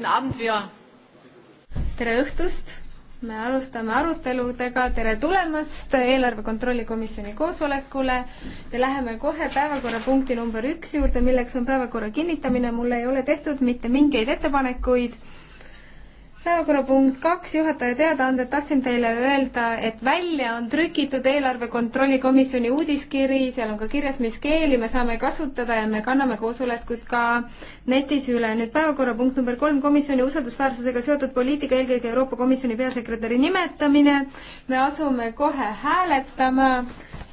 guten Abend, wir. tere õhtust, me alustame aruteludega, tere tulemast eelarve kontrolli komisjoni koosolekule ja läheme kohe päevakorrapunkti number üks juurde, milleks on päevakorra kinnitamine, mul ei ole tehtud mitte mingeid ettepanekuid päevakorrapunkt kaks, juhataja teadaanded, tahtsin teile öelda, et välja on trükitud eelarve kontrolli komisjoni uudiskiri, seal on ka kirjas, mis keeli me saame kasutada ja me kanname koosolekuid ka netis üle. nüüd päevakorrapunkt number kolm, komisjoni usaldusväärsusega seotud poliitika, eelkõige Euroopa Komisjoni peasekretäri nimetamine. me asume kohe hääletama.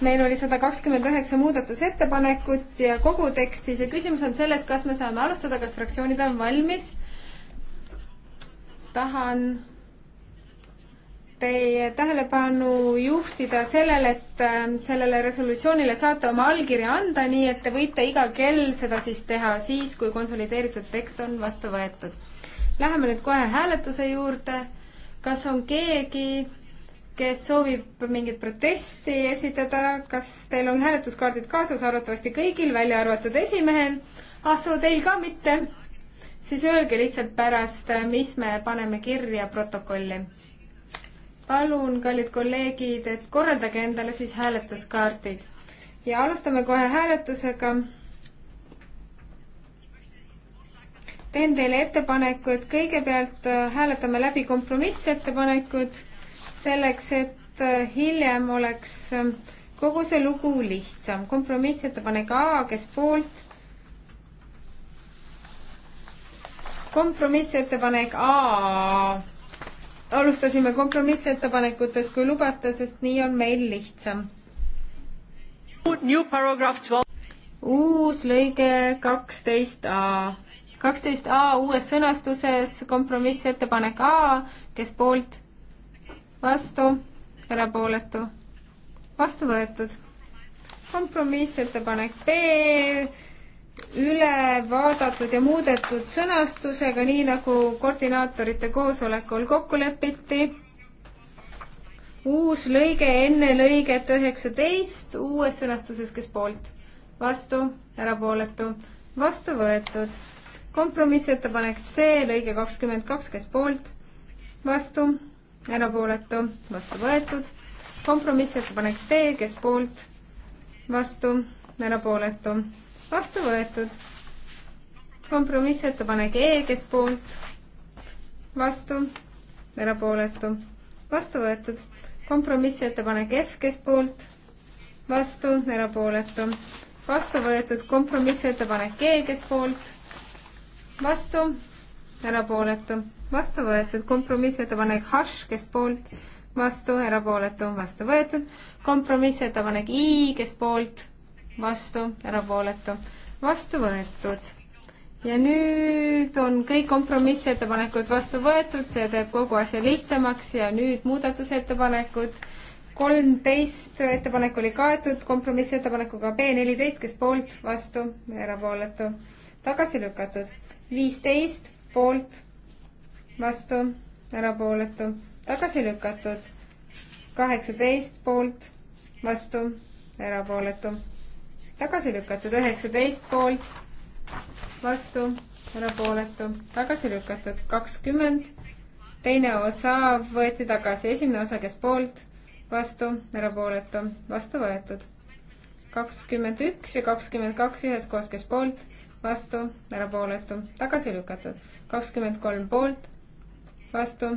meil oli sada kakskümmend üheksa muudatusettepanekut ja kogu tekstis ja küsimus on selles, kas me saame alustada, kas fraktsioonid on valmis tahan teie tähelepanu juhtida sellele, et ähm, sellele resolutsioonile saate oma allkirja anda, nii et te võite iga kell seda siis teha siis, kui konsolideeritud tekst on vastu võetud. Läheme nüüd kohe hääletuse juurde. kas on keegi, kes soovib mingit protesti esitada, kas teil on hääletuskaardid kaasas, arvatavasti kõigil, välja arvatud esimehel? ah soo, teil ka mitte? siis öelge lihtsalt pärast, mis me paneme kirja protokolli. palun, kallid kolleegid, et korraldage endale siis hääletuskaardid ja alustame kohe hääletusega. teen teile ettepaneku, et kõigepealt äh, hääletame läbi kompromissettepanekud selleks, et äh, hiljem oleks äh, kogu see lugu lihtsam. kompromissettepanek A, kes poolt kompromissettepanek A. alustasime kompromissettepanekutest, kui lubate, sest nii on meil lihtsam. uus lõige kaksteist A. kaksteist A uues sõnastuses kompromissettepanek A, kes poolt, vastu, erapooletu, vastu võetud kompromissettepanek B üle vaadatud ja muudetud sõnastusega, nii nagu koordinaatorite koosolekul kokku lepiti. uus lõige enne lõiget üheksateist, uues sõnastuses, kes poolt? vastu, erapooletu, vastu võetud. kompromissettepanek C, lõige kakskümmend kaks, kes poolt? vastu, erapooletu, vastu võetud. kompromissettepanek D, kes poolt? vastu, erapooletu vastu võetud. kompromissettepanek E, kes poolt, vastu, erapooletu, vastu võetud. kompromissettepanek F, kes poolt, vastu, erapooletu, vastu võetud. kompromissettepanek G, e, kes poolt, vastu, erapooletu, vastu võetud. kompromissettepanek H, kes poolt, vastu, erapooletu, vastu võetud. kompromissettepanek I, kes poolt vastu, erapooletu, vastu võetud. ja nüüd on kõik kompromissettepanekud vastu võetud, see teeb kogu asja lihtsamaks ja nüüd muudatusettepanekud kolmteist ettepanek oli kaetud kompromissettepanekuga B neliteist, kes poolt, vastu, erapooletu, tagasi lükatud. viisteist poolt, vastu, erapooletu, tagasi lükatud. kaheksateist poolt, vastu, erapooletu tagasi lükatud, üheksateist poolt, vastu, erapooletu, tagasi lükatud, kakskümmend, teine osa võeti tagasi, esimene osa, kes poolt, vastu, erapooletu, vastu võetud. kakskümmend üks ja kakskümmend kaks üheskoos, kes poolt, vastu, erapooletu, tagasi lükatud. kakskümmend kolm poolt, vastu,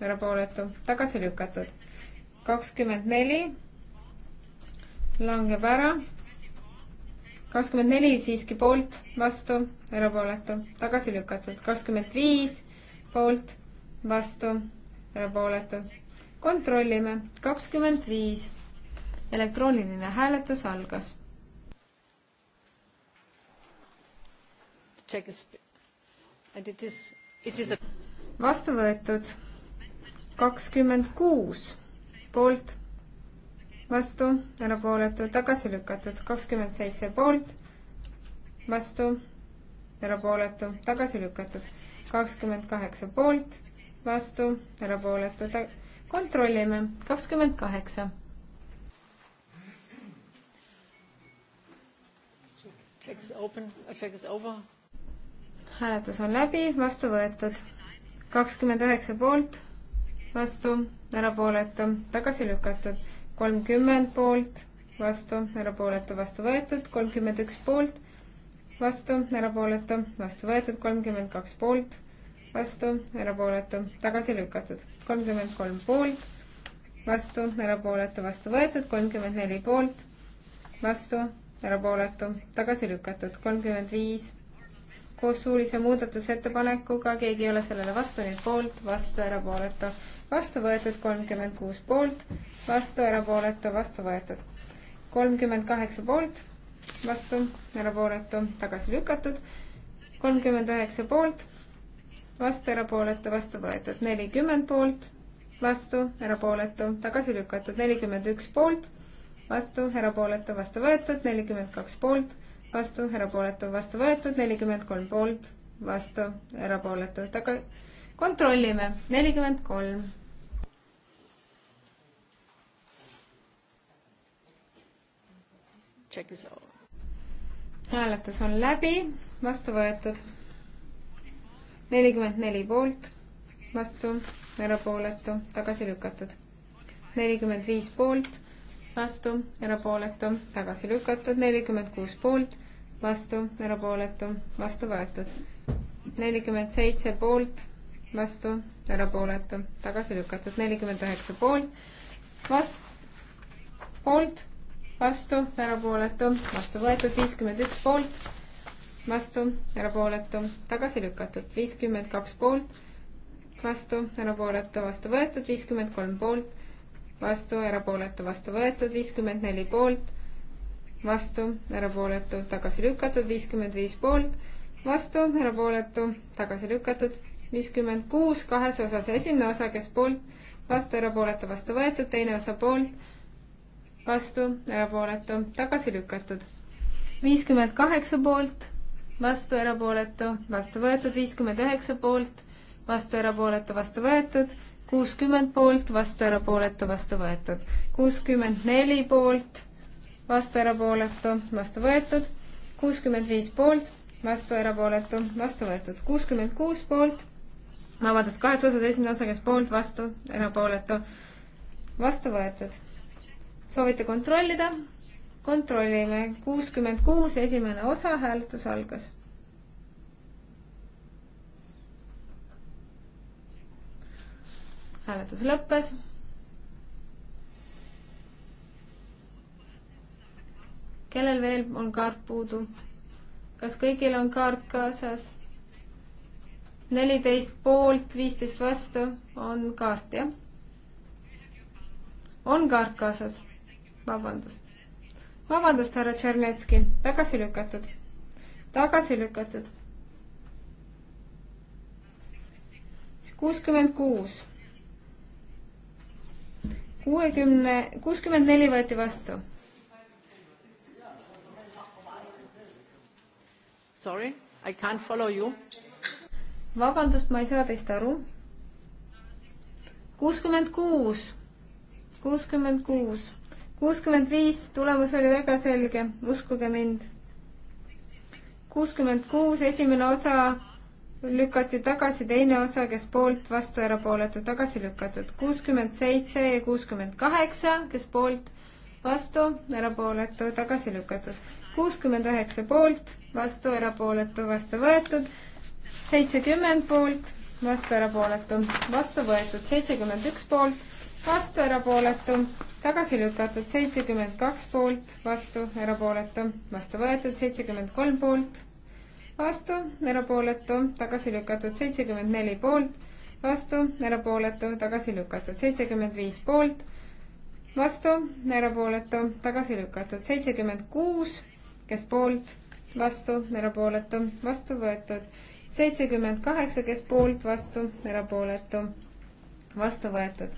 erapooletu, tagasi lükatud. kakskümmend neli langeb ära, kakskümmend neli siiski poolt, vastu, erapooletu, tagasi lükatud. kakskümmend viis poolt, vastu, erapooletu. kontrollime, kakskümmend viis. elektrooniline hääletus algas. vastu võetud kakskümmend kuus poolt vastu, erapooletu, tagasi lükatud, kakskümmend seitse poolt, vastu, erapooletu, tagasi lükatud, kakskümmend kaheksa poolt, vastu, erapooletu, kontrollime, kakskümmend kaheksa hääletus on läbi, vastu võetud. kakskümmend üheksa poolt, vastu, erapooletu, tagasi lükatud kolmkümmend poolt, vastu, erapooletu, vastu võetud, kolmkümmend üks poolt, vastu, erapooletu, vastu võetud, kolmkümmend kaks poolt, vastu, erapooletu, tagasi lükatud, kolmkümmend kolm poolt, vastu, erapooletu, vastu võetud, kolmkümmend neli poolt, vastu, erapooletu, tagasi lükatud, kolmkümmend viis koos suulise muudatusettepanekuga, keegi ei ole sellele vastu, nii et poolt, vastu, erapooletu, vastu võetud kolmkümmend kuus poolt, vastu erapooletu, vastu võetud kolmkümmend kaheksa poolt, vastu erapooletu, tagasi lükatud kolmkümmend üheksa poolt, vastu erapooletu, vastu võetud nelikümmend poolt, vastu erapooletu, tagasi lükatud nelikümmend üks poolt, vastu erapooletu, vastu võetud nelikümmend kaks poolt vastu, erapooletu, vastu võetud, nelikümmend kolm poolt, vastu, erapooletu, taga, kontrollime, nelikümmend kolm. hääletus on läbi, vastu võetud. nelikümmend neli poolt, vastu, erapooletu, tagasi lükatud. nelikümmend viis poolt, vastu, erapooletu, tagasi lükatud. nelikümmend kuus poolt, vastu, erapooletu, vastu võetud. nelikümmend seitse poolt, vastu, erapooletu, tagasi lükatud. nelikümmend üheksa poolt, vastu, poolt vastu, erapooletu, vastu võetud, viiskümmend üks poolt, vastu, erapooletu, tagasi lükatud, viiskümmend kaks poolt, vastu, erapooletu, vastu võetud, viiskümmend kolm poolt, vastu, erapooletu, vastu võetud, viiskümmend neli poolt, vastu, erapooletu, tagasi lükatud, viiskümmend viis poolt, vastu, erapooletu, tagasi lükatud, viiskümmend kuus kahes osas, esimene osa, kes poolt, vastu, erapooletu, vastu võetud, teine osa poolt vastu, erapooletu, tagasi lükatud. viiskümmend kaheksa poolt, vastu, erapooletu, vastu võetud, viiskümmend üheksa poolt, vastu, erapooletu, vastu võetud, kuuskümmend poolt, vastu, erapooletu, vastu võetud, kuuskümmend neli poolt, vastu, erapooletu, vastu võetud, kuuskümmend viis poolt, vastu, erapooletu, vastu võetud, kuuskümmend kuus poolt, vabandust, kaheksa osas esimene osa, kes poolt, vastu, erapooletu, vastu võetud soovite kontrollida? kontrollime. kuuskümmend kuus, esimene osa, hääletus algas. hääletus lõppes. kellel veel on kaart puudu? kas kõigil on kaart kaasas? neliteist poolt, viisteist vastu on kaart, jah? on kaart kaasas vabandust. vabandust, härra Tšernetski, tagasi lükatud. tagasi lükatud. kuuskümmend kuus. kuuekümne, kuuskümmend neli võeti vastu. Sorry, I can't follow you. vabandust, ma ei saa teist aru. kuuskümmend kuus kuuskümmend kuus kuuskümmend viis, tulemus oli väga selge, uskuge mind. kuuskümmend kuus, esimene osa lükati tagasi, teine osa, kes poolt, vastu, erapooletu, tagasi lükatud. kuuskümmend seitse ja kuuskümmend kaheksa, kes poolt, vastu, erapooletu, tagasi lükatud. kuuskümmend üheksa poolt, vastu, erapooletu, vastu võetud. seitsekümmend poolt, vastu, erapooletu, vastu võetud. seitsekümmend üks poolt vastu, erapooletu, tagasi lükatud seitsekümmend kaks poolt, vastu, erapooletu, vastu võetud seitsekümmend kolm poolt, vastu, erapooletu, tagasi lükatud seitsekümmend neli poolt, vastu, erapooletu, tagasi lükatud seitsekümmend viis poolt, vastu, erapooletu, tagasi lükatud seitsekümmend kuus, kes poolt, vastu, erapooletu, vastu võetud seitsekümmend kaheksa, kes poolt, vastu, erapooletu, vastu võetud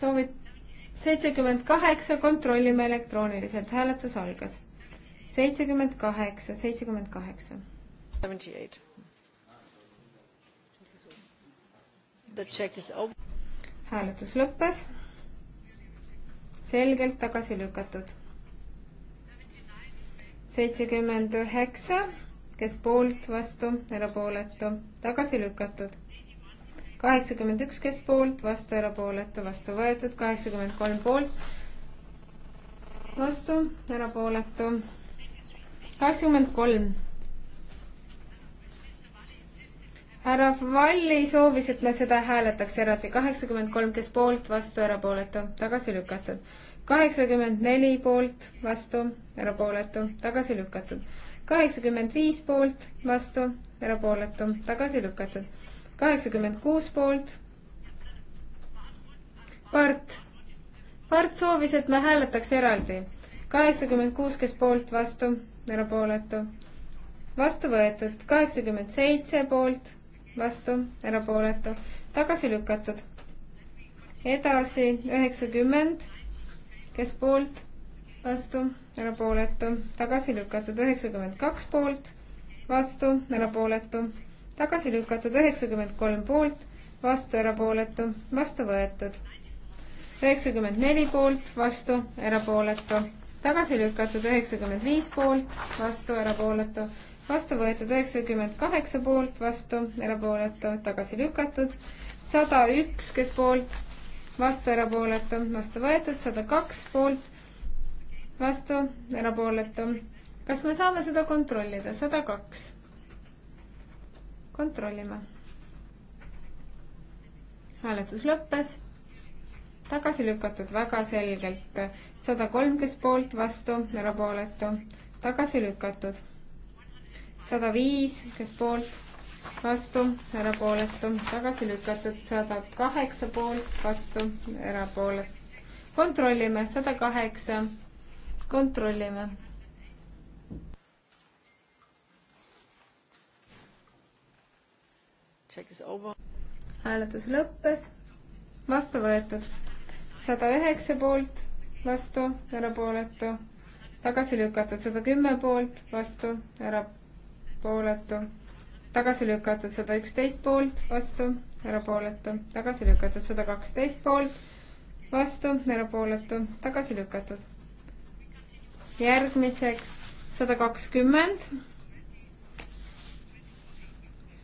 soovid seitsekümmend kaheksa, kontrollime elektrooniliselt, hääletus algas. seitsekümmend kaheksa, seitsekümmend kaheksa. hääletus lõppes. selgelt tagasi lükatud. seitsekümmend üheksa, kes poolt, vastu, erapooletu, tagasi lükatud kaheksakümmend üks, kes poolt, vastu, erapooletu, vastu võetud, kaheksakümmend kolm poolt, vastu, erapooletu, kakskümmend kolm. härra Valli soovis, et me seda hääletaks eraldi, kaheksakümmend kolm, kes poolt, vastu, erapooletu, tagasi lükatud kaheksakümmend neli poolt, vastu, erapooletu, tagasi lükatud. kaheksakümmend viis poolt, vastu, erapooletu, tagasi lükatud kaheksakümmend kuus poolt. Part, Part soovis, et me hääletaks eraldi. kaheksakümmend kuus, kes poolt, vastu, erapooletu. vastu võetud, kaheksakümmend seitse poolt, vastu, erapooletu. tagasi lükatud. edasi üheksakümmend, kes poolt, vastu, erapooletu. tagasi lükatud, üheksakümmend kaks poolt, vastu, erapooletu tagasi lükatud üheksakümmend kolm poolt, vastu erapooletu, vastu võetud. üheksakümmend neli poolt, vastu erapooletu, tagasi lükatud üheksakümmend viis poolt, vastu erapooletu, vastu võetud üheksakümmend kaheksa poolt, vastu erapooletu, tagasi lükatud sada üks, kes poolt, vastu erapooletu, vastu võetud, sada kaks poolt, vastu erapooletu. kas me saame seda kontrollida, sada kaks? kontrollime. hääletus lõppes, tagasi lükatud väga selgelt, sada kolm, kes poolt, vastu, erapooletu, tagasi lükatud, sada viis, kes poolt, vastu, erapooletu, tagasi lükatud, sada kaheksa poolt, vastu, erapooletu. kontrollime, sada kaheksa, kontrollime hääletus lõppes, vastu võetud. sada üheksa poolt, vastu, erapooletu, tagasi lükatud. sada kümme poolt, vastu, erapooletu, tagasi lükatud. sada üksteist poolt, vastu, erapooletu, tagasi lükatud. sada kaksteist poolt, vastu, erapooletu, tagasi lükatud. järgmiseks sada kakskümmend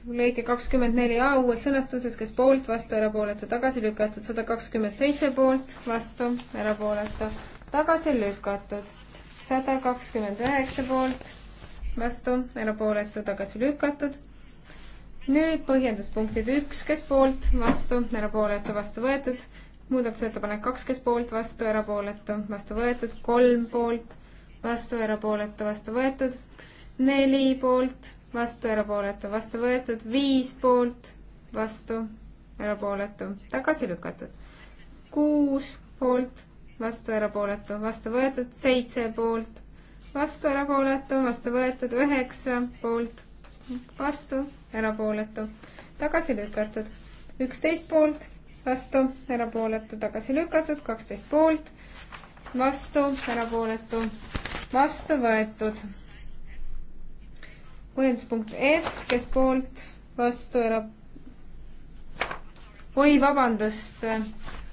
lõige kakskümmend neli A uues sõnastuses, kes poolt, vastu, erapooletu, tagasi lükatud, sada kakskümmend seitse poolt, vastu, erapooletu, tagasi lükatud, sada kakskümmend üheksa poolt, vastu, erapooletu, tagasi lükatud. nüüd põhjenduspunktid üks, kes poolt, vastu, erapooletu, vastu võetud, muudatusettepanek kaks, kes poolt, vastu, erapooletu, vastu võetud, kolm poolt, vastu, erapooletu, vastu võetud, neli poolt vastu, erapooletu, vastu võetud, viis poolt, vastu, erapooletu, tagasi lükatud. kuus poolt, vastu, erapooletu, vastu võetud, seitse poolt, vastu, erapooletu, vastu võetud, üheksa poolt, vastu, erapooletu, tagasi lükatud, üksteist poolt, vastu, erapooletu, tagasi lükatud, kaksteist poolt, vastu, erapooletu, vastu võetud põhjenduspunkt F, kes poolt, vastu, era-. oi, vabandust,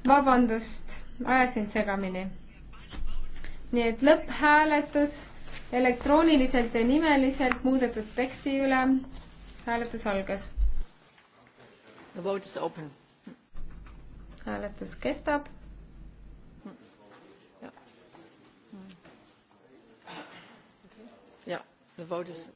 vabandust, ajasin segamini. nii et lõpphääletus elektrooniliselt ja nimeliselt muudetud teksti üle. hääletus algas. The vote is open. hääletus kestab ja, the vote is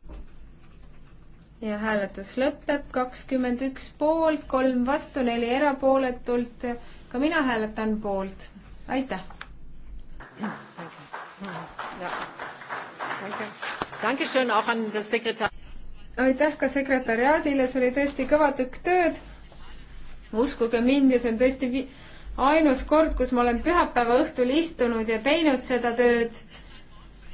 ja hääletus lõpeb kakskümmend üks poolt, kolm vastu, neli erapooletult. ka mina hääletan poolt. aitäh. aitäh ka sekretäriaadile, see oli tõesti kõva tükk tööd. uskuge mind ja see on tõesti ainus kord, kus ma olen pühapäeva õhtul istunud ja teinud seda tööd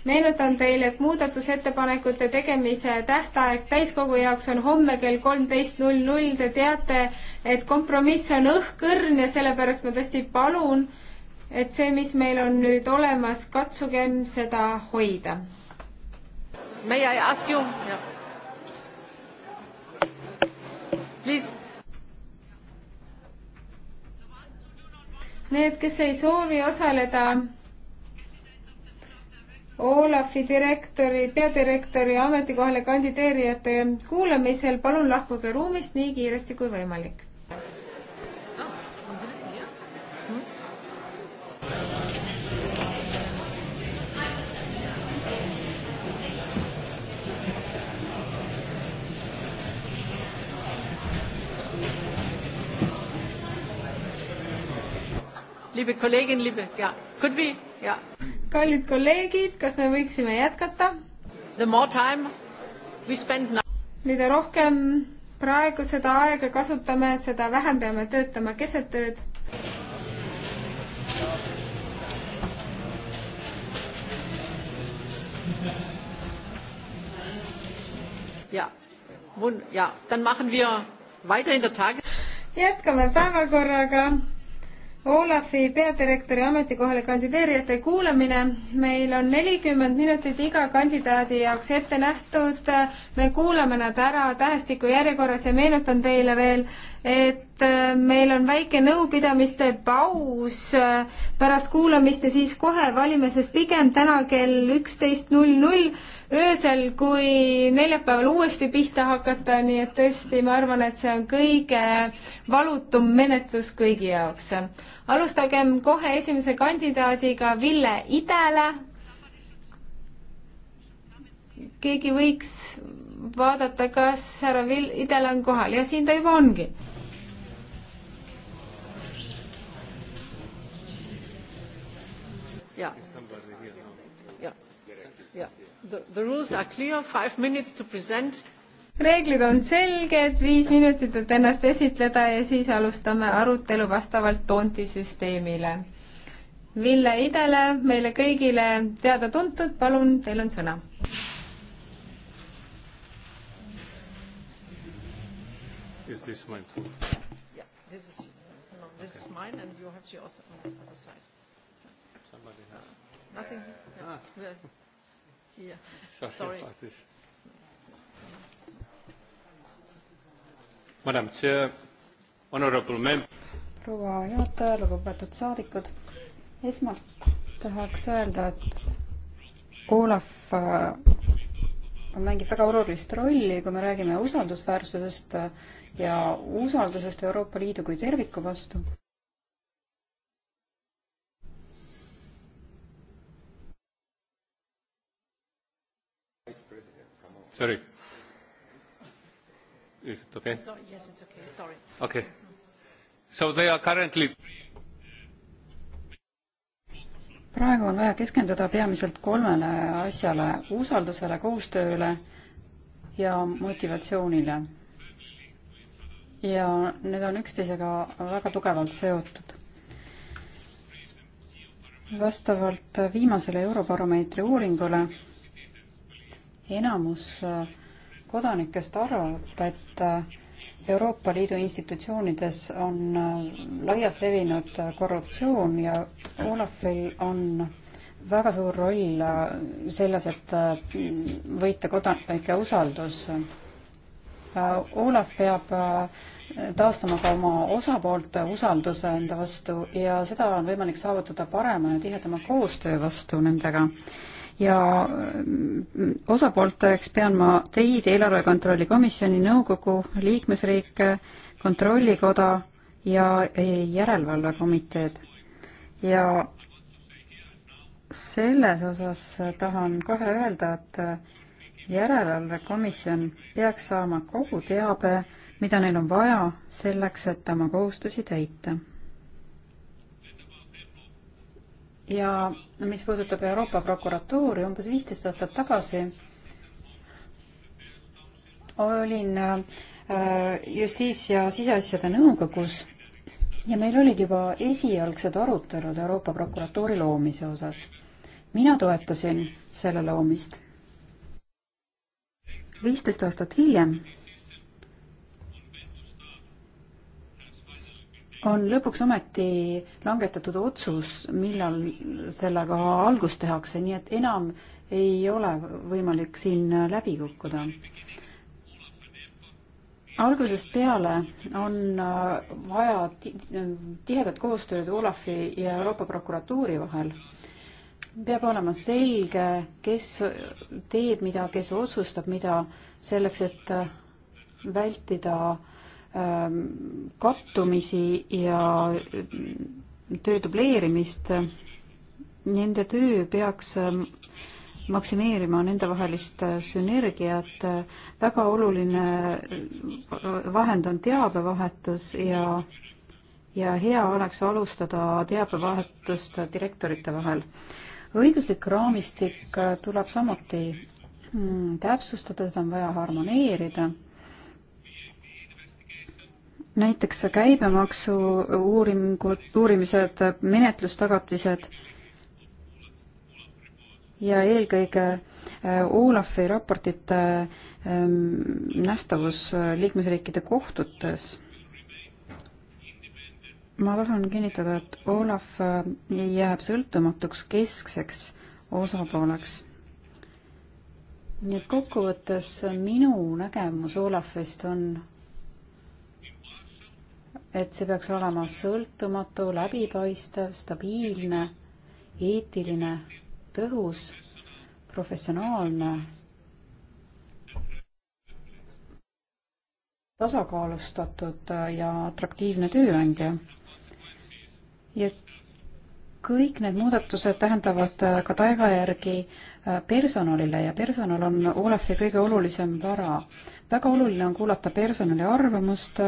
meenutan teile, et muudatusettepanekute tegemise tähtaeg täiskogu jaoks on homme kell kolmteist null null. Te teate, et kompromiss on õhkõrn ja sellepärast ma tõesti palun, et see, mis meil on nüüd olemas, katsugem seda hoida. May I ask you yeah.? Please. Need, kes ei soovi osaleda Olafi direktori, peadirektori ametikohale kandideerijate kuulamisel palun lahkuge ruumist nii kiiresti kui võimalik. liebe Kollegin, liebe, ja, could we, ja kallid kolleegid, kas me võiksime jätkata? mida rohkem praegu seda aega kasutame, seda vähem peame töötama keset ööd. ja, ja, jätkame päevakorraga Olafi peadirektori ametikohale kandideerijate kuulamine. meil on nelikümmend minutit iga kandidaadi jaoks ette nähtud. me kuulame nad ära tähestikujärjekorras ja meenutan teile veel, et äh, meil on väike nõupidamiste paus äh, pärast kuulamist ja siis kohe valime, sest pigem täna kell üksteist null null öösel, kui neljapäeval uuesti pihta hakata, nii et tõesti, ma arvan, et see on kõige valutum menetlus kõigi jaoks. alustagem kohe esimese kandidaadiga Ville Idele. keegi võiks vaadata, kas härra Vil-, Idel on kohal ja siin ta juba ongi Yeah. Yeah. Yeah. The, the rules are clear, five minutes to present. reeglid on selged, viis minutit, et ennast esitleda ja siis alustame arutelu vastavalt toontisüsteemile. Ville Idele, meile kõigile teada-tuntud, palun, teil on sõna Is this mine too? Yeah, this is no, this okay. is mine, and you have yours on this other side. Somebody has. Uh, nothing. Yeah. Ah. Yeah. yeah. Sorry, Sorry about this. Madam Chair, honorable member. proua juhataja, lugupeetud saadikud. esmalt tahaks öelda, et Olav äh, mängib väga olulist rolli, kui me räägime usaldusväärsusest ja usaldusest Euroopa Liidu kui terviku vastu. Sorry. Is it okay? Sorry, yes, it's okay. Sorry. Okay. So they are currently praegu on vaja keskenduda peamiselt kolmele asjale, usaldusele, koostööle ja motivatsioonile. ja need on üksteisega väga tugevalt seotud. vastavalt viimasele Eurobaromeetri uuringule enamus kodanikest arvab, et Euroopa Liidu institutsioonides on äh, laialt levinud äh, korruptsioon ja Olafil on väga suur roll äh, selles, et võita kodanike usaldus. Olav peab taastama ka oma osapoolte usalduse enda vastu ja seda on võimalik saavutada parema ja tihedama koostöö vastu nendega ja osapoolteks pean ma teid, eelarve kontrolli komisjoni, nõukogu, liikmesriike, kontrollikoda ja järelevalvekomiteed. ja selles osas tahan kohe öelda, et järelevalvekomisjon peaks saama kogu teabe, mida neil on vaja selleks, et oma kohustusi täita ja mis puudutab Euroopa prokuratuuri, umbes viisteist aastat tagasi olin äh, justiits- ja siseasjade nõukogus ja meil olid juba esialgsed arutelud Euroopa prokuratuuri loomise osas. mina toetasin selle loomist. viisteist aastat hiljem on lõpuks ometi langetatud otsus, millal sellega algust tehakse, nii et enam ei ole võimalik siin läbi kukkuda. algusest peale on vaja tihedat koostööd Olafi ja Euroopa prokuratuuri vahel. peab olema selge, kes teeb mida, kes otsustab mida, selleks et vältida äh, Ähm, kattumisi ja töö dubleerimist. Nende töö peaks ähm, maksimeerima nendevahelist äh, sünergiat. väga oluline äh, vahend on teabevahetus ja, ja hea oleks alustada teabevahetust direktorite vahel. õiguslik raamistik äh, tuleb samuti mm, täpsustada, seda on vaja harmoneerida näiteks käibemaksu uuringud, uurimised, menetlustagatised ja eelkõige äh, Olafi raportite ähm, nähtavus äh, liikmesriikide kohtutes ma tahan kinnitada, et Olav äh, jääb sõltumatuks keskseks osapooleks. nii et kokkuvõttes minu nägemus Olafist on et see peaks olema sõltumatu, läbipaistev, stabiilne, eetiline, tõhus, professionaalne, tasakaalustatud ja atraktiivne tööandja. ja kõik need muudatused tähendavad ka tagajärgi personalile ja personal on Olefi kõige olulisem vara. väga oluline on kuulata personali arvamust,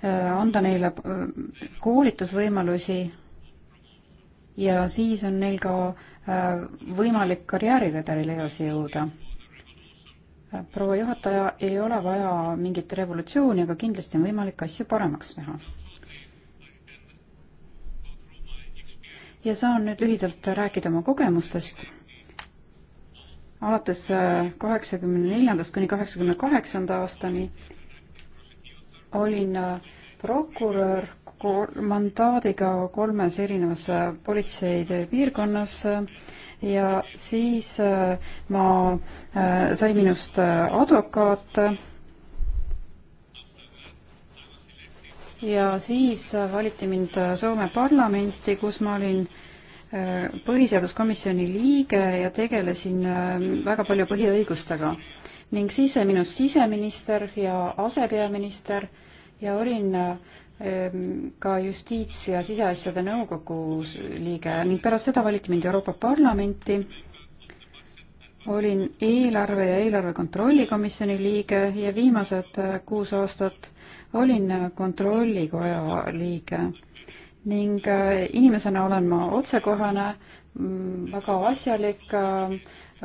Äh, anda neile äh, koolitusvõimalusi ja siis on neil ka äh, võimalik karjääriredelil edasi jõuda. proua juhataja, ei ole vaja mingit revolutsiooni, aga kindlasti on võimalik asju paremaks teha. ja saan nüüd lühidalt rääkida oma kogemustest. alates kaheksakümne neljandast kuni kaheksakümne kaheksanda aastani olin äh, prokurör mandaadiga kolmes erinevas äh, politseitöö piirkonnas äh, ja siis ma sai minust advokaat. ja siis valiti mind Soome parlamenti, kus ma olin põhiseaduskomisjoni liige ja tegelesin väga palju põhiõigustega ning siis sai minust siseminister ja asepeaminister ja olin ähm, ka justiits- ja siseasjade nõukogu liige ning pärast seda valiti mind Euroopa Parlamenti. olin eelarve ja eelarve kontrolli komisjoni liige ja viimased äh, kuus aastat olin äh, kontrollikoja liige ning äh, inimesena olen ma otsekohane, väga asjalik,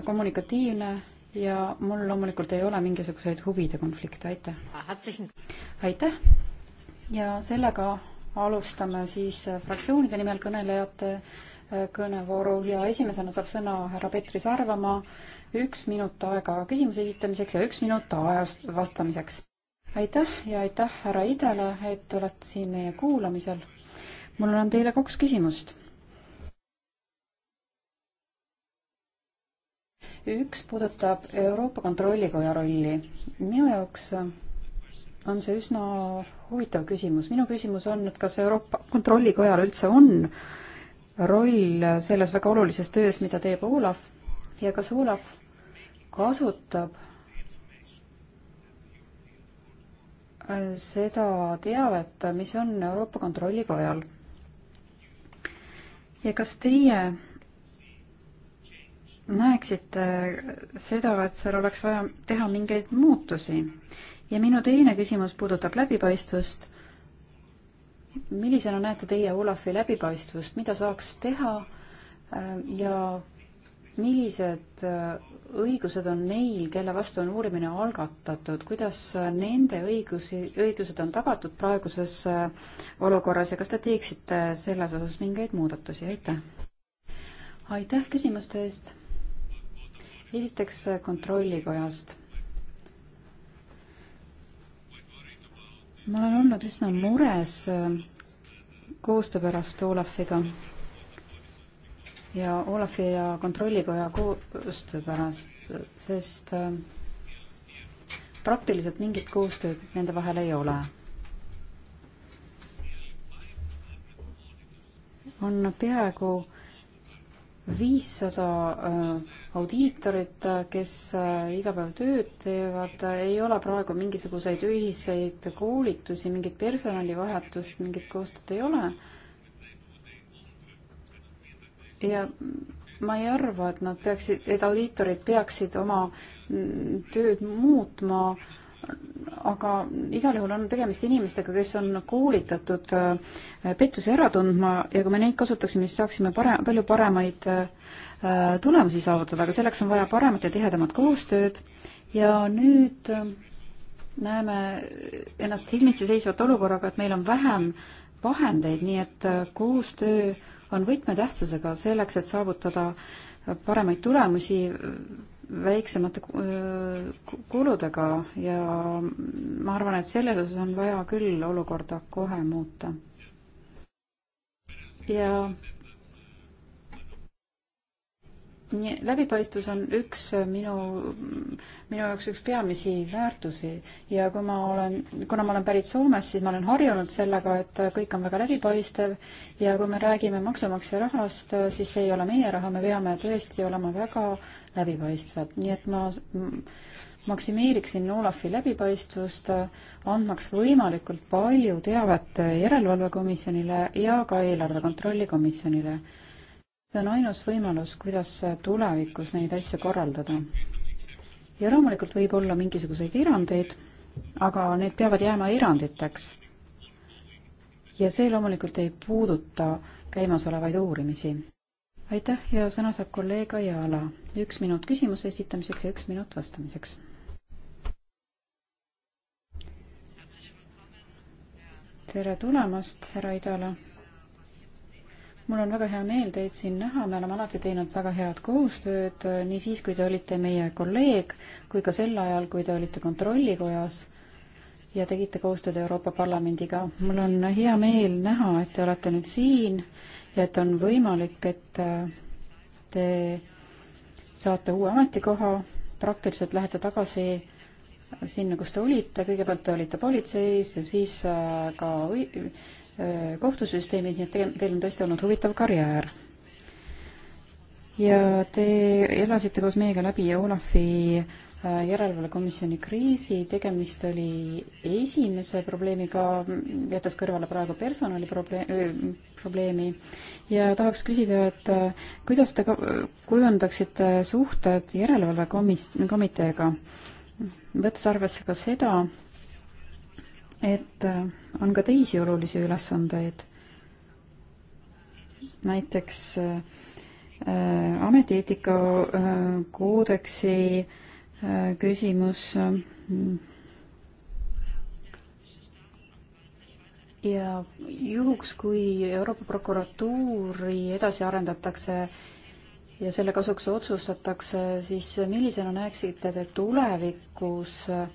kommunikatiivne ja mul loomulikult ei ole mingisuguseid huvide konflikte, aitäh. aitäh ja sellega alustame siis äh, fraktsioonide nimel kõnelejate äh, kõnevooru ja esimesena saab sõna härra Petri Sarvamaa, üks minut aega küsimuse esitamiseks ja üks minut ajast vastamiseks. aitäh ja aitäh härra Idele, et olete siin meie kuulamisel. mul on teile kaks küsimust üks puudutab Euroopa Kontrollikoja rolli. minu jaoks on see üsna huvitav küsimus. minu küsimus on, et kas Euroopa Kontrollikojal üldse on roll selles väga olulises töös, mida teeb Olav ja kas Olav kasutab seda teavet, mis on Euroopa Kontrollikojal. ja kas teie näeksite äh, seda, et seal oleks vaja teha mingeid muutusi? ja minu teine küsimus puudutab läbipaistvust. millisena näete teie Olafi läbipaistvust, mida saaks teha äh, ja millised äh, õigused on neil, kelle vastu on uurimine algatatud, kuidas nende õigusi, õigused on tagatud praeguses olukorras ja kas te teeksite selles osas mingeid muudatusi, aitäh! aitäh küsimuste eest! esiteks Kontrollikojast. ma olen olnud üsna mures äh, koostöö pärast Olafiga ja Olafi ja Kontrollikoja koostöö pärast, sest äh, praktiliselt mingit koostööd nende vahel ei ole. on peaaegu viissada 500 äh, audiitorid, kes äh, iga päev tööd teevad, ei ole praegu mingisuguseid ühiseid koolitusi, mingit personalivahetust, mingit koostööd ei ole. ja ma ei arva, et nad peaksid, et audiitorid peaksid oma mm, tööd muutma aga igal juhul on tegemist inimestega, kes on koolitatud äh, pettusi ära tundma ja kui me neid kasutaksime, siis saaksime pare-, palju paremaid äh, Äh, tulemusi saavutada, aga selleks on vaja paremat ja tihedamat koostööd ja nüüd äh, näeme ennast silmitsi seisvat olukorraga, et meil on vähem vahendeid, nii et äh, koostöö on võtmetähtsusega selleks, et saavutada paremaid tulemusi väiksemate kuludega ja ma arvan, et selles osas on vaja küll olukorda kohe muuta. ja nii läbipaistvus on üks äh, minu, minu jaoks üks peamisi väärtusi ja kui ma olen, kuna ma olen pärit Soomest, siis ma olen harjunud sellega, et äh, kõik on väga läbipaistev ja kui me räägime maksumaksja rahast, äh, siis see ei ole meie raha, me peame tõesti olema väga läbipaistvad, nii et ma maksimeeriksin Olafi läbipaistvust, andmaks võimalikult palju teavet Järelevalvekomisjonile ja ka eelarve kontrolli komisjonile see on ainus võimalus, kuidas tulevikus neid asju korraldada. ja loomulikult võib olla mingisuguseid erandeid, aga need peavad jääma eranditeks. ja see loomulikult ei puuduta käimasolevaid uurimisi. aitäh ja sõna saab kolleeg Ajala. üks minut küsimuse esitamiseks ja üks minut vastamiseks. tere tulemast, härra Idala mul on väga hea meel teid siin näha, me oleme alati teinud väga head koostööd, äh, nii siis, kui te olite meie kolleeg, kui ka sel ajal, kui te olite Kontrollikojas ja tegite koostööd Euroopa Parlamendiga. mul on hea meel näha, et te olete nüüd siin ja et on võimalik, et äh, te saate uue ametikoha, praktiliselt lähete tagasi sinna, kus te olite, kõigepealt te olite politseis ja siis äh, ka kohtusüsteemis, nii et teil on tõesti olnud huvitav karjäär. ja te elasite koos meiega läbi Olafi äh, järelevalvekomisjoni kriisi, tegemist oli esimese probleemiga, jättes kõrvale praegu personali probleem, äh, probleemi ja tahaks küsida, et äh, kuidas te kujundaksite suhted järelevalvekomis-, komiteega, võttes arvesse ka seda, et äh, on ka teisi olulisi ülesandeid. näiteks äh, äh ametieetika äh, koodeksi äh, küsimus äh,. ja juhuks, kui Euroopa prokuratuuri edasi arendatakse ja selle kasuks otsustatakse, siis millisena näeksite te tulevikus äh,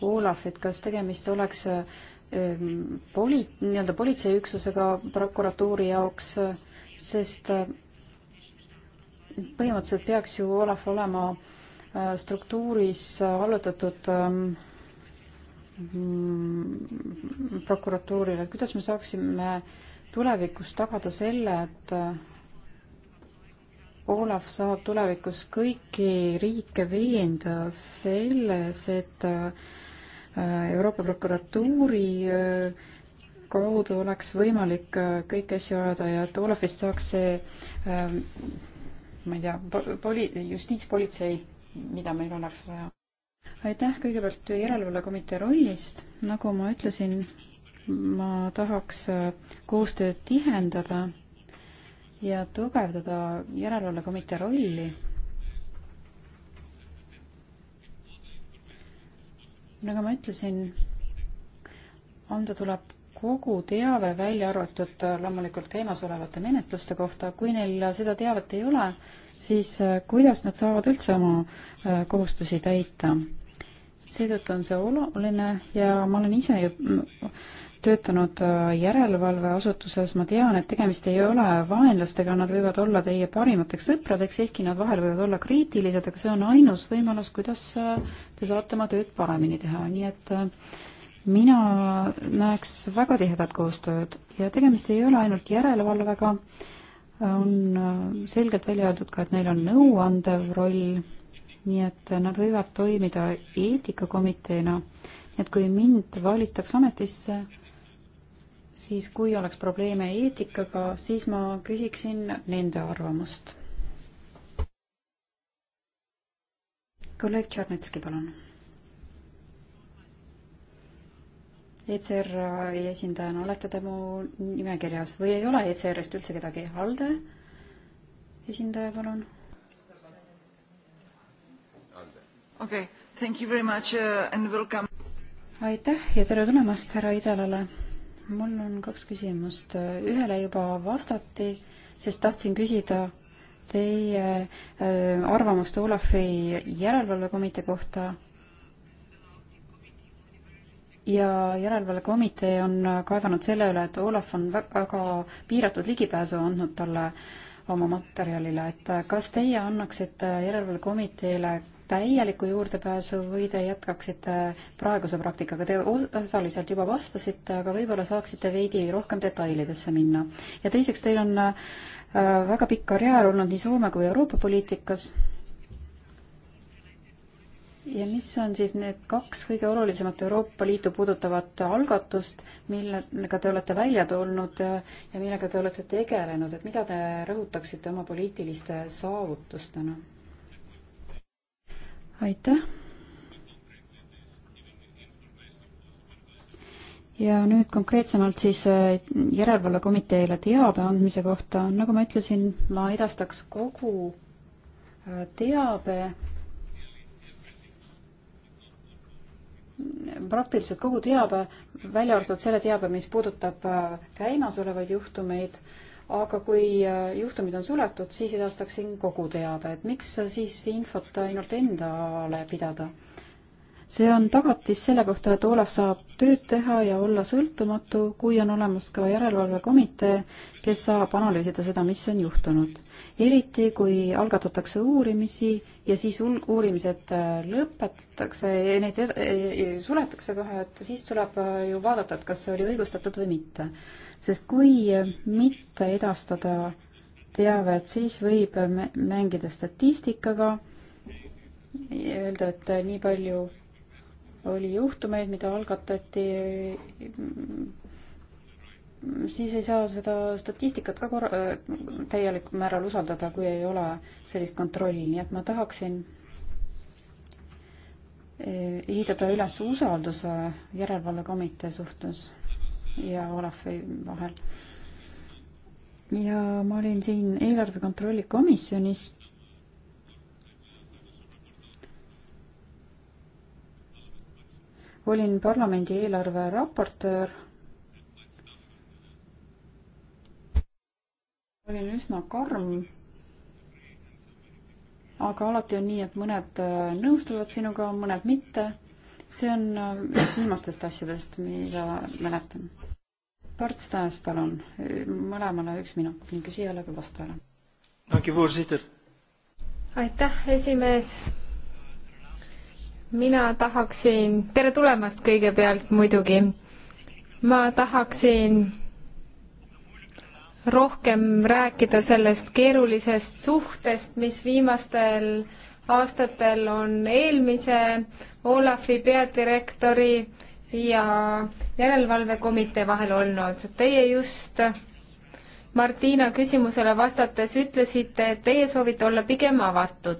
Olafit, kas tegemist oleks ähm, poli-, nii-öelda politseiüksusega prokuratuuri jaoks, sest põhimõtteliselt peaks ju Olav olema äh, struktuuris allutatud ähm, mm, prokuratuurile, kuidas me saaksime tulevikus tagada selle, et äh, Olav saab tulevikus kõiki riike veenda selles, et äh, Euroopa prokuratuuri äh, kaudu oleks võimalik äh, kõiki asju ajada ja et Olafist saaks see ähm, ma ei tea, poli-, justiitspolitsei, mida meil oleks vaja. aitäh kõigepealt järelevalvekomitee rollist, nagu ma ütlesin, ma tahaks koostööd tihendada ja tugevdada järelevalvekomitee rolli. nagu ma ütlesin, anda tuleb kogu teave, välja arvatud loomulikult käimasolevate menetluste kohta, kui neil seda teavet ei ole, siis äh, kuidas nad saavad üldse oma äh, kohustusi täita? seetõttu on see oluline ja ma olen ise ju töötanud äh, järelevalveasutuses, ma tean, et tegemist ei ole vaenlastega, nad võivad olla teie parimateks sõpradeks, ehkki nad vahel võivad olla kriitilised, aga see on ainus võimalus, kuidas äh, te saate oma tööd paremini teha, nii et äh, mina näeks väga tihedat koostööd ja tegemist ei ole ainult järelevalvega, on selgelt välja öeldud ka, et neil on nõuandev roll, nii et nad võivad toimida eetikakomiteena et kui mind valitakse ametisse, siis kui oleks probleeme eetikaga, siis ma küsiksin nende arvamust. kolleeg Tšernetski, palun. ECR esindajana olete te mu nimekirjas või ei ole ECR-ist üldse kedagi? Alde esindaja, palun. okei okay., thank you very much uh, and welcome. aitäh ja tere tulemast härra Idalale mul on kaks küsimust. ühele juba vastati, sest tahtsin küsida teie äh, arvamust Olafi järelevalvekomitee kohta ja järelevalvekomitee on kaevanud selle üle, et Olav on väga piiratud ligipääsu andnud talle oma materjalile, et kas teie annaksite järelevalvekomiteele täielikku juurdepääsu või te jätkaksite praeguse praktikaga? Te osaliselt juba vastasite, aga võib-olla saaksite veidi rohkem detailidesse minna. ja teiseks, teil on äh, väga pikk karjäär olnud nii Soome kui Euroopa poliitikas. ja mis on siis need kaks kõige olulisemat Euroopa Liitu puudutavat algatust, millega te olete välja tulnud ja millega te olete tegelenud, et mida te rõhutaksite oma poliitiliste saavutustena? aitäh. ja nüüd konkreetsemalt siis äh, järelevalvekomiteele teabe andmise kohta, nagu ma ütlesin, ma edastaks kogu äh, teabe, praktiliselt kogu teabe, välja arvatud selle teabe, mis puudutab äh, käimasolevaid juhtumeid aga kui äh, juhtumid on suletud, siis edastaksin kogu teabe, et miks äh, siis infot ainult endale pidada? see on tagatis selle kohta, et Olav saab tööd teha ja olla sõltumatu, kui on olemas ka järelevalvekomitee, kes saab analüüsida seda, mis on juhtunud. eriti, kui algatatakse uurimisi ja siis uurimised äh, lõpetatakse ja neid suletakse kohe, et siis tuleb ju vaadata, et kas see oli õigustatud või mitte sest kui mitte edastada teavet, siis võib mängida statistikaga, öelda, et nii palju oli juhtumeid, mida algatati, siis ei saa seda statistikat ka korra-, täielikul määral usaldada, kui ei ole sellist kontrolli, nii et ma tahaksin eh, ehitada üles usalduse järelevalvekomitee suhtes ja Olafi vahel. ja ma olin siin eelarve kontrolli komisjonis. olin parlamendi eelarve raportöör. olin üsna karm aga alati on nii, et mõned äh, nõustuvad sinuga, mõned mitte. see on äh, üks viimastest asjadest, mida mäletan. Parts Taas, palun, mõlemale üks minut nii küsijale kui vastajale. aitäh, esimees mina tahaksin, tere tulemast kõigepealt muidugi. ma tahaksin rohkem rääkida sellest keerulisest suhtest, mis viimastel aastatel on eelmise Olafi peadirektori ja järelevalvekomitee vahel olnud. Teie just Martina küsimusele vastates ütlesite, et teie soovite olla pigem avatud.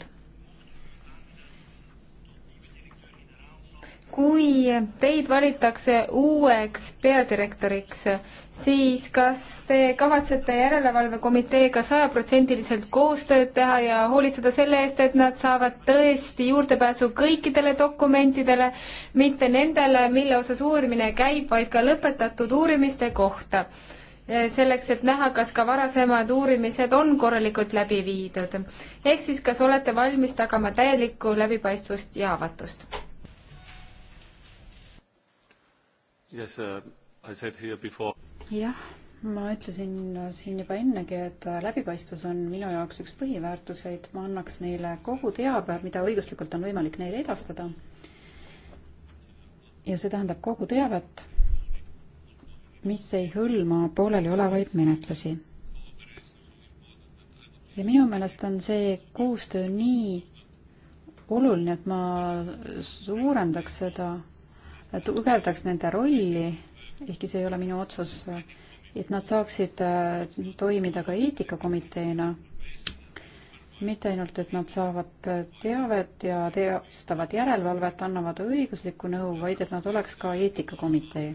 kui teid valitakse uueks peadirektoriks, siis kas te kavatsete Järelevalvekomiteega sajaprotsendiliselt koostööd teha ja hoolitseda selle eest, et nad saavad tõesti juurdepääsu kõikidele dokumentidele, mitte nendele, mille osas uurimine käib, vaid ka lõpetatud uurimiste kohta? selleks, et näha, kas ka varasemad uurimised on korralikult läbi viidud. ehk siis, kas olete valmis tagama täielikku läbipaistvust ja avatust? Yes, uh, I said here before jah, ma ütlesin äh, siin juba ennegi, et äh, läbipaistvus on minu jaoks üks põhiväärtuseid, ma annaks neile kogu teabe, mida õiguslikult on võimalik neile edastada. ja see tähendab kogu teavet, mis ei hõlma pooleliolevaid menetlusi ja minu meelest on see koostöö nii oluline, et ma suurendaks seda, tugevdaks nende rolli ehkki see ei ole minu otsus, et nad saaksid äh, toimida ka eetikakomiteena, mitte ainult, et nad saavad äh, teavet ja teostavad järelevalvet, annavad õiguslikku nõu, vaid et nad oleks ka eetikakomitee.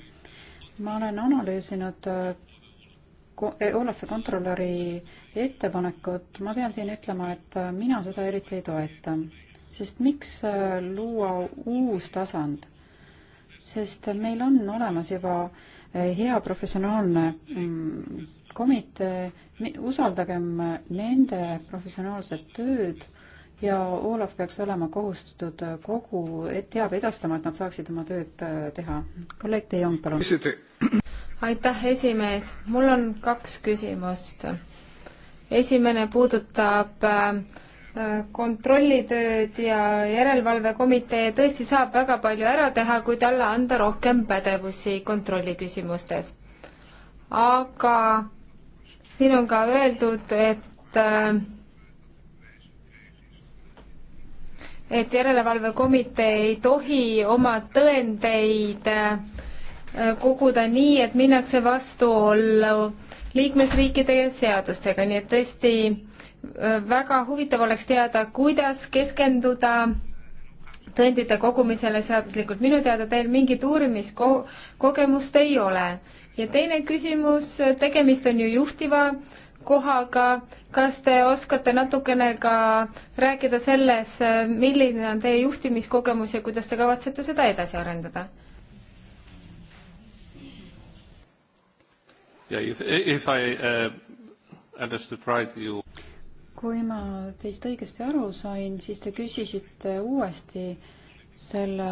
ma olen analüüsinud äh, Olafi kontrolöri ettepanekut, ma pean siin ütlema, et mina seda eriti ei toeta. sest miks luua uus tasand? sest meil on olemas juba eh, hea professionaalne mm, komitee, usaldagem eh, nende professionaalset tööd ja Olav peaks olema kohustatud eh, kogu teabe edastama, et nad saaksid oma tööd teha. kolleeg De Jong, palun. aitäh, esimees. mul on kaks küsimust. esimene puudutab äh, kontrollitööd ja järelevalvekomitee tõesti saab väga palju ära teha, kui talle anda rohkem pädevusi kontrolli küsimustes. aga siin on ka öeldud, et et järelevalvekomitee ei tohi oma tõendeid äh, koguda nii, et minnakse vastuollu liikmesriikide seadustega, nii et tõesti väga huvitav oleks teada, kuidas keskenduda tõendite kogumisele seaduslikult. minu teada teil mingit uurimiskogemust ei ole. ja teine küsimus, tegemist on ju juhtiva kohaga, kas te oskate natukene ka rääkida selles, milline on teie juhtimiskogemus ja kuidas te kavatsete seda edasi arendada? Yeah, if, if I uh, understood right, you kui ma teist õigesti aru sain, siis te küsisite uuesti selle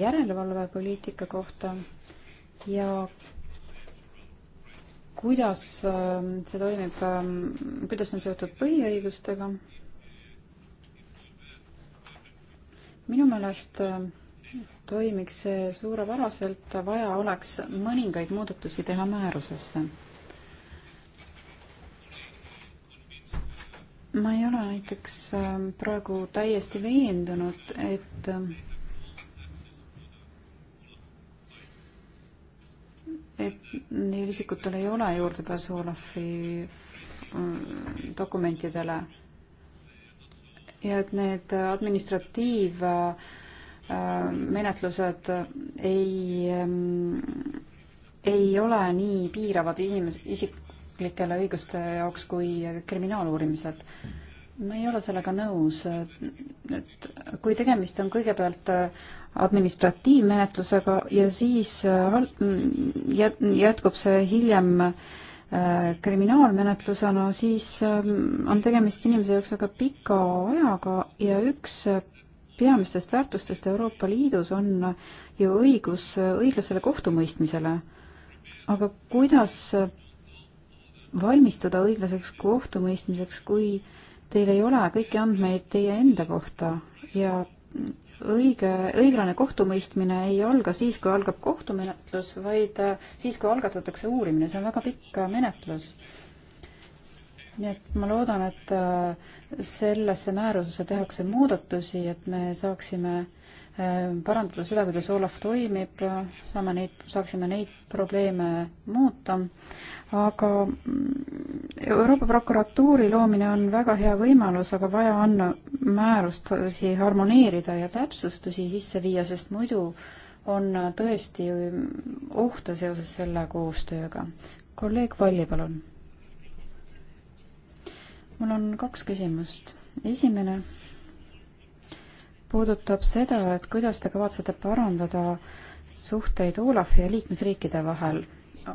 järelevalvepoliitika kohta ja kuidas ähm, see toimib, ähm, kuidas on seotud põhiõigustega? minu meelest ähm, toimiks see suurepäraselt, vaja oleks mõningaid muudatusi teha määrusesse ma ei ole näiteks ähm, praegu täiesti veendunud, et ähm, et neil isikutel ei ole juurdepääsu Olafi äh, dokumentidele ja et need administratiivmenetlused äh, ei, ähm, ei ole nii piiravad inimes-, isik, riiklikele õiguste jaoks kui kriminaaluurimised. ma ei ole sellega nõus, et kui tegemist on kõigepealt äh, administratiivmenetlusega ja siis äh, mm, jätkub see hiljem äh, kriminaalmenetlusena, siis ähm, on tegemist inimese jaoks väga pika ajaga ja üks peamistest väärtustest Euroopa Liidus on ju õigus õiglasele kohtumõistmisele. aga kuidas valmistuda õiglaseks kohtumõistmiseks, kui teil ei ole kõiki andmeid teie enda kohta ja õige, õiglane kohtumõistmine ei alga siis, kui algab kohtumenetlus, vaid äh, siis, kui algatatakse uurimine, see on väga pikk äh, menetlus. nii et ma loodan, et äh, sellesse määrusesse tehakse muudatusi, et me saaksime äh, parandada seda, kuidas Olav toimib, saame neid, saaksime neid probleeme muuta, aga mm, Euroopa prokuratuuri loomine on väga hea võimalus, aga vaja on määrustusi harmoneerida ja täpsustusi sisse viia, sest muidu on tõesti ohte seoses selle koostööga. kolleeg Valli, palun. mul on kaks küsimust. esimene puudutab seda, et kuidas te kavatsete parandada suhteid Olafi ja liikmesriikide vahel.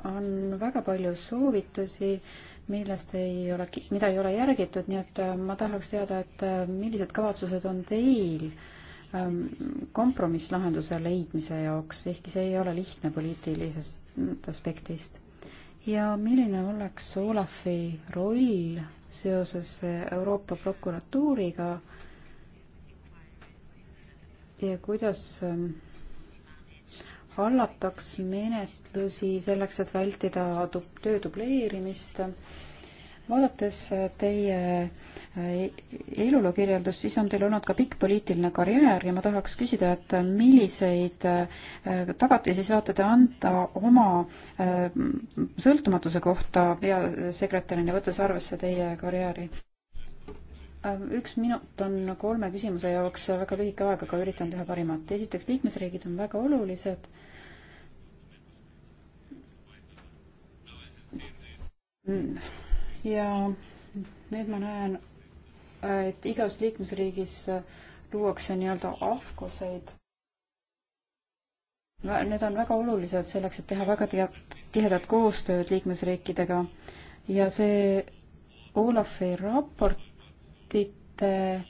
on väga palju soovitusi, millest ei ole, mida ei ole järgitud, nii et äh, ma tahaks teada, et äh, millised kavatsused on teil ähm, kompromisslahenduse leidmise jaoks, ehkki see ei ole lihtne poliitilisest aspektist. ja milline oleks Olafi roll seoses Euroopa prokuratuuriga äh, ja kuidas ähm, hallataks menetlusi selleks, et vältida töö dubleerimist. vaadates äh, teie äh, elulukirjeldust, siis on teil olnud ka pikk poliitiline karjäär ja ma tahaks küsida, et milliseid äh, tagatisi saate te anda oma sõltumatuse kohta peasekretärina, võttes arvesse teie karjääri? Ähm, üks minut on kolme küsimuse jaoks väga lühike aeg, aga üritan teha parimat. esiteks, liikmesriigid on väga olulised. ja nüüd ma näen, et igas liikmesriigis luuakse nii-öelda ahkuseid. Need on väga olulised selleks, et teha väga tihedat koostööd liikmesriikidega ja see Olafi raport auditite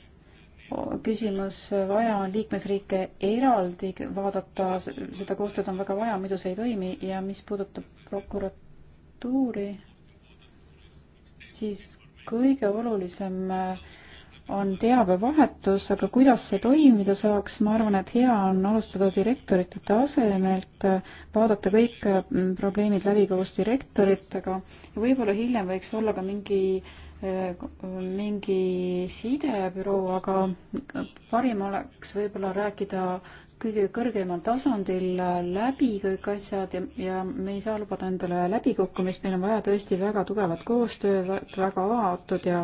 küsimus, vaja on liikmesriike eraldi vaadata, seda koostööd on väga vaja, muidu see ei toimi ja mis puudutab prokuratuuri, siis kõige olulisem on teabevahetus, aga kuidas see toimida saaks, ma arvan, et hea on alustada direktorite tasemelt, vaadata kõik probleemid läbi koos direktoritega ja võib-olla hiljem võiks olla ka mingi äh, mingi sidebüroo, aga parim oleks võib-olla rääkida kõige kõrgemal tasandil läbi kõik asjad ja, ja me ei saa lubada endale läbikukkumist, meil on vaja tõesti väga tugevat koostööd, väga avatud ja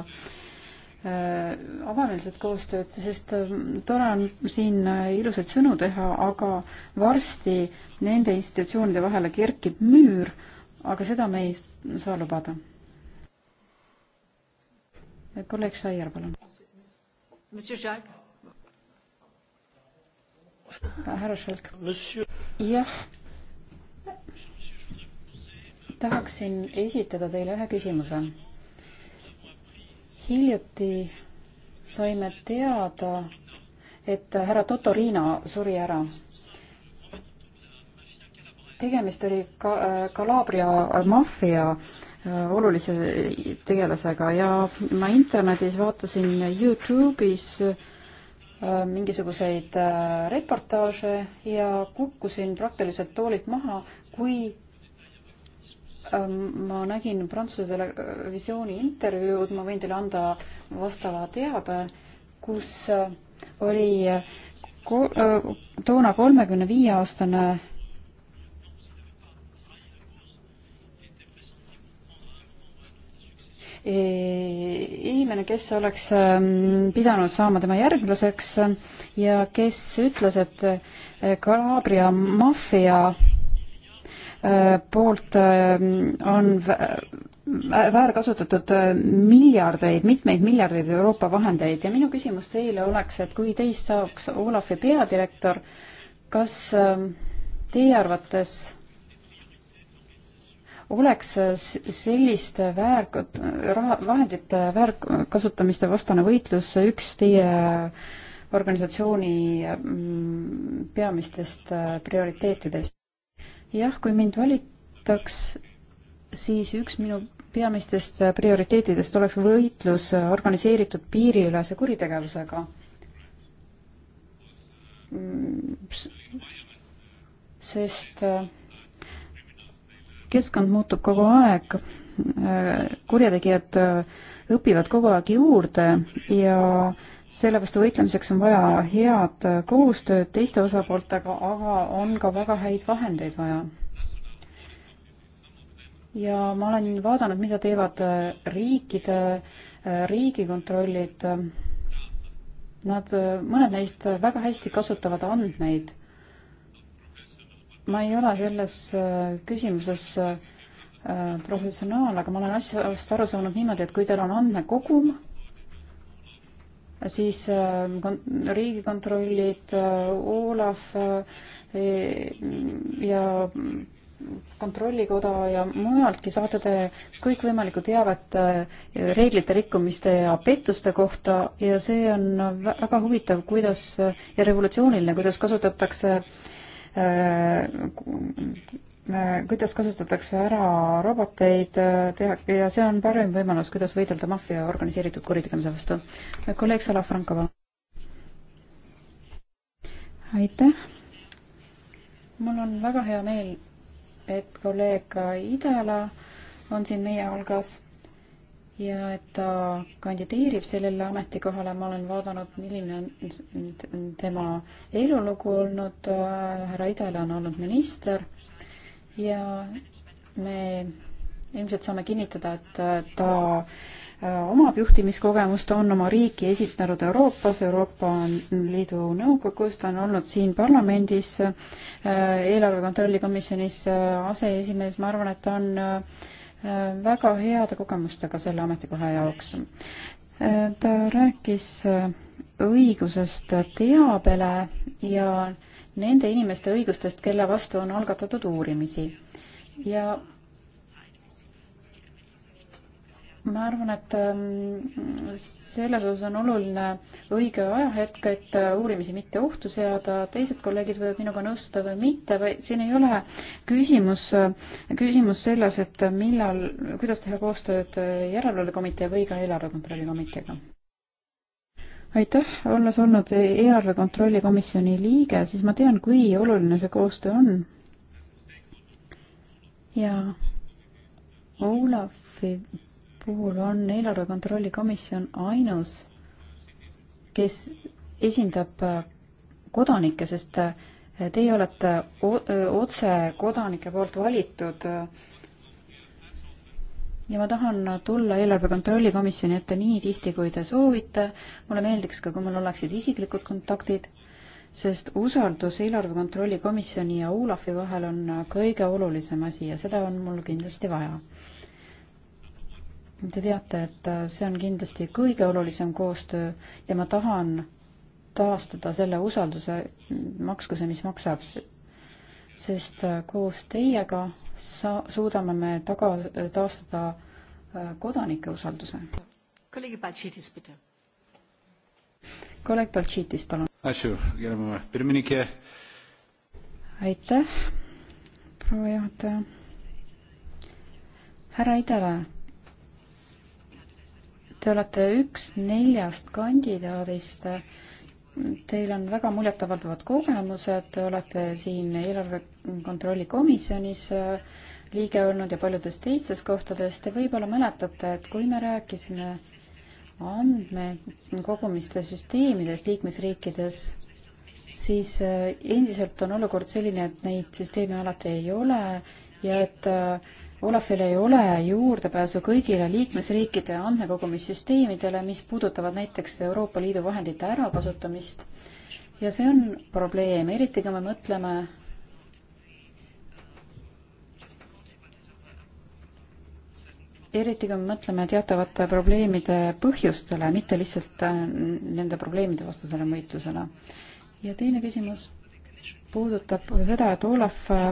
äh, avameelset koostööd, sest äh, tore on siin äh, ilusaid sõnu teha, aga varsti nende institutsioonide vahele kerkib müür, aga seda me ei saa lubada kolleeg Saier, palun. härra Šelk. jah. tahaksin esitada teile ühe küsimuse. hiljuti saime teada, et härra Totorino suri ära tegemist oli ka Kalabria maffia olulise tegelasega ja ma internetis vaatasin Youtube'is äh, mingisuguseid äh, reportaaže ja kukkusin praktiliselt toolilt maha, kui ähm, ma nägin Prantsuse televisiooni intervjuud, ma võin teile anda vastava teabe, kus äh, oli toona kolmekümne viie aastane inimene, kes oleks ähm, pidanud saama tema järglaseks ja kes ütles, et Kalabria äh, maffia äh, poolt ähm, on väärkasutatud äh, miljardeid, mitmeid miljardeid Euroopa vahendeid ja minu küsimus teile oleks, et kui teist saaks Olafi peadirektor, kas ähm, teie arvates oleks sellist väärkot-, raha, vahendite väärkasutamiste vastane võitlus üks teie organisatsiooni mm, peamistest äh, prioriteetidest? jah, kui mind valitaks, siis üks minu peamistest äh, prioriteetidest oleks võitlus äh, organiseeritud piiriülese kuritegevusega. Mm, sest äh, keskkond muutub kogu aeg, kurjategijad äh, õpivad kogu aeg juurde ja selle vastu võitlemiseks on vaja head äh, koostööd teiste osapooltega, aga on ka väga häid vahendeid vaja. ja ma olen vaadanud, mida teevad äh, riikide riigikontrollid. Nad, mõned neist väga hästi kasutavad andmeid ma ei ole selles äh, küsimuses äh, professionaal, aga ma olen asjast aru saanud niimoodi, et kui teil on andmekogum, siis äh, riigikontrollid, Olav e, ja kontrollikoda ja mujaltki saate te kõikvõimalikku teavet reeglite rikkumiste ja pettuste kohta ja see on väga huvitav, kuidas ja revolutsiooniline, kuidas kasutatakse äh, Äh, äh, kuidas kasutatakse ära roboteid äh, teha ja see on parim võimalus, kuidas võidelda maffia ja organiseeritud kuritegevuse vastu. kolleeg Salafrankova. aitäh. mul on väga hea meel, et kolleeg Idala on siin meie hulgas ja et ta kandideerib sellele ametikohale, ma olen vaadanud, milline on tema elulugu olnud, härra Idale on olnud minister ja me ilmselt saame kinnitada, et ta äh, omab juhtimiskogemust, ta on oma riiki esitanud Euroopas, Euroopa Liidu Nõukogus, ta on olnud siin parlamendis, äh, eelarve kontrolli komisjonis äh, aseesimees, ma arvan, et ta on väga heade kogemustega selle ametikoha jaoks. ta rääkis õigusest teabele ja nende inimeste õigustest, kelle vastu on algatatud uurimisi. ja ma arvan, et ähm, selles osas on oluline õige ajahetk, et äh, uurimisi mitte ohtu seada, teised kolleegid võivad minuga nõustuda või mitte, vaid siin ei ole küsimus, äh, küsimus selles, et äh, millal, kuidas teha koostööd järelevalvekomitee või ka eelarvekontrolli komiteega. aitäh, olles olnud e-, eelarve kontrolli komisjoni liige, siis ma tean, kui oluline see koostöö on. ja Olavi puhul on eelarve kontrolli komisjon ainus, kes esindab äh, kodanikke, sest äh, teie olete äh, otse kodanike poolt valitud. ja ma tahan tulla eelarve kontrolli komisjoni ette nii tihti, kui te soovite. mulle meeldiks ka, kui mul oleksid isiklikud kontaktid, sest usaldus eelarve kontrolli komisjoni ja Olafi vahel on kõige olulisem asi ja seda on mul kindlasti vaja Te teate, et äh, see on kindlasti kõige olulisem koostöö ja ma tahan taastada selle usalduse, mm, maksku see, mis maksab. sest äh, koos teiega sa-, suudame me taga, taastada äh, kodanike usalduse. kolleeg Baltšiitis, pidi. kolleeg Baltšiitis, palun. aitäh, proua juhataja. härra Idala Te olete üks neljast kandidaadist. Teil on väga muljetavaldavad kogemused, te olete siin eelarve kontrolli komisjonis liige olnud ja paljudes teistes kohtades. Te võib-olla mäletate, et kui me rääkisime andmekogumiste süsteemidest liikmesriikides, siis endiselt on olukord selline, et neid süsteeme alati ei ole ja et äh, Olafil ei ole juurdepääsu kõigile liikmesriikide andmekogumissüsteemidele, mis puudutavad näiteks Euroopa Liidu vahendite ärakasutamist ja see on probleem, eriti kui me mõtleme eriti kui me mõtleme teatavate probleemide põhjustele, mitte lihtsalt äh, nende probleemide vastasele mõitlusele. ja teine küsimus puudutab seda, et Olav äh,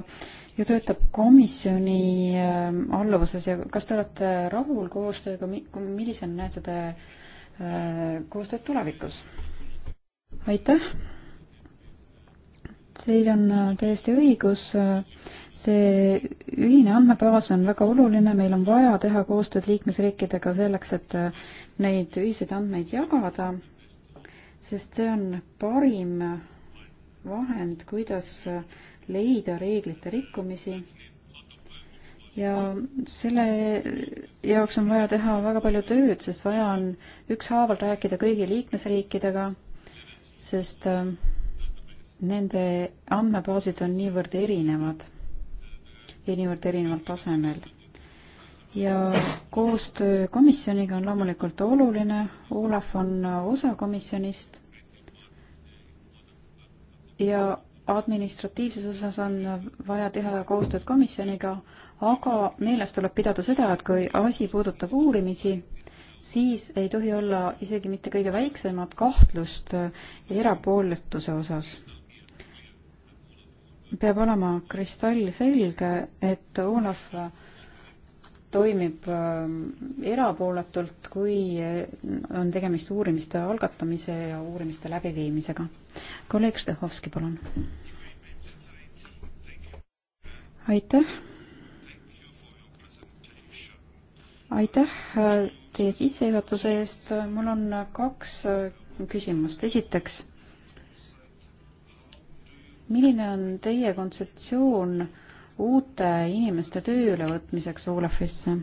ju töötab komisjoni ähm, alluvuses ja kas te olete rahul koostööga, millisena näete te äh, koostööd tulevikus? aitäh! Teil on äh, täiesti õigus, äh, see ühine andmebaas on väga oluline, meil on vaja teha koostööd liikmesriikidega selleks, et neid ühiseid andmeid jagada, sest see on parim vahend, kuidas äh, leida reeglite rikkumisi ja selle jaoks on vaja teha väga palju tööd, sest vaja on ükshaaval rääkida kõigi liikmesriikidega, sest äh, nende andmebaasid on niivõrd erinevad ja niivõrd erineval tasemel. ja koostöö komisjoniga on loomulikult oluline, Olav on osa komisjonist ja administratiivses osas on vaja teha koostööd komisjoniga, aga meeles tuleb pidada seda, et kui asi puudutab uurimisi, siis ei tohi olla isegi mitte kõige väiksemat kahtlust erapooletuse osas. peab olema kristallselge, et Olav toimib ähm, erapooletult, kui äh, on tegemist uurimiste algatamise ja uurimiste läbiviimisega. kolleeg Štehovski, palun. aitäh. aitäh äh, teie sissejuhatuse eest, mul on kaks äh, küsimust, esiteks, milline on teie kontseptsioon uute inimeste tööle võtmiseks Olafisse.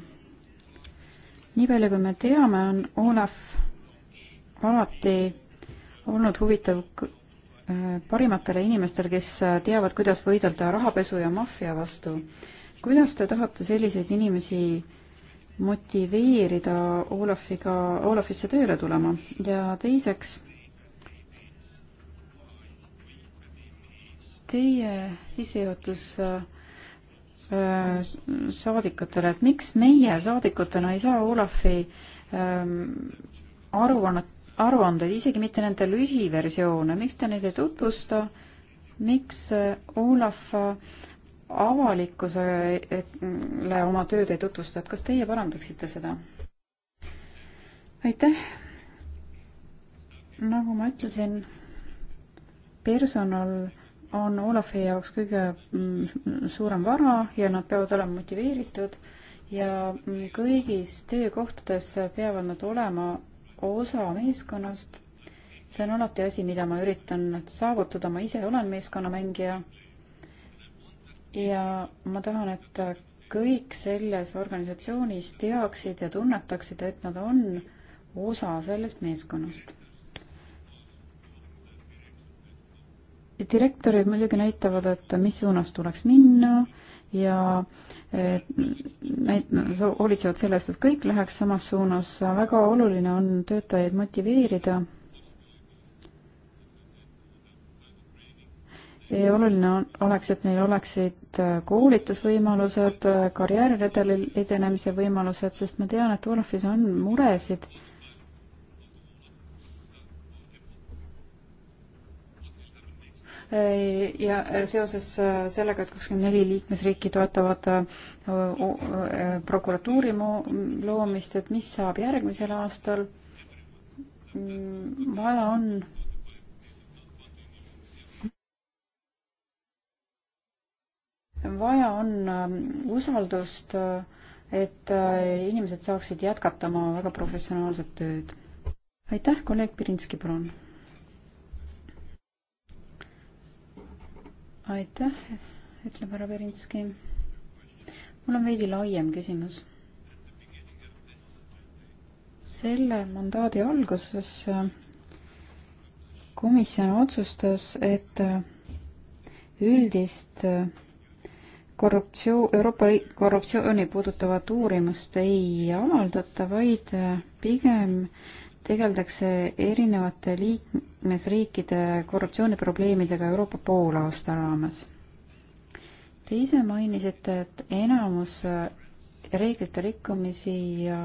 nii palju, kui me teame, on Olaf alati olnud huvitav äh, parimatele inimestele, kes äh, teavad, kuidas võidelda rahapesu ja maffia vastu. kuidas te tahate selliseid inimesi motiveerida Olafiga, Olafisse tööle tulema ja teiseks, teie sissejuhatus äh, Äh, saadikutele, et miks meie saadikutena ei saa Olafi ähm, aruannet, aruandeid, isegi mitte nende lühiversioone, miks te neid ei tutvusta, miks äh, Olaf äh, avalikkusele oma tööd ei tutvusta, et kas teie parandaksite seda? aitäh! nagu ma ütlesin, personal on Olafi jaoks kõige mm, suurem vara ja nad peavad olema motiveeritud ja mm, kõigis töökohtades peavad nad olema osa meeskonnast. see on alati asi, mida ma üritan saavutada, ma ise olen meeskonnamängija. ja ma tahan, et kõik selles organisatsioonis teaksid ja tunnetaksid, et nad on osa sellest meeskonnast. direktorid muidugi näitavad, et mis suunas tuleks minna ja näit-, hoolitsevad selle eest, et kõik läheks samas suunas, väga oluline on töötajaid motiveerida. oluline on, oleks, et neil oleksid äh, koolitusvõimalused, äh, karjääriredelil edenemise võimalused, sest ma tean, et Olafis on muresid äh, Äh, ja äh, seoses äh, sellega, et kakskümmend neli liikmesriiki toetavad prokuratuuri loomist, et mis saab järgmisel aastal, mm, vaja on vaja on ähm, usaldust, et inimesed saaksid jätkata oma väga professionaalset tööd. aitäh, kolleeg Pirinski, palun aitäh, ütleb härra Berinski. mul on veidi laiem küsimus. selle mandaadi alguses komisjon otsustas, et üldist korruptsioon, Euroopa korruptsiooni puudutavat uurimust ei avaldata, vaid pigem äh, tegeldakse erinevate liikmesriikide korruptsiooniprobleemidega Euroopa poolaasta raames. Te ise mainisite, et enamus reeglite rikkumisi ja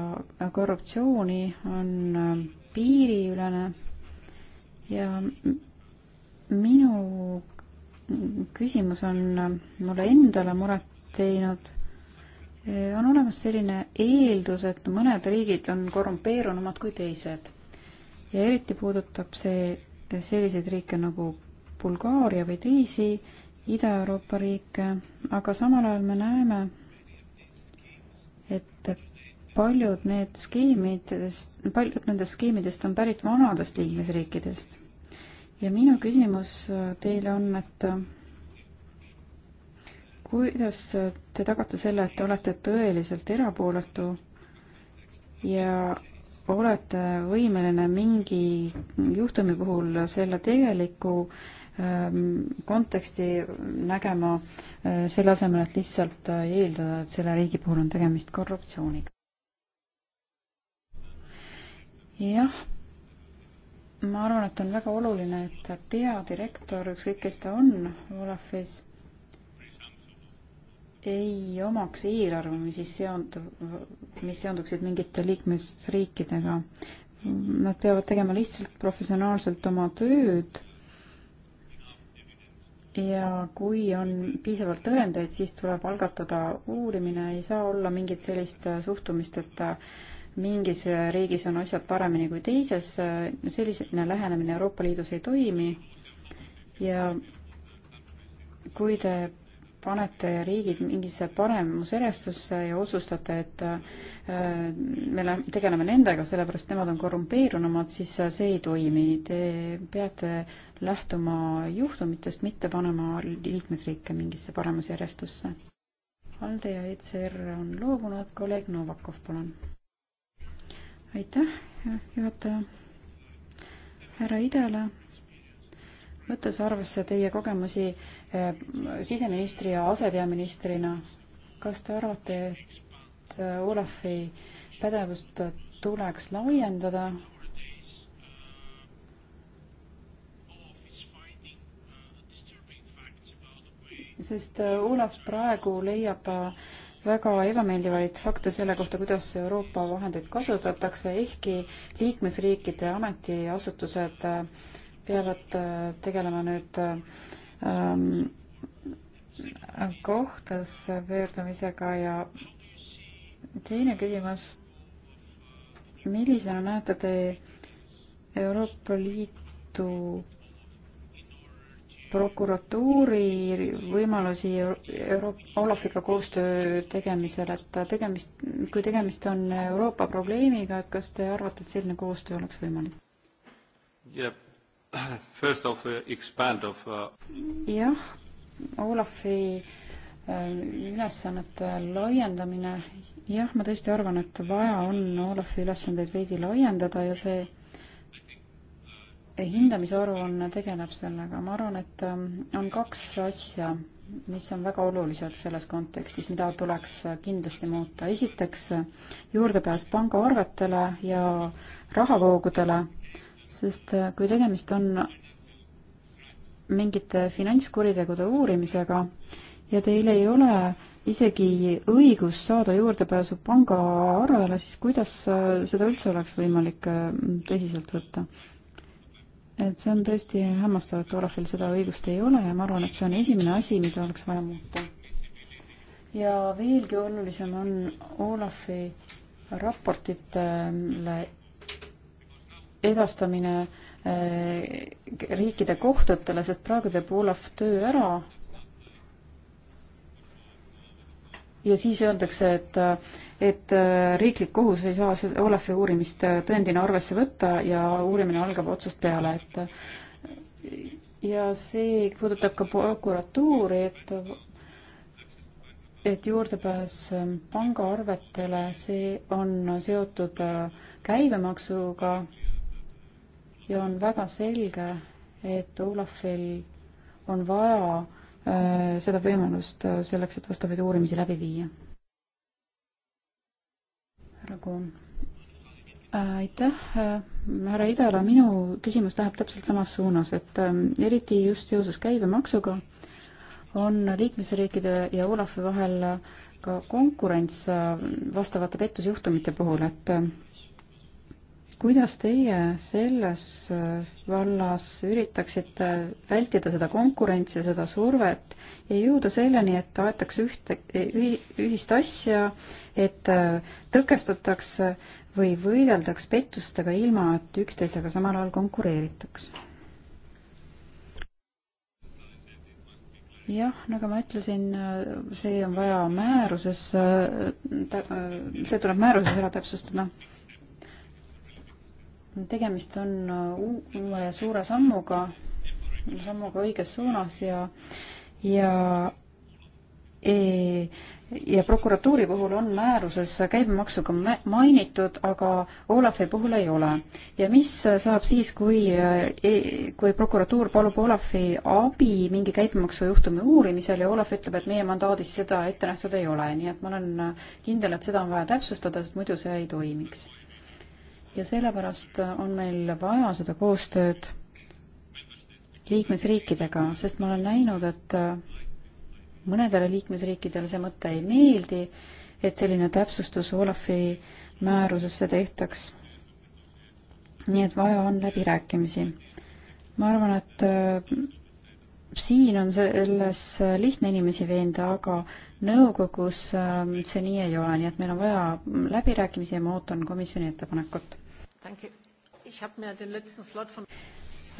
korruptsiooni on äh, piiriülene ja minu küsimus on äh, mulle endale muret teinud Eh, on olemas selline eeldus, et mõned riigid on korrumpeerunumad kui teised. ja eriti puudutab see selliseid riike nagu Bulgaaria või teisi Ida-Euroopa riike, aga samal ajal me näeme, et paljud need skeemidest, paljud nendest skeemidest on pärit vanadest liikmesriikidest. ja minu küsimus teile on, et kuidas te tagate selle, et te olete tõeliselt erapooletu ja olete võimeline mingi juhtumi puhul selle tegeliku ähm, konteksti nägema, äh, selle asemel, et lihtsalt äh, eeldada, et selle riigi puhul on tegemist korruptsiooniga? jah, ma arvan, et on väga oluline, et peadirektor, ükskõik kes ta on Olafis ei omaks eelarvamusi seonduv, mis seonduksid mingite liikmesriikidega. Nad peavad tegema lihtsalt professionaalselt oma tööd ja kui on piisavalt tõendeid, siis tuleb algatada uurimine, ei saa olla mingit sellist suhtumist, et mingis riigis on asjad paremini kui teises, selline lähenemine Euroopa Liidus ei toimi ja kui te panete riigid mingisse paremusjärjestusse ja otsustate, et äh, me tegeleme nendega, sellepärast nemad on korrumpeerunumad, siis äh, see ei toimi. Te peate lähtuma juhtumitest, mitte panema liikmesriike mingisse paremusjärjestusse. ALDE ja ECR on loobunud, kolleeg Novakov, palun. aitäh, juhataja. härra Idele, võttes arvesse teie kogemusi siseministri ja asepeaministrina, kas te arvate, et äh, Olafi pädevust tuleks laiendada? sest äh, Olav praegu leiab äh, väga ebameeldivaid fakte selle kohta, kuidas Euroopa vahendeid kasutatakse, ehkki liikmesriikide ametiasutused peavad tegelema nüüd äh, ähm, kohtusse pöördumisega ja teine küsimus, millisena näete te Euroopa Liidu prokuratuuri võimalusi Euroop-, Olafiga koostöö tegemisel, et tegemist, kui tegemist on Euroopa probleemiga, et kas te arvate, et selline koostöö oleks võimalik? jah, First of uh, expand of uh, jah, Olafi äh, ülesannete laiendamine, jah, ma tõesti arvan, et vaja on Olafi ülesandeid veidi laiendada ja see hindamisaruanne tegeleb sellega, ma arvan, et äh, on kaks asja, mis on väga olulised selles kontekstis, mida tuleks kindlasti muuta. esiteks juurdepääs pangaarvetele ja rahavoogudele sest äh, kui tegemist on mingite finantskuritegude uurimisega ja teil ei ole isegi õigus saada juurdepääsu pangaarvele, siis kuidas äh, seda üldse oleks võimalik äh, tõsiselt võtta? et see on tõesti hämmastav, et Orafil seda õigust ei ole ja ma arvan, et see on esimene asi, mida oleks vaja muuta. ja veelgi olulisem on Olafi raportitele edastamine eh, riikide kohtutele, sest praegu teeb Olav töö ära. ja siis öeldakse, et, et eh, riiklik kohus ei saa Olavi uurimist eh, tõendina arvesse võtta ja uurimine algab otsast peale, et ja see puudutab ka prokuratuuri, et, et juurdepääs pangaarvetele, see on seotud käibemaksuga ja on väga selge, et Olafil on vaja äh, seda võimalust äh, selleks, et vastavaid uurimisi läbi viia. härra Kuhn. Äh, aitäh, äh, härra Idala, minu küsimus läheb täpselt samas suunas, et äh, eriti just seoses käibemaksuga on liikmesriikide ja Olafi vahel ka konkurents vastavate pettusjuhtumite puhul, et kuidas teie selles äh, vallas üritaksite vältida seda konkurentsi ja seda survet ja jõuda selleni, et aetakse ühte, ühist asja, et äh, tõkestataks või võideldaks pettustega ilma, et üksteisega samal ajal konkureeritaks? jah, nagu ma ütlesin, äh, see on vaja määruses, see tuleb määruses ära täpsustada no tegemist on äh, uue suure sammuga, sammuga õiges suunas ja, ja e, ja prokuratuuri puhul on määruses käibemaksu ka mainitud, aga Olafi puhul ei ole. ja mis saab siis, kui, e-, kui prokuratuur palub Olafi abi mingi käibemaksujuhtumi uurimisel ja Olaf ütleb, et meie mandaadis seda ette nähtud ei ole, nii et ma olen kindel, et seda on vaja täpsustada, sest muidu see ei toimiks ja sellepärast on meil vaja seda koostööd liikmesriikidega, sest ma olen näinud, et mõnedele liikmesriikidele see mõte ei meeldi, et selline täpsustus Olafi määrusesse tehtaks. nii et vaja on läbirääkimisi. ma arvan, et äh, siin on selles lihtne inimesi veenda, aga nõukogus äh, see nii ei ole, nii et meil on vaja läbirääkimisi ja ma ootan komisjoni ettepanekut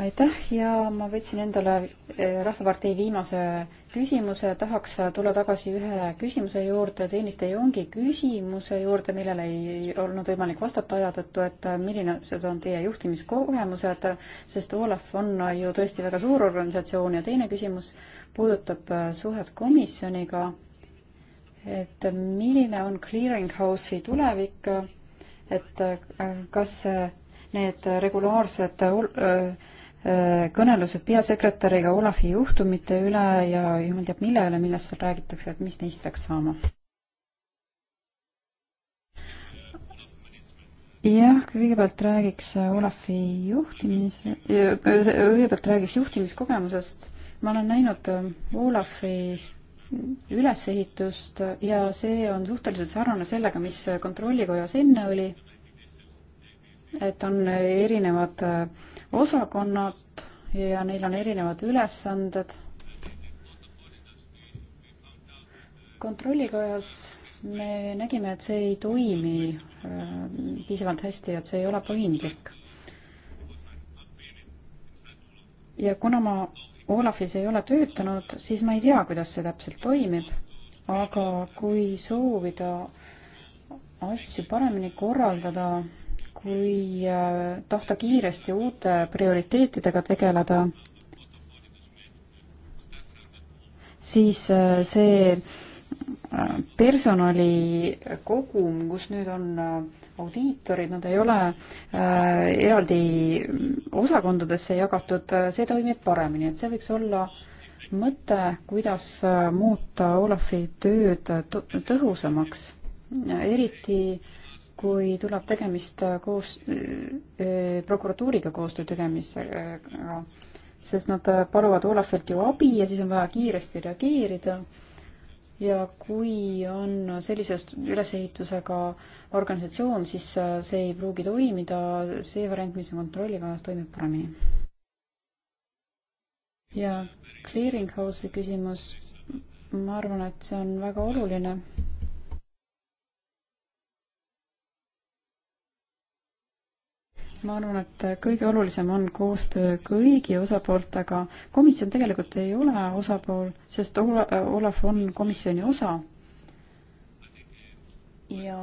aitäh ja ma võtsin endale eh, Rahvapartei viimase küsimuse, tahaks tulla tagasi ühe küsimuse juurde, Tõnis Dejongi küsimuse juurde, millele ei olnud võimalik vastata aja tõttu, et eh, millised on teie juhtimiskogemused, sest Olav on ju tõesti väga suur organisatsioon ja teine küsimus puudutab eh, suhet komisjoniga, et milline on clearing house'i tulevik et äh, kas äh, need regulaarsed äh, kõnelused peasekretäriga Olafi juhtumite üle ja jumal teab mille üle, millest seal räägitakse, et mis neist peaks saama? jah, kõigepealt räägiks Olafi juhtimise, kõigepealt räägiks juhtimiskogemusest. ma olen näinud Olafist ülesehitust ja see on suhteliselt sarnane sellega, mis Kontrollikojas enne oli, et on erinevad osakonnad ja neil on erinevad ülesanded. kontrollikojas me nägime, et see ei toimi äh, piisavalt hästi, et see ei ole paindlik. ja kuna ma Olafis ei ole töötanud, siis ma ei tea, kuidas see täpselt toimib, aga kui soovida asju paremini korraldada, kui äh, tahta kiiresti uute prioriteetidega tegeleda, siis äh, see äh, personali kogum, kus nüüd on audiitorid, nad ei ole äh, eraldi osakondadesse jagatud, äh, see toimib paremini, et see võiks olla mõte, kuidas äh, muuta Olafi tööd äh, tõhusamaks, eriti kui tuleb tegemist koos äh,, prokuratuuriga koostöö tegemisega äh,, sest nad paluvad Olafilt ju abi ja siis on vaja kiiresti reageerida äh, ja kui on sellise ülesehitusega organisatsioon, siis äh, see ei pruugi toimida, see variant, mis on kontrollikojas, toimib paremini. ja clearing house'i küsimus, ma arvan, et see on väga oluline ma arvan, et kõige olulisem on koostöö kõigi osapooltega. komisjon tegelikult ei ole osapool, sest Olav on komisjoni osa. ja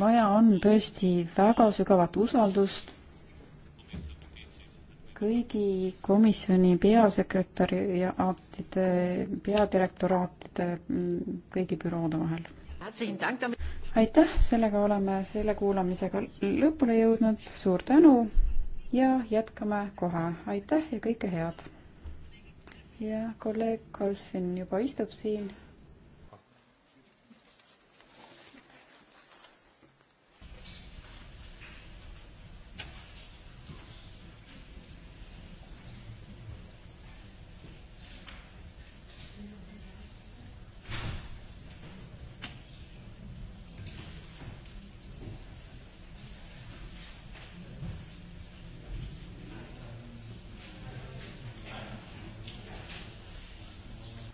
vaja on tõesti väga sügavat usaldust kõigi komisjoni peasekretäriaatide, peadirektoraatide, mm, kõigi büroode vahel aitäh, sellega oleme selle kuulamisega lõpule jõudnud, suur tänu ja jätkame kohe, aitäh ja kõike head. ja kolleeg Kolfin juba istub siin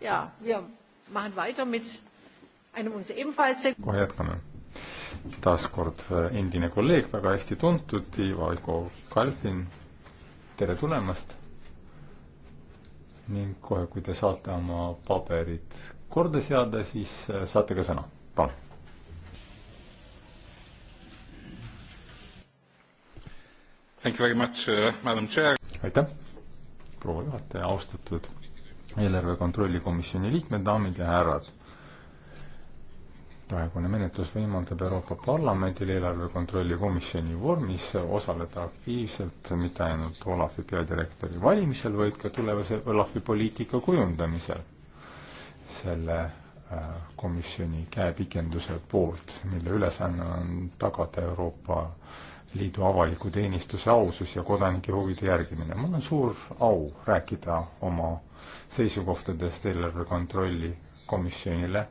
ja, wir machen weiter mit einem uns ebenfalls sehr kohe jätkame. taas kord äh, endine kolleeg, väga hästi tuntud, Ivo Kalfin, tere tulemast! ning kohe, kui te saate oma paberid korda seada, siis äh, saate ka sõna, palun. Thank you very much uh,, madam chair. aitäh, proua juhataja, austatud eelarve kontrolli komisjoni liikmed, daamid ja härrad. praegune menetlus võimaldab Euroopa Parlamendil eelarve kontrolli komisjoni vormis osaleda aktiivselt mitte ainult Olavi peadirektori valimisel, vaid ka tulevase Olavi poliitika kujundamisel. selle äh, komisjoni käepikenduse poolt, mille ülesanne on tagada Euroopa Liidu avaliku teenistuse ausus ja kodanike huvide järgimine. mul on suur au rääkida oma seisukohtadest eelarve kontrolli komisjonile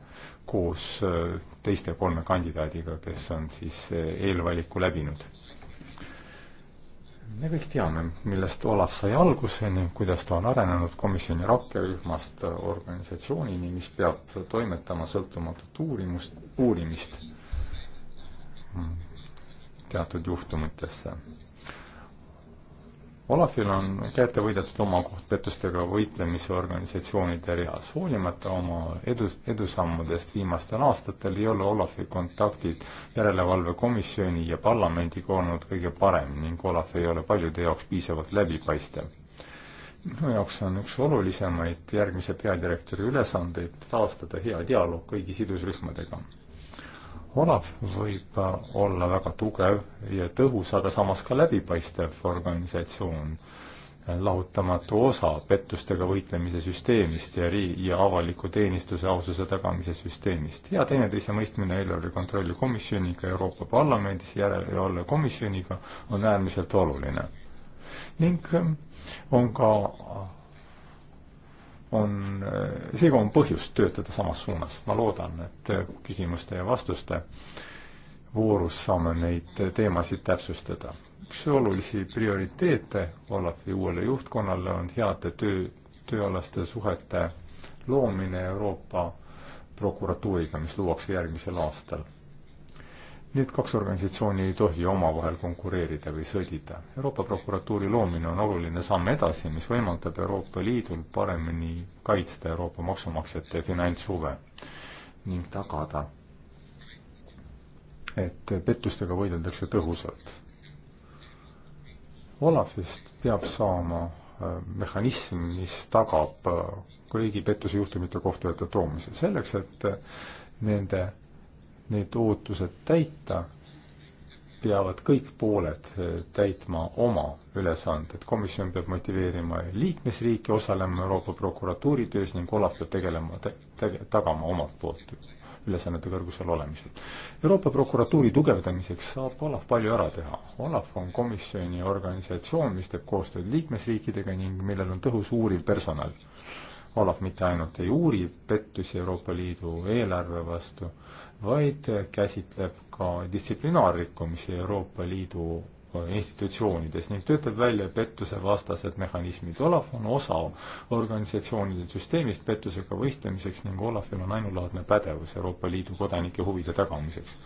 koos äh, teiste kolme kandidaadiga, kes on siis äh, eelvaliku läbinud. me kõik teame, millest Olav sai alguse ning kuidas ta on arenenud komisjoni rakkerühmast äh, organisatsioonini, mis peab toimetama sõltumatut uurimust, uurimist mm, teatud juhtumitesse Olafil on kätte võidetud oma kohtupettustega võitlemise organisatsioonide reas. hoolimata oma edu, edusammudest viimastel aastatel ei ole Olafi kontaktid järelevalvekomisjoni ja parlamendiga olnud kõige parem ning Olaf ei ole paljude jaoks piisavalt läbipaistev. minu jaoks on üks olulisemaid järgmise peadirektori ülesandeid taastada hea dialoog kõigi sidusrühmadega Olav võib äh, olla väga tugev ja tõhus, aga samas ka läbipaistev organisatsioon, äh, lahutamatu osa pettustega võitlemise süsteemist ja rii- ja avaliku teenistuse aususe tagamise süsteemist ja teineteise mõistmine eelarve kontrolli komisjoniga Euroopa Parlamendis järelevalve komisjoniga on äärmiselt oluline. ning ähm, on ka on, seega on põhjust töötada samas suunas. ma loodan, et küsimuste ja vastuste voorus saame neid teemasid täpsustada. üks olulisi prioriteete Olavi uuele juhtkonnale on heade töö, tööalaste suhete loomine Euroopa prokuratuuriga, mis luuakse järgmisel aastal Need kaks organisatsiooni ei tohi omavahel konkureerida või sõdida. Euroopa prokuratuuri loomine on oluline samm edasi, mis võimaldab Euroopa Liidul paremini kaitsta Euroopa maksumaksjate finantshuve ning tagada, et pettustega võideldakse tõhusalt. Olafist peab saama äh, mehhanism, mis tagab äh, kõigi pettusejuhtumite kohtu ette toomise, selleks et äh, nende need ootused täita, peavad kõik pooled eh, täitma oma ülesanded. komisjon peab motiveerima liikmesriike osalema Euroopa prokuratuuri töös ning Olav peab tegelema te,, tege, tagama omalt poolt ülesannete kõrgusel olemisel. Euroopa prokuratuuri tugevdamiseks saab Olav palju ära teha. Olav on komisjoni organisatsioon, mis teeb koostööd liikmesriikidega ning millel on tõhus uuriv personal Olav mitte ainult ei uuri pettusi Euroopa Liidu eelarve vastu, vaid käsitleb ka distsiplinaarrikkumisi Euroopa Liidu institutsioonides ning töötab välja pettusevastased mehhanismid. Olav on osa organisatsioonide süsteemist pettusega võistlemiseks ning Olafil on ainulaadne pädevus Euroopa Liidu kodanike huvide tagamiseks.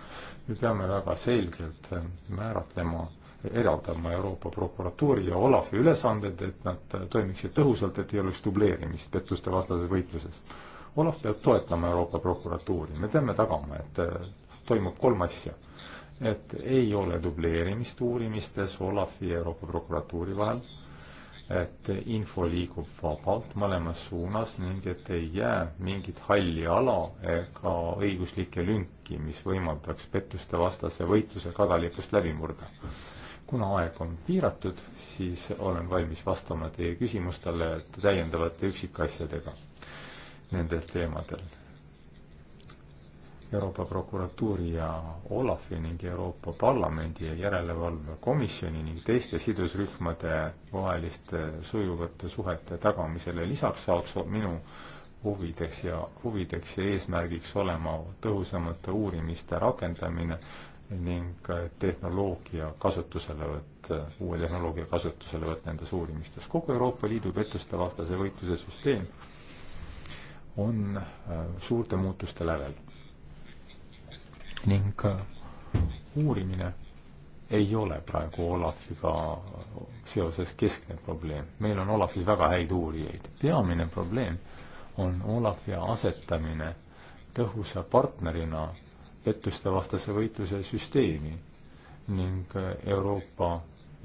me peame väga selgelt määratlema eraldama Euroopa prokuratuuri ja Olafi ülesanded, et nad toimiksid tõhusalt, et ei oleks dubleerimist pettuste vastases võitluses. Olav peab toetama Euroopa prokuratuuri, me peame tagama, et äh, toimub kolm asja. et ei ole dubleerimist uurimistes Olafi ja Euroopa prokuratuuri vahel, et info liigub vabalt mõlemas suunas ning et ei jää mingit halli ala ega õiguslikke lünki, mis võimaldaks pettuste vastase võitluse kadalipust läbi murda kuna aeg on piiratud, siis olen valmis vastama teie küsimustele täiendavate üksikasjadega nendel teemadel. Euroopa Prokuratuuri ja Olafi ning Euroopa Parlamendi ja Järelevalvekomisjoni ning teiste sidusrühmade vaheliste sujuvate suhete tagamisele lisaks saaks minu huvideks ja, huvideks ja eesmärgiks olema tõhusamate uurimiste rakendamine ning tehnoloogia kasutuselevõtt, uue tehnoloogia kasutuselevõtt nendes uurimistes. kogu Euroopa Liidu pettuste vastase võitluse süsteem on äh, suurte muutuste lävel ning äh, uurimine ei ole praegu Olafiga seoses keskne probleem. meil on Olafis väga häid uurijaid. peamine probleem on Olafi asetamine tõhusa partnerina pettustevastase võitluse süsteemi ning Euroopa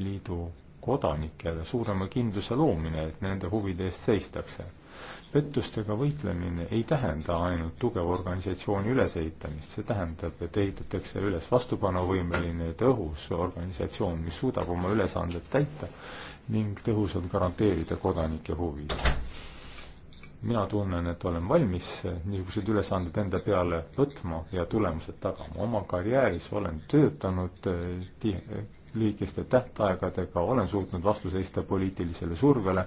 Liidu kodanikele suurema kindluse loomine, et nende huvide eest seistakse. pettustega võitlemine ei tähenda ainult tugeva organisatsiooni ülesehitamist, see tähendab, et ehitatakse üles vastupanuvõimeline ja tõhus organisatsioon, mis suudab oma ülesanded täita ning tõhusalt garanteerida kodanike huvid mina tunnen, et olen valmis niisuguseid ülesanded enda peale võtma ja tulemused tagama. oma karjääris olen töötanud eh, eh, lühikeste tähtaegadega, olen suutnud vastu seista poliitilisele survele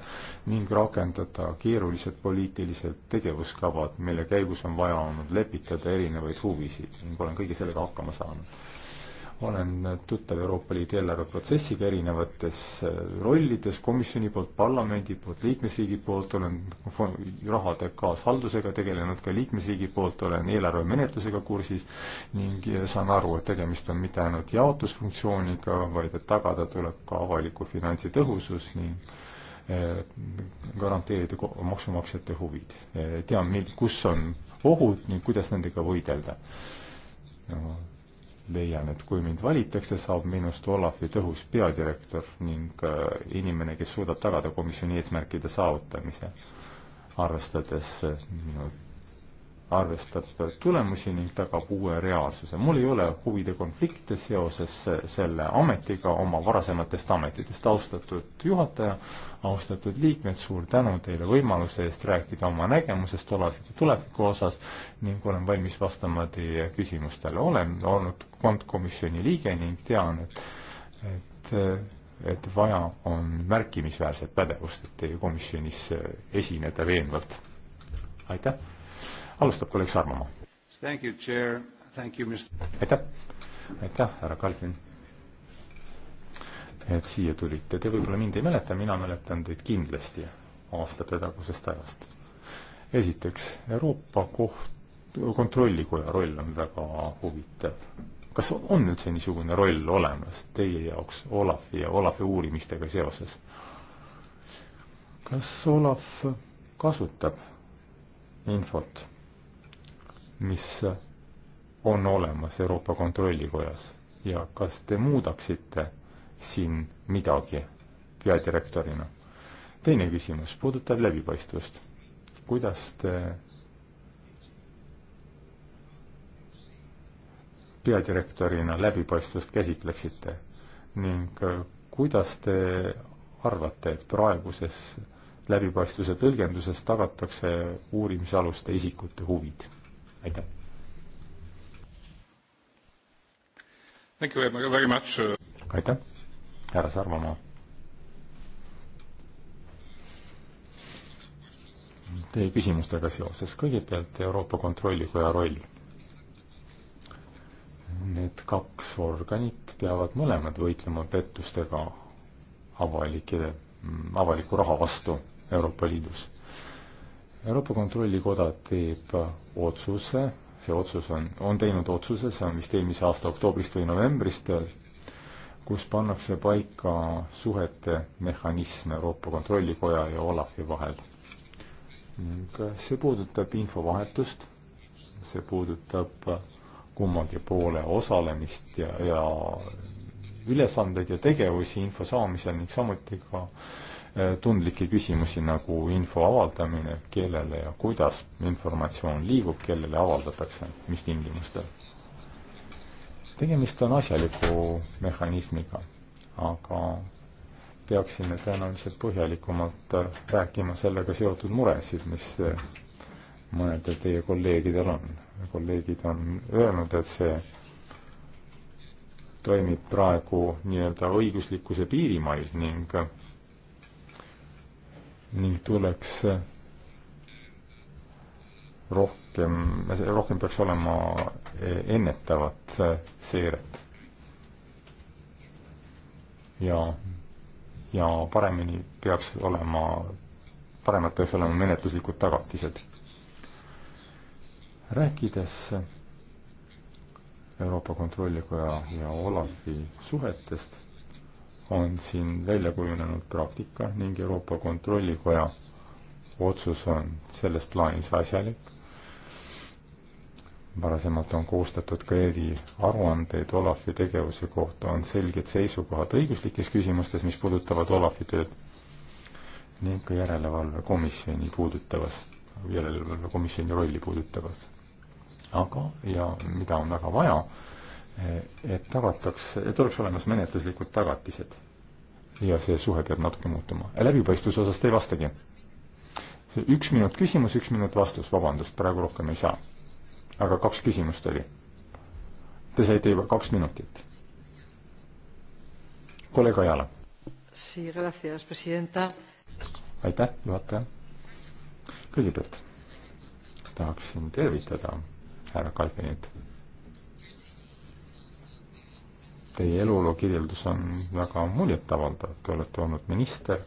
ning rakendada keerulised poliitilised tegevuskavad, mille käigus on vaja olnud lepitada erinevaid huvisid ning olen kõige sellega hakkama saanud olen tuttav Euroopa Liidu eelarveprotsessiga erinevates äh, rollides, komisjoni poolt, parlamendi poolt, liikmesriigi poolt, olen rahade kaashaldusega tegelenud ka liikmesriigi poolt, olen eelarvemenetlusega kursis ning äh, saan aru, et tegemist on mitte ainult jaotusfunktsiooniga, vaid et tagada tuleb ka avaliku finantsi tõhusus ning äh, garanteerida maksumaksjate huvid. tean, kus on ohud ning kuidas nendega võidelda no leian, et kui mind valitakse, saab minust Olafi tõhus peadirektor ning äh, inimene, kes suudab tagada komisjoni eesmärkide saavutamise, arvestades äh, minu arvestab tulemusi ning tagab uue reaalsuse. mul ei ole huvide konflikte seoses selle ametiga oma varasematest ametitest. austatud juhataja, austatud liikmed, suur tänu teile võimaluse eest rääkida oma nägemusest Olavi tuleviku osas ning olen valmis vastama teie küsimustele. olen olnud kontkomisjoni liige ning tean, et, et et vaja on märkimisväärset pädevust, et teie komisjonis esineda veenvalt. aitäh! alustab kolleeg Sarmamaa. aitäh, aitäh, härra Kalvin, et siia tulite. Te võib-olla mind ei mäleta, mina mäletan teid kindlasti aastate tagusest ajast. esiteks, Euroopa Koht, Kontrollikoja roll on väga huvitav. kas on üldse niisugune roll olemas teie jaoks Olavi ja Olavi uurimistega seoses? kas Olav kasutab infot mis on olemas Euroopa Kontrollikojas ja kas te muudaksite siin midagi peadirektorina? teine küsimus puudutab läbipaistvust. kuidas te peadirektorina läbipaistvust käsitleksite ning kuidas te arvate, et praeguses läbipaistvuse tõlgenduses tagatakse uurimisaluste isikute huvid? aitäh. Uh, aitäh, härra Sarvamaa. Teie küsimustega seoses kõigepealt Euroopa Kontrollikoja roll. Need kaks organit peavad mõlemad võitlema pettustega avalike, avaliku raha vastu Euroopa Liidus Euroopa Kontrollikoda teeb otsuse, see otsus on, on teinud otsuse, see on vist eelmise aasta oktoobrist või novembrist, kus pannakse paika suhete mehhanism Euroopa Kontrollikoja ja Olafi vahel. ning see puudutab infovahetust, see puudutab kummagi poole osalemist ja, ja ülesandeid ja tegevusi info saamisel ning samuti ka äh, tundlikke küsimusi nagu info avaldamine, kellele ja kuidas informatsioon liigub, kellele avaldatakse, mis tingimustel. tegemist on asjaliku mehhanismiga, aga peaksime tõenäoliselt põhjalikumalt rääkima sellega seotud muresid, mis mõnedel teie kolleegidel on. kolleegid on öelnud, et see toimib praegu nii-öelda õiguslikkuse piirimail ning ning tuleks rohkem, rohkem peaks olema ennetavat seiret. ja, ja paremini peaks olema, paremad peaks olema menetluslikud tagatised. rääkides Euroopa Kontrollikoja ja Olavi suhetest on siin välja kujunenud praktika ning Euroopa Kontrollikoja otsus on selles plaanis asjalik. varasemalt on koostatud ka eriaruandeid Olafi tegevuse kohta, on selged seisukohad õiguslikes küsimustes, mis puudutavad Olafi tööd ning ka järelevalvekomisjoni puudutavas, järelevalvekomisjoni rolli puudutavas. aga, ja mida on väga vaja et tagataks, et oleks olemas menetluslikud tagatised. ja see suhe peab natuke muutuma. läbipaistvuse osas te ei vastagi. üks minut küsimus, üks minut vastus, vabandust, praegu rohkem ei saa. aga kaks küsimust oli. Te saite juba kaks minutit. kolleeg Ajala. aitäh, juhataja. kõigepealt tahaksin tervitada härra Kalvinit teie eluloo kirjeldus on väga muljetavaldav, te olete olnud minister,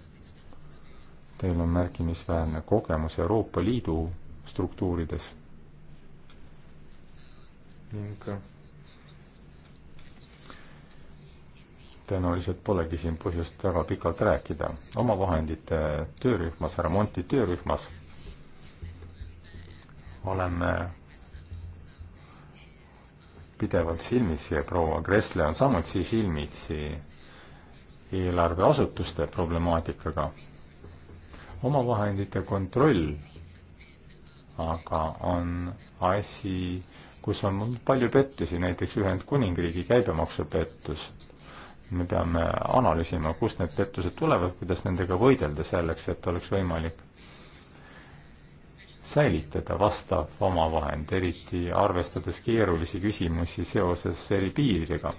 teil on märkimisväärne kogemus Euroopa Liidu struktuurides ning äh, tõenäoliselt polegi siin põhjust väga pikalt rääkida. omavahendite töörühmas, härra Monti töörühmas oleme pidevalt silmitsi ja proua Kressle on samuti silmitsi eelarveasutuste problemaatikaga. omavahendite kontroll aga on asi, kus on palju pettusi, näiteks Ühendkuningriigi käibemaksupettus. me peame analüüsima, kust need pettused tulevad, kuidas nendega võidelda selleks, et oleks võimalik säilitada vastav omavahend, eriti arvestades keerulisi küsimusi seoses eri piiriga.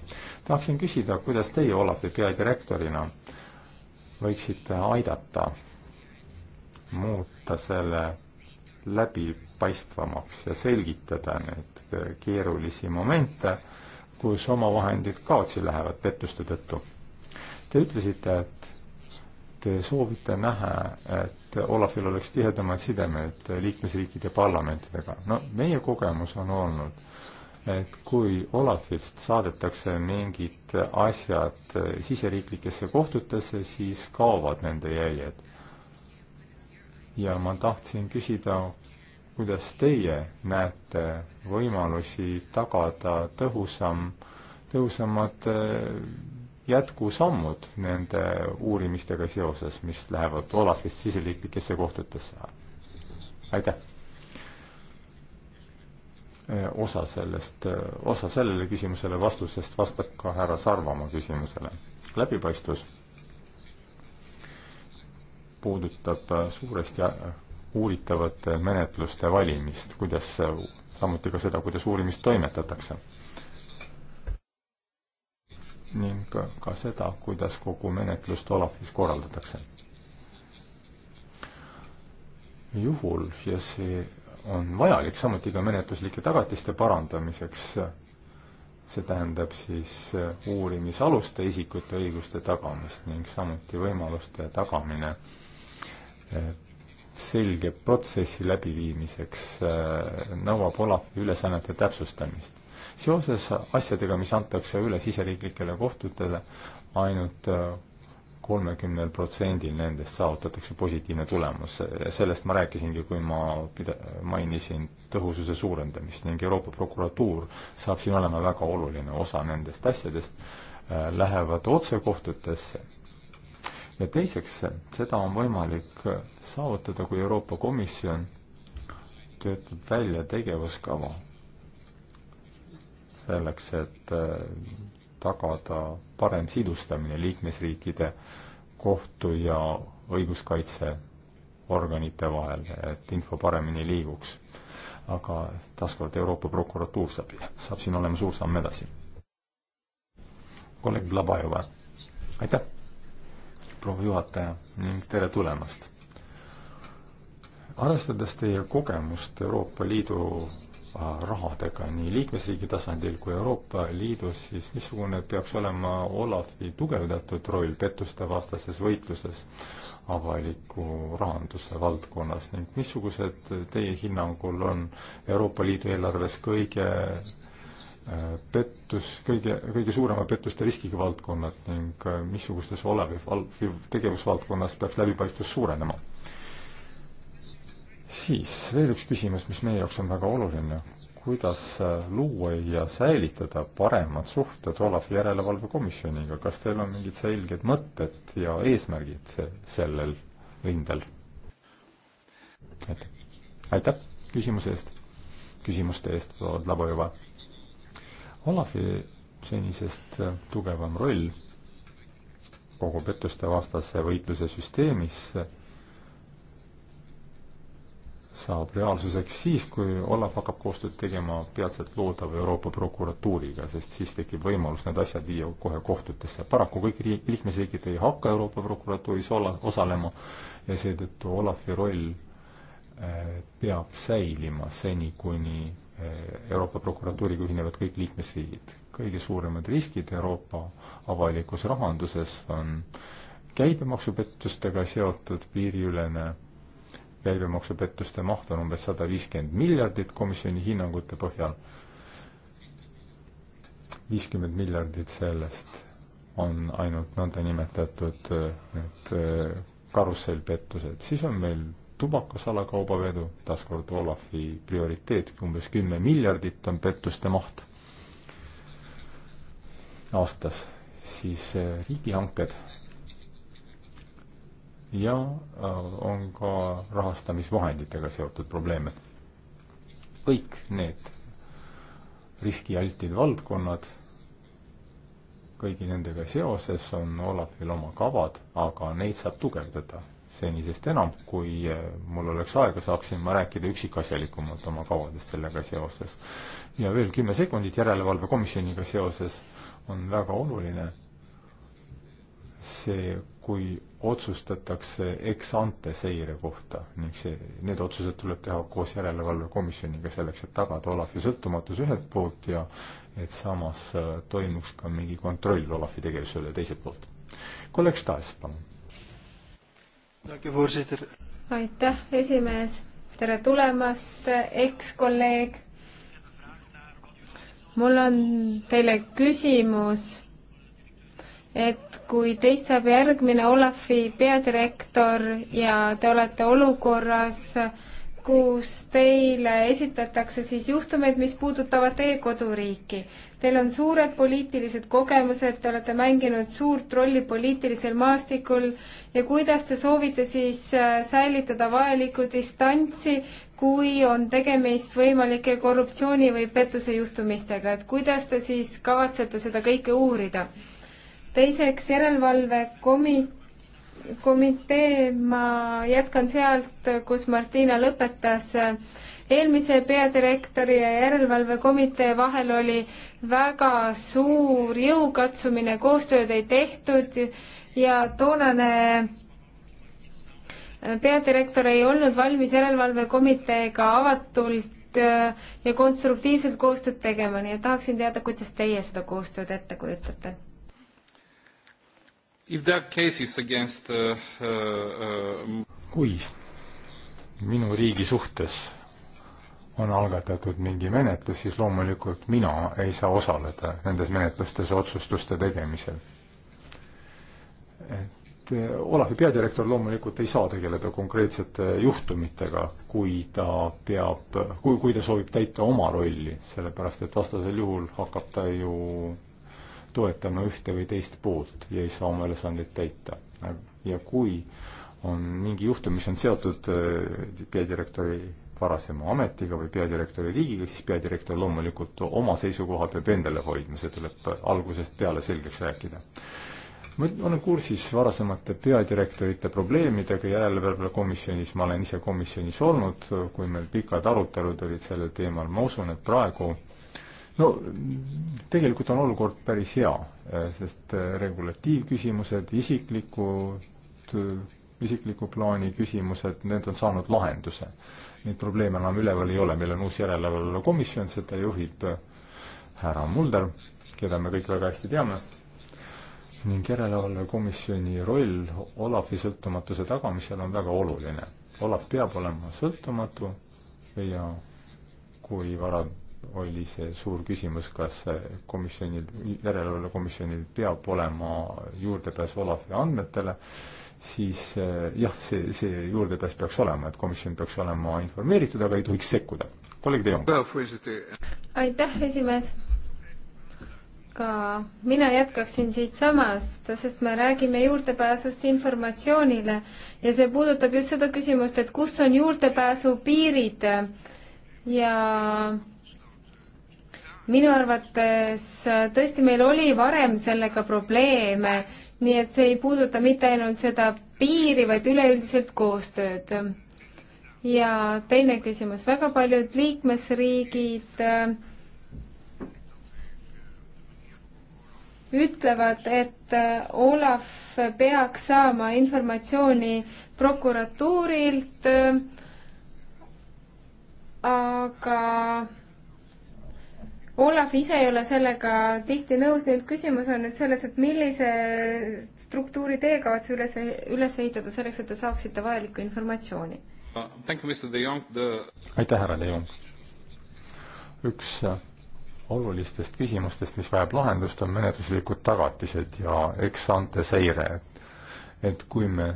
tahaksin küsida, kuidas teie Olavi peadirektorina võiksite aidata muuta selle läbipaistvamaks ja selgitada neid keerulisi momente, kus omavahendid kaotsi lähevad pettuste tõttu. Te ütlesite, et te soovite näha, et Olafil oleks tihedamad sidemed liikmesriikide parlamentidega. no meie kogemus on olnud, et kui Olafist saadetakse mingid asjad siseriiklikesse kohtutesse, siis kaovad nende jäljed. ja ma tahtsin küsida, kuidas teie näete võimalusi tagada tõhusam, tõhusamad jätkusammud nende uurimistega seoses, mis lähevad Olafist siseriiklikesse kohtutesse? aitäh! Äh, osa sellest, äh, osa sellele küsimusele vastusest vastab ka härra Sarvamaa küsimusele. läbipaistvus puudutab äh, suuresti uuritavate menetluste valimist, kuidas, samuti ka seda, kuidas uurimist toimetatakse ning ka seda, kuidas kogu menetlust Olafis korraldatakse. juhul, ja see on vajalik samuti ka menetluslike tagatiste parandamiseks, see tähendab siis uurimisaluste isikute õiguste tagamist ning samuti võimaluste tagamine eh, selge protsessi läbiviimiseks eh, nõuab Olafi ülesannete täpsustamist seoses asjadega, mis antakse üle siseriiklikele kohtutele ainult, ainult äh, kolmekümnel protsendil nendest saavutatakse positiivne tulemus. sellest ma rääkisingi, kui ma pida-, mainisin tõhususe suurendamist ning Euroopa prokuratuur saab siin olema väga oluline osa nendest asjadest, äh, lähevad otse kohtutesse. ja teiseks, seda on võimalik saavutada, kui Euroopa Komisjon töötab välja tegevuskava selleks, et äh, tagada parem sidustamine liikmesriikide kohtu ja õiguskaitseorganite vahel, et info paremini liiguks. aga taaskord Euroopa prokuratuur saab, saab siin olema suur samm edasi. kolleeg Blabajova, aitäh, proua juhataja ning tere tulemast! arvestades teie kogemust Euroopa Liidu rahadega nii liikmesriigi tasandil kui Euroopa Liidus, siis missugune peaks olema Olavi tugevdatud roll pettuste vastases võitluses avaliku rahanduse valdkonnas ning missugused teie hinnangul on Euroopa Liidu eelarves kõige äh, pettus, kõige, kõige suurema pettuste riskiga valdkonnad ning äh, missugustes Olavi tegevusvaldkonnas peaks läbipaistvus suurenema? siis veel üks küsimus, mis meie jaoks on väga oluline, kuidas äh, luua ja säilitada paremad suhted Olavi järelevalvekomisjoniga, kas teil on mingid selged mõtted ja eesmärgid sellel rindel? aitäh küsimuse eest, küsimuste eest, Labojõva. Olavi senisest äh, tugevam roll kogu pettuste vastase võitluse süsteemis äh, saab reaalsuseks siis, kui Olav hakkab koostööd tegema peatselt loodava Euroopa prokuratuuriga, sest siis tekib võimalus need asjad viia kohe kohtutesse. paraku kõik riik, liikmesriigid ei hakka Euroopa prokuratuuris olla, osalema ja seetõttu Olavi roll eh, peab säilima seni, kuni eh, Euroopa prokuratuuriga ühinevad kõik liikmesriigid. kõige suuremad riskid Euroopa avalikus rahanduses on käibemaksupettustega seotud piiriülene käibemaksupettuste maht on umbes sada viiskümmend miljardit komisjoni hinnangute põhjal. viiskümmend miljardit sellest on ainult nõndanimetatud need äh, karussellpettused, siis on meil tubakasalakaubavedu, taaskord Olafi prioriteet, umbes kümme miljardit on pettuste maht aastas, siis äh, riigihanked ja äh, on ka rahastamisvahenditega seotud probleeme. kõik need riskialtid valdkonnad, kõigi nendega seoses on Olafil oma kavad, aga neid saab tugevdada senisest enam, kui äh, mul oleks aega, saaksin ma rääkida üksikasjalikumalt oma kavadest sellega seoses. ja veel kümme sekundit järelevalvekomisjoniga seoses on väga oluline see kui otsustatakse ex-ante seire kohta ning see, need otsused tuleb teha koos järelevalvekomisjoniga selleks, et tagada Olafi sõltumatus ühelt poolt ja et samas äh, toimuks ka mingi kontroll Olafi tegevuse üle teiselt poolt. kolleeg Stas, palun. aitäh, esimees, tere tulemast, ekskolleeg. mul on teile küsimus et kui teist saab järgmine Olafi peadirektor ja te olete olukorras, kus teile esitatakse siis juhtumeid, mis puudutavad teie koduriiki. Teil on suured poliitilised kogemused, te olete mänginud suurt rolli poliitilisel maastikul ja kuidas te soovite siis äh, säilitada vajalikku distantsi, kui on tegemist võimalike korruptsiooni või pettusejuhtumistega, et kuidas te siis kavatsete seda kõike uurida? teiseks järelevalvekomi-, komitee, ma jätkan sealt, kus Martina lõpetas. eelmise peadirektori ja järelevalvekomitee vahel oli väga suur jõukatsumine, koostööd ei tehtud ja toonane peadirektor ei olnud valmis järelevalvekomiteega avatult äh, ja konstruktiivselt koostööd tegema, nii et tahaksin teada, kuidas teie seda koostööd ette kujutate If there are cases against uh, uh, um, kui minu riigi suhtes on algatatud mingi menetlus, siis loomulikult mina ei saa osaleda nendes menetlustes otsustuste tegemisel. et äh, Olavi peadirektor loomulikult ei saa tegeleda konkreetsete juhtumitega, kui ta peab, kui, kui ta soovib täita oma rolli, sellepärast et vastasel juhul hakkab ta ju toetama ühte või teist poolt ja ei saa oma ülesandeid täita. ja kui on mingi juhtum, mis on seotud äh, peadirektori varasema ametiga või peadirektori riigiga, siis peadirektor loomulikult oma seisukoha peab endale hoidma, see tuleb algusest peale selgeks rääkida. ma olen kursis varasemate peadirektorite probleemidega järelevalvekomisjonis, ma olen ise komisjonis olnud, kui meil pikad arutelud olid sellel teemal, ma usun, et praegu no tegelikult on olukord päris hea, eh, sest eh, regulatiivküsimused, isiklikud, eh, isikliku plaani küsimused, need on saanud lahenduse. Neid probleeme enam üleval ei ole, meil on uus järelevalvekomisjon, seda juhib härra Mulder, keda me kõik väga hästi teame, ning järelevalvekomisjoni roll Olavi sõltumatuse tagamisel on väga oluline. Olav peab olema sõltumatu ja kui varad oli see suur küsimus, kas komisjonil, järelevalvekomisjonil peab olema juurdepääs Olavi andmetele, siis eh, jah, see, see juurdepääs peaks olema, et komisjon peaks olema informeeritud, aga ei tohiks sekkuda. kolleeg De Jong. aitäh, esimees! ka mina jätkaksin siitsamast, sest me räägime juurdepääsust informatsioonile ja see puudutab just seda küsimust, et kus on juurdepääsu piirid ja minu arvates äh, tõesti meil oli varem sellega probleeme, nii et see ei puuduta mitte ainult seda piiri, vaid üleüldiselt koostööd. ja teine küsimus, väga paljud liikmesriigid äh, ütlevad, et äh, Olav peaks saama informatsiooni prokuratuurilt, aga Olav ise ei ole sellega tihti nõus, nii et küsimus on nüüd selles, et millise struktuuri teie kavatsete üles, e-, üles ehitada selleks, et te saaksite vajalikku informatsiooni uh,? The... aitäh, härra De Jong! üks äh, olulistest küsimustest, mis vajab lahendust, on menetluslikud tagatised ja ex-ante seire. et kui me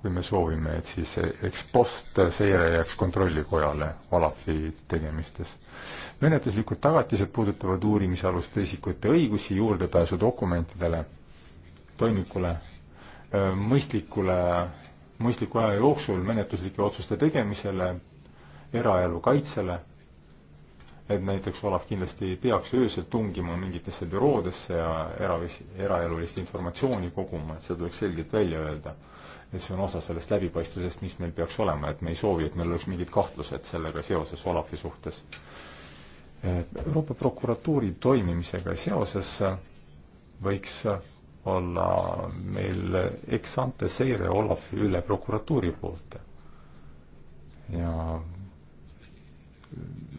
kui me soovime, et siis eks post seire jääks kontrollikojale Olafi tegemistes. menetluslikud tagatised puudutavad uurimisaluste isikute õigusi juurdepääsu dokumentidele, toimikule, mõistlikule, mõistliku aja jooksul menetluslike otsuste tegemisele, eraelu kaitsele, et näiteks Olav kindlasti ei peaks öösel tungima mingitesse büroodesse ja era, eraelulist informatsiooni koguma, et see tuleks selgelt välja öelda et see on osa sellest läbipaistvusest, mis meil peaks olema, et me ei soovi, et meil oleks mingid kahtlused sellega seoses Olavi suhtes. Euroopa prokuratuuri toimimisega seoses võiks olla meil ex-ante seire Olavi üle prokuratuuri poolt. ja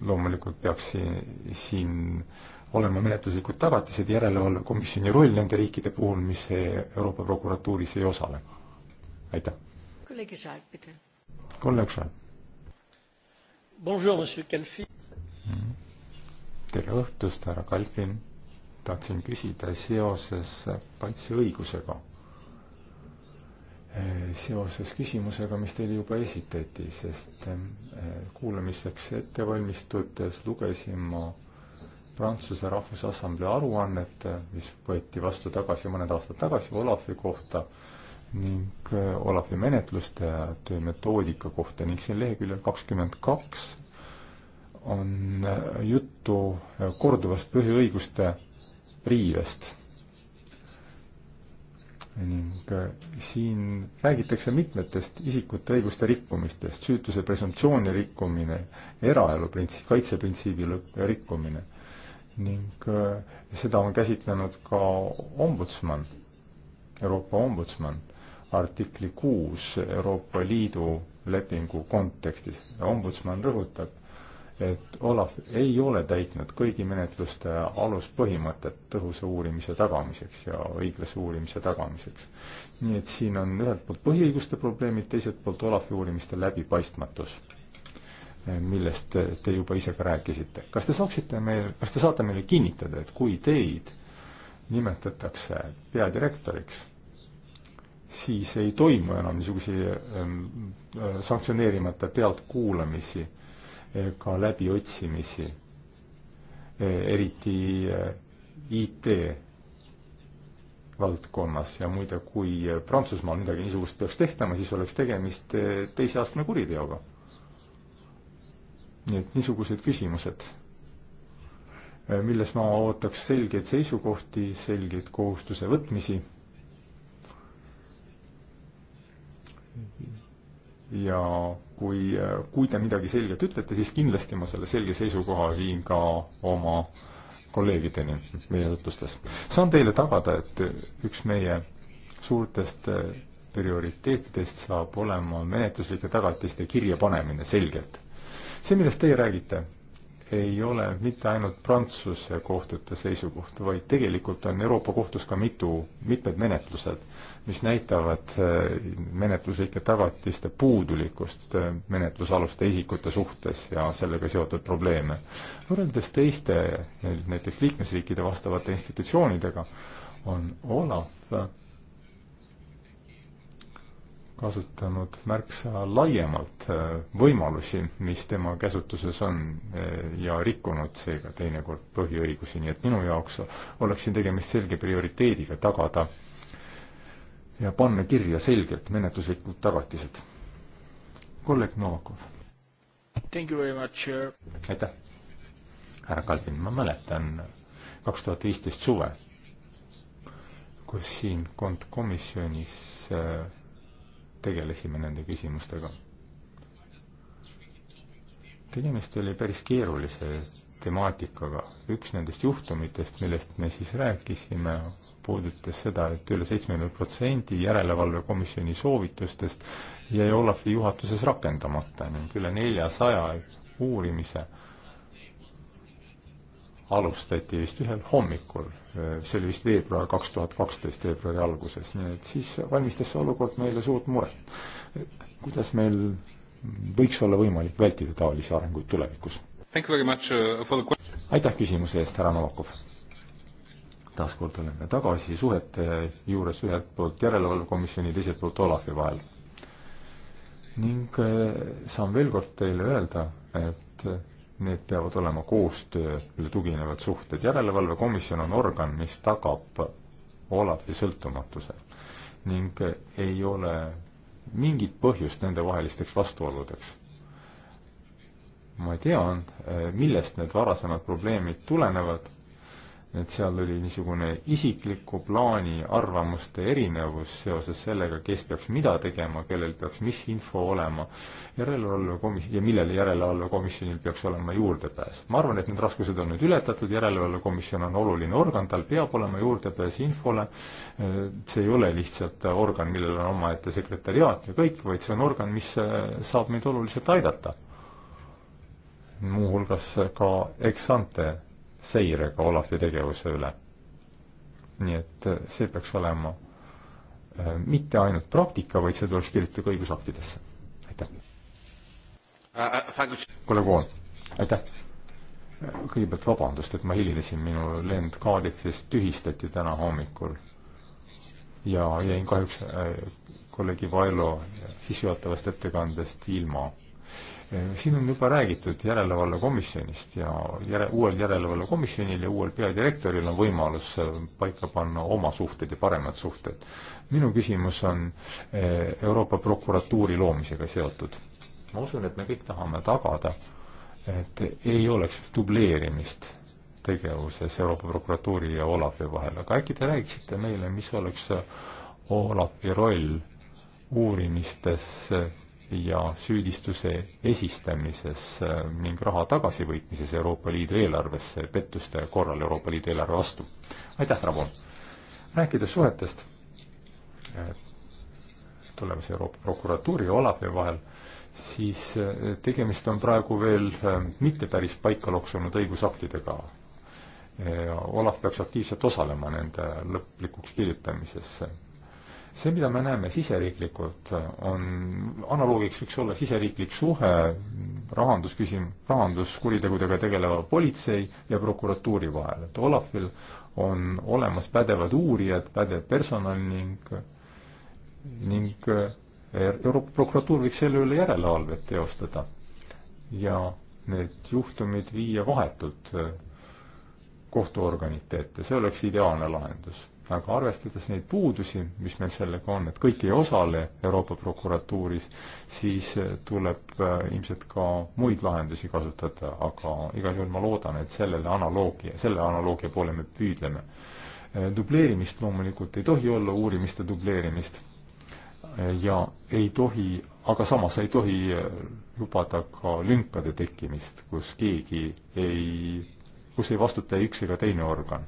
loomulikult peaks siin, siin olema menetluslikud tagatised, järelevalvekomisjoni roll nende riikide puhul, mis Euroopa prokuratuuris ei osale aitäh. kolleeg Saar, pidi. kolleeg Saar. Bonjour, monsieur Kalfi. tere õhtust, härra Kalfin. tahtsin küsida seoses kaitseõigusega. seoses küsimusega, mis teile juba esitati, sest kuulamiseks ette valmistudes lugesin ma Prantsuse Rahvusassamblee aruannet, mis võeti vastu tagasi mõned aastad tagasi Olafi kohta ning äh, Olavi menetluste ja töömetoodika kohta ning siin leheküljel kakskümmend kaks on äh, juttu äh, korduvast põhiõiguste riivest. ning siin räägitakse mitmetest isikute õiguste rikkumistest, süütuse presumptsiooni rikkumine, eraelu printsiip, kaitseprintsiibi rikkumine ning seda on käsitlenud ka ombudsman, Euroopa ombudsman artikli kuus Euroopa Liidu lepingu kontekstis. ombudsman rõhutab, et Olav ei ole täitnud kõigi menetluste aluspõhimõtet tõhusa uurimise tagamiseks ja õiglase uurimise tagamiseks. nii et siin on ühelt poolt põhiõiguste probleemid, teiselt poolt Olavi uurimiste läbipaistmatus, millest te juba ise ka rääkisite. kas te saaksite meil, kas te saate meile kinnitada, et kui teid nimetatakse peadirektoriks siis ei toimu enam niisuguseid ähm, äh, sanktsioneerimata pealtkuulamisi ega läbiotsimisi, e, eriti äh, IT valdkonnas ja muide, kui äh, Prantsusmaal midagi niisugust peaks tehtama, siis oleks tegemist e, teise astme kuriteoga. nii et niisugused küsimused, e, milles ma ootaks selgeid seisukohti, selgeid kohustuse võtmisi ja kui, äh, kui te midagi selgelt ütlete, siis kindlasti ma selle selge seisukoha viin ka oma kolleegideni meie jutustes. saan teile tagada, et üks meie suurtest äh, prioriteetidest saab olema menetluslike tagatiste kirjapanemine selgelt. see, millest teie räägite, ei ole mitte ainult Prantsuse kohtute seisukoht, vaid tegelikult on Euroopa Kohtus ka mitu, mitmed menetlused, mis näitavad äh, menetluslike tagatiste puudulikkust äh, menetlusaluste isikute suhtes ja sellega seotud probleeme. võrreldes teiste äh, näiteks liikmesriikide vastavate institutsioonidega on Olav kasutanud märksa laiemalt võimalusi, mis tema käsutuses on ja rikkunud seega teinekord põhiõigusi, nii et minu jaoks oleks siin tegemist selge prioriteediga tagada äh, ja panna kirja selgelt menetluslikud tagatised. kolleeg Novakov. aitäh. härra Kalvin, ma mäletan kaks tuhat viisteist suve, kus siin kontkomisjonis äh, tegelesime nende küsimustega. tegemist oli päris keerulise temaatikaga. üks nendest juhtumitest, millest me siis rääkisime, puudutas seda et, et üle seitsmekümne protsendi järelevalvekomisjoni soovitustest jäi Olafi juhatuses rakendamata ning üle neljasaja uurimise alustati vist ühel hommikul, see oli vist veebruar kaks tuhat kaksteist, veebruari alguses, nii et siis valmistas see olukord meile suurt muret. kuidas meil võiks olla võimalik vältida taolisi arenguid tulevikus? Uh, aitäh küsimuse eest, härra Novakov. taaskord oleme tagasi suhete juures ühelt poolt järelevalvekomisjoni, teiselt poolt Olavi vahel. ning eh, saan veel kord teile öelda, et eh, need peavad olema koostööle tuginevad suhted. järelevalvekomisjon on organ, mis tagab Olavi sõltumatuse ning eh, ei ole mingit põhjust nendevahelisteks vastuoludeks ma tean, äh, millest need varasemad probleemid tulenevad, et seal oli niisugune isikliku plaani arvamuste erinevus seoses sellega, kes peaks mida tegema, kellel peaks mis info olema, järelevalvekomis- ja millele järelevalvekomisjonil peaks olema juurdepääs. ma arvan, et need raskused on nüüd ületatud, järelevalvekomisjon on oluline organ, tal peab olema juurdepääs infole, äh, see ei ole lihtsalt organ, millel on omaette sekretäriaat ja kõik, vaid see on organ, mis äh, saab meid oluliselt aidata muuhulgas ka eksante seirega Olavi tegevuse üle. nii et äh, see peaks olema äh, mitte ainult praktika, vaid see tuleks kirjutada ka õigusaktidesse. aitäh uh,. uh kuule, Kool, aitäh! kõigepealt vabandust, et ma hilinesin, minu lend Cardiffist tühistati täna hommikul. ja jäin kahjuks äh, kolleeg Ivailo sissejuhatavast ettekandest ilma siin on juba räägitud järelevalvekomisjonist ja järe, uuel järelevalvekomisjonil ja uuel peadirektoril on võimalus paika panna oma suhted ja paremad suhted. minu küsimus on eh, Euroopa prokuratuuri loomisega seotud. ma usun, et me kõik tahame tagada, et ei oleks dubleerimist tegevuses Euroopa prokuratuuri ja Olavi vahel, aga äkki te räägiksite meile, mis oleks Olavi roll uurimistes ja süüdistuse esistamises äh, ning raha tagasivõitmises Euroopa Liidu eelarvesse pettuste korral Euroopa Liidu eelarve vastu. aitäh, Ravo! rääkides suhetest äh, tulemas Euroopa prokuratuuri ja Olavi vahel, siis äh, tegemist on praegu veel mitte päris paika loksunud õigusaktidega. Olav peaks aktiivselt osalema nende lõplikuks kirjutamises see, mida me näeme siseriiklikult, on, analoogiks võiks olla siseriiklik suhe rahandusküsim-, rahanduskuritegudega tegeleva politsei ja prokuratuuri vahel, et Olafil on olemas pädevad uurijad, pädev personal ning, ning er-, Euroopa prokuratuur võiks selle üle järelevalvet teostada ja need juhtumid viia vahetult eh, kohtuorganite ette, see oleks ideaalne lahendus aga arvestades neid puudusi, mis meil sellega on, et kõik ei osale Euroopa prokuratuuris, siis eh, tuleb eh, ilmselt ka muid lahendusi kasutada, aga igal juhul ma loodan, et sellele analoogia, selle analoogia poole me püüdleme. Eh, dubleerimist loomulikult ei tohi olla, uurimiste dubleerimist, ja ei tohi, aga samas ei tohi lubada ka lünkade tekkimist, kus keegi ei, kus ei vastuta ei üks ega teine organ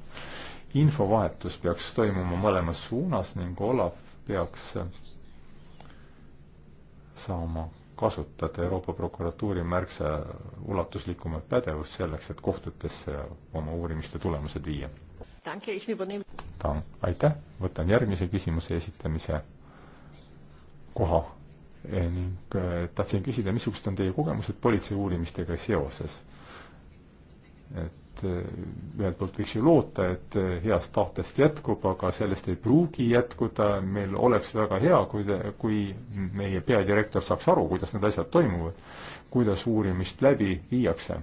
infovahetus peaks toimuma mõlemas suunas ning Olav peaks saama kasutada Euroopa prokuratuuri märksa ulatuslikumat pädevust selleks, et kohtutesse oma uurimiste tulemused viia. aitäh, võtan järgmise küsimuse esitamise koha e, ning eh, tahtsin küsida, missugused on teie kogemused politsei uurimistega seoses? et et eh, ühelt poolt võiks ju loota, et eh, heast tahtest jätkub, aga sellest ei pruugi jätkuda, meil oleks väga hea, kui, kui meie peadirektor saaks aru, kuidas need asjad toimuvad, kuidas uurimist läbi viiakse.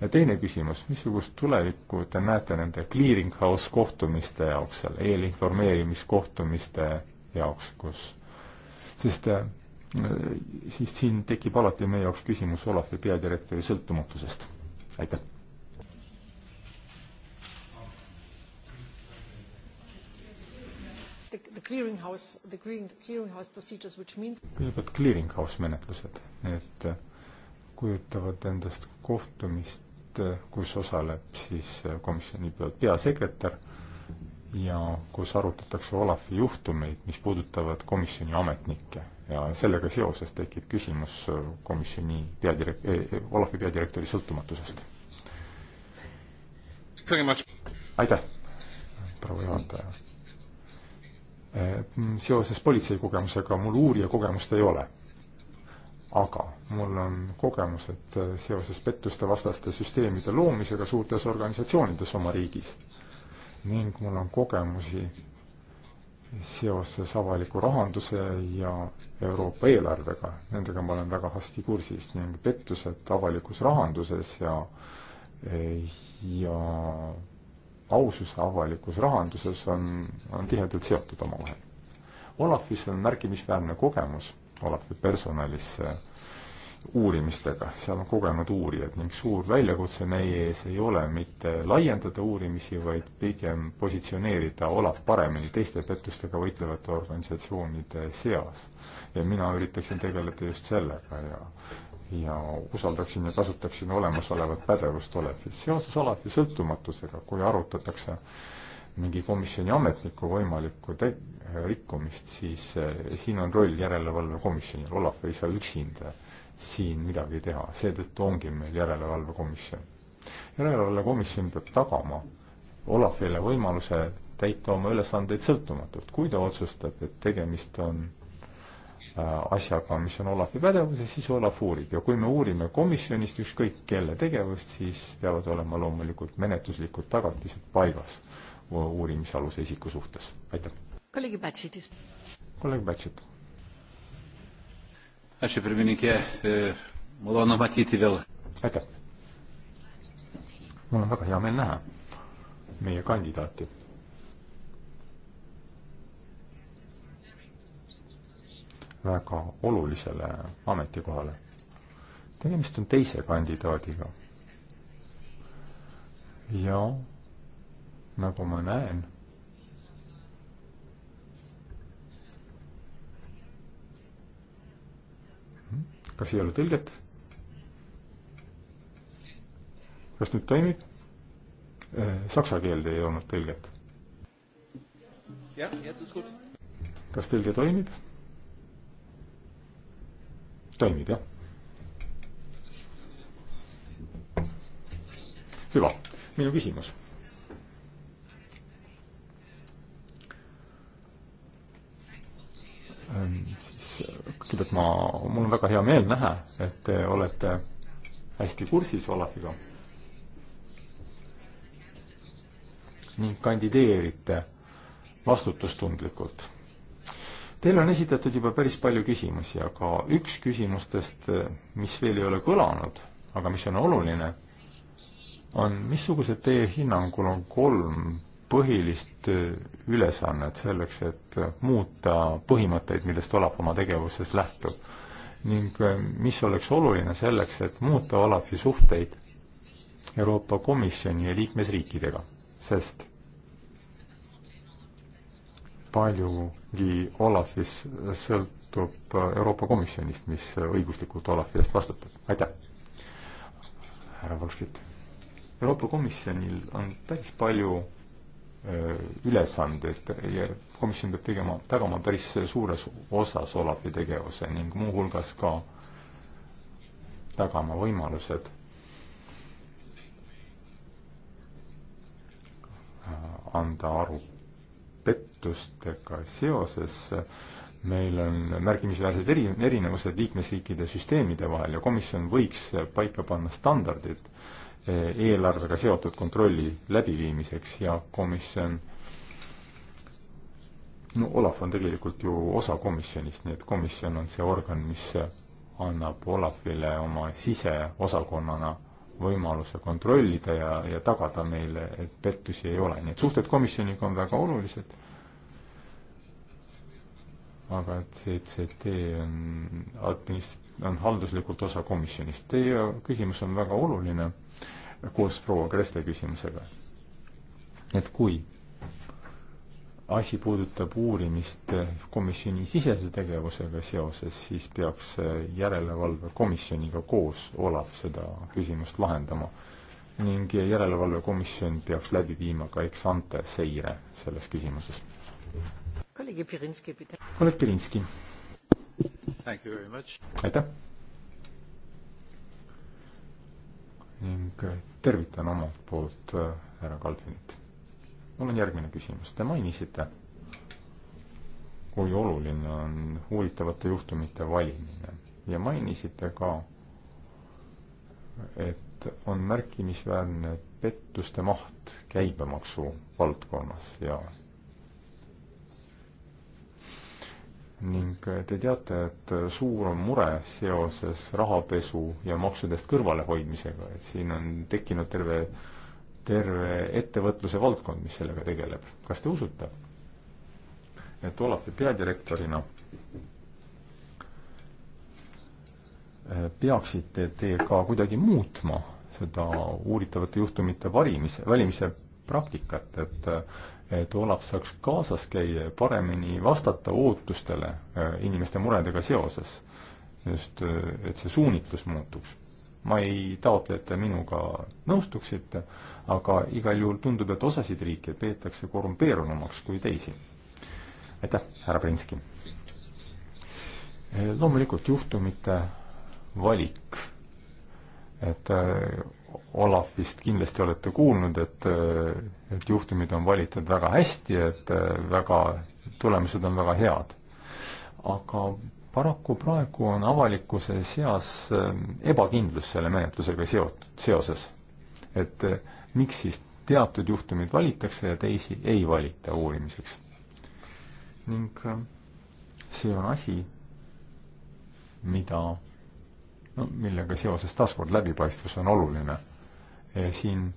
ja teine küsimus, missugust tulevikku te näete nende clearing house kohtumiste jaoks, seal eelinformeerimiskohtumiste jaoks, kus, sest eh, siis siin tekib alati meie jaoks küsimus Olavi peadirektori sõltumatusest. aitäh! the, the clearinghouse, the clearing, clearinghouse procedures, which means kõigepealt clearinghouse menetlused, need äh, kujutavad endast kohtumist, äh, kus osaleb siis äh, komisjoni poolt peasekretär ja kus arutatakse Olafi juhtumeid, mis puudutavad komisjoni ametnikke. ja sellega seoses tekib küsimus komisjoni peadirek- eh,, Olafi peadirektori sõltumatusest. aitäh, proua juhataja Eh, seoses politseikogemusega mul uurija kogemust ei ole. aga mul on kogemused eh, seoses pettuste vastaste süsteemide loomisega suurtes organisatsioonides oma riigis ning mul on kogemusi seoses avaliku rahanduse ja Euroopa eelarvega, nendega ma olen väga hästi kursis ning pettused avalikus rahanduses ja eh, ja ausus ja avalikus rahanduses on, on tihedalt seotud omavahel. Olafis on märkimisväärne kogemus, Olafi personalis uurimistega, seal on kogenud uurijad ning suur väljakutse meie ees ei ole mitte laiendada uurimisi, vaid pigem positsioneerida Olav paremini teiste pettustega võitlevate organisatsioonide seas. ja mina üritaksin tegeleda just sellega ja ja usaldaksin ja kasutaksin olemasolevat pädevust Olefis. seoses alati sõltumatusega, kui arutatakse mingi komisjoni ametniku võimalikku te-, rikkumist, siis eh, siin on roll järelevalvekomisjonil, Olav ei saa üksinda siin midagi teha, seetõttu ongi meil järelevalvekomisjon. järelevalvekomisjon peab tagama Olavile võimaluse täita oma ülesandeid sõltumatult, kui ta otsustab, et tegemist on Äh, asjaga, mis on Olafi pädevuses, siis Olaf uurib ja kui me uurime komisjonist ükskõik kelle tegevust, siis peavad olema loomulikult menetluslikud tagatised paigas uurimisaluse isiku suhtes. aitäh. kolleeg Batšitis. kolleeg Batšit. E, aitäh. mul on väga hea meel näha meie kandidaati väga olulisele ametikohale. tegemist on teise kandidaadiga. ja nagu ma näen, kas ei ole tõlget? kas nüüd toimib? Äh, saksa keelde ei olnud tõlget. kas tõlge toimib? toimib, jah? hüva, minu küsimus. Ähm, siis kõigepealt ma, mul on väga hea meel näha, et te olete hästi kursis Olafiga ning kandideerite vastutustundlikult Teile on esitatud juba päris palju küsimusi, aga üks küsimustest, mis veel ei ole kõlanud, aga mis on oluline, on missugused teie hinnangul on kolm põhilist ülesannet selleks, et muuta põhimõtteid, millest Olav oma tegevuses lähtub? ning mis oleks oluline selleks, et muuta Olavi suhteid Euroopa Komisjoni ja liikmesriikidega, sest paljugi Olafis sõltub äh, Euroopa Komisjonist, mis õiguslikult Olafi eest vastutab. aitäh! härra Valfrid. Euroopa Komisjonil on päris palju äh, ülesandeid ja komisjon peab tegema, tagama päris suures osas Olavi tegevuse ning muuhulgas ka tagama võimalused äh, anda aru pettustega seoses meil on märkimisväärsed eri, erinevused liikmesriikide süsteemide vahel ja komisjon võiks paika panna standardid e, eelarvega seotud kontrolli läbiviimiseks ja komisjon no Olav on tegelikult ju osa komisjonist, nii et komisjon on see organ, mis annab Olavile oma siseosakonnana võimaluse kontrollida ja, ja tagada meile, et pettusi ei ole, nii et suhted komisjoniga on väga olulised aga et CCT on administ-, on halduslikult osa komisjonist. Teie küsimus on väga oluline koos proua Kreste küsimusega. et kui asi puudutab uurimist komisjoni sisese tegevusega seoses, siis peaks järelevalvekomisjoniga koos Olav seda küsimust lahendama. ning järelevalvekomisjon peaks läbi viima ka eksante seire selles küsimuses kolleeg Pirinski, kolleeg Pirinski. aitäh. ning tervitan omalt poolt äh, härra Kalvinit. mul on järgmine küsimus, te mainisite, kui oluline on huvitavate juhtumite valimine ja mainisite ka, et on märkimisväärne pettuste maht käibemaksu valdkonnas ja ning eh, te teate, et eh, suur on mure seoses rahapesu ja maksudest kõrvalehoidmisega, et siin on tekkinud terve, terve ettevõtluse valdkond, mis sellega tegeleb. kas te usute, et Olavi peadirektorina eh, peaksite te ka kuidagi muutma seda uuritavate juhtumite varimise, valimise praktikat, et et Olav saaks kaasas käia ja paremini vastata ootustele äh, inimeste muredega seoses. just, äh, et see suunitlus muutuks. ma ei taotle, et te minuga nõustuksite, aga igal juhul tundub, et osasid riike peetakse korrumpeerunumaks kui teisi. aitäh, härra Prinski! Äh, loomulikult juhtumite valik, et Olafist kindlasti olete kuulnud, et, et juhtumid on valitud väga hästi, et väga, tulemused on väga head. aga paraku praegu on avalikkuse seas eh, ebakindlus selle menetlusega seotud, seoses. et eh, miks siis teatud juhtumid valitakse ja teisi ei valita uurimiseks. ning eh, see on asi, mida no millega seoses taaskord läbipaistvus on oluline. siin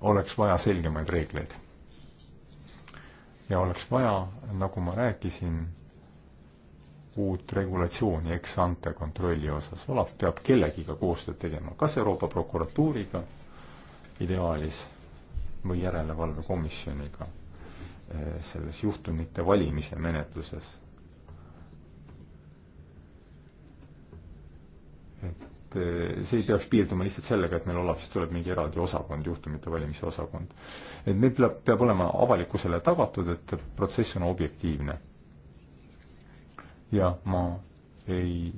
oleks vaja selgemaid reegleid. ja oleks vaja, nagu ma rääkisin, uut regulatsiooni ex-ante kontrolli osas. Olav peab kellegiga koostööd tegema, kas Euroopa prokuratuuriga ideaalis või järelevalvekomisjoniga eh, selles juhtumite valimise menetluses et eh, see ei peaks piirduma lihtsalt sellega, et meil Olafist tuleb mingi eraldi osakond, juhtumite valimise osakond. et meil peab, peab olema avalikkusele tagatud, et protsess on objektiivne. ja ma ei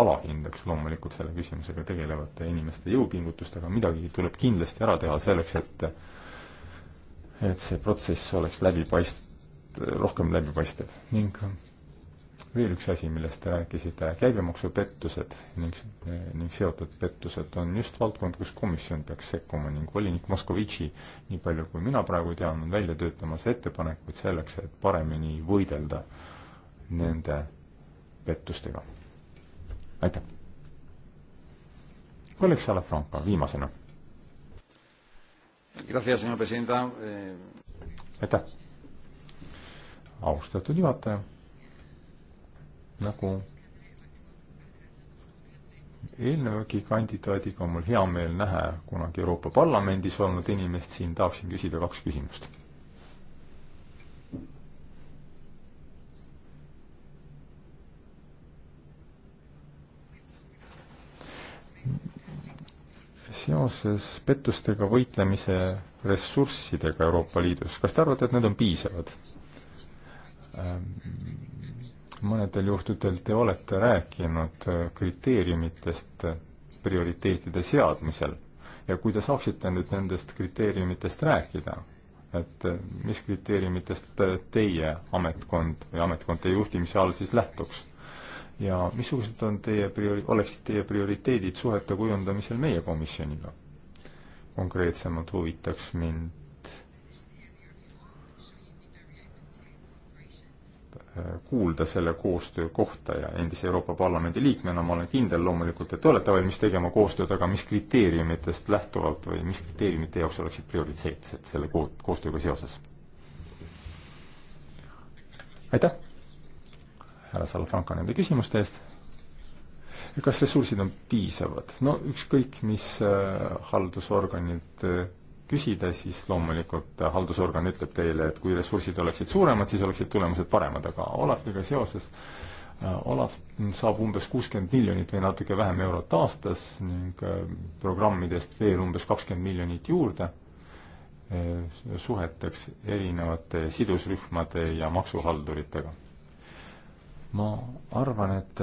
alahindaks loomulikult selle küsimusega tegelevate inimeste jõupingutust, aga midagi tuleb kindlasti ära teha selleks, et et see protsess oleks läbipaist-, rohkem läbipaistev ning veel üks asi, millest te rääkisite, käibemaksupettused ning, ning seotud pettused on just valdkond, kus komisjon peaks sekkuma ning volinik Moskovitši, nii palju kui mina praegu tean, on välja töötamas ettepanekuid selleks, et paremini võidelda nende pettustega. aitäh! kolleeg Salafranca viimasena. Eh, aitäh! austatud juhataja nagu eelnevagi kandidaadiga on mul hea meel näha kunagi Euroopa Parlamendis olnud inimest siin, tahaksin küsida kaks küsimust. seoses pettustega võitlemise ressurssidega Euroopa Liidus, kas te arvate, et need on piisavad ähm,? mõnedel juhtudel te olete rääkinud kriteeriumitest prioriteetide seadmisel ja kui te saaksite nüüd nendest kriteeriumitest rääkida, et eh, mis kriteeriumitest teie ametkond või ametkond teie juhtimise all siis lähtuks? ja missugused on teie priori-, oleksid teie prioriteedid suhete kujundamisel meie komisjoniga? konkreetsemalt huvitaks mind kuulda selle koostöö kohta ja endise Euroopa Parlamendi liikmena ma olen kindel loomulikult, et te olete valmis tegema koostööd, aga mis kriteeriumitest lähtuvalt või mis kriteeriumid teie jaoks oleksid prioriteetsed selle ko koostööga seoses? aitäh, härra Salafranca, nende küsimuste eest. kas ressursid on piisavad? no ükskõik, mis äh, haldusorganid äh, küsida, siis loomulikult haldusorgan ütleb teile, et kui ressursid oleksid suuremad, siis oleksid tulemused paremad, aga Olafiga seoses äh, Olav saab umbes kuuskümmend miljonit või natuke vähem eurot aastas ning äh, programmidest veel umbes kakskümmend miljonit juurde äh, suheteks erinevate sidusrühmade ja maksuhalduritega. ma arvan, et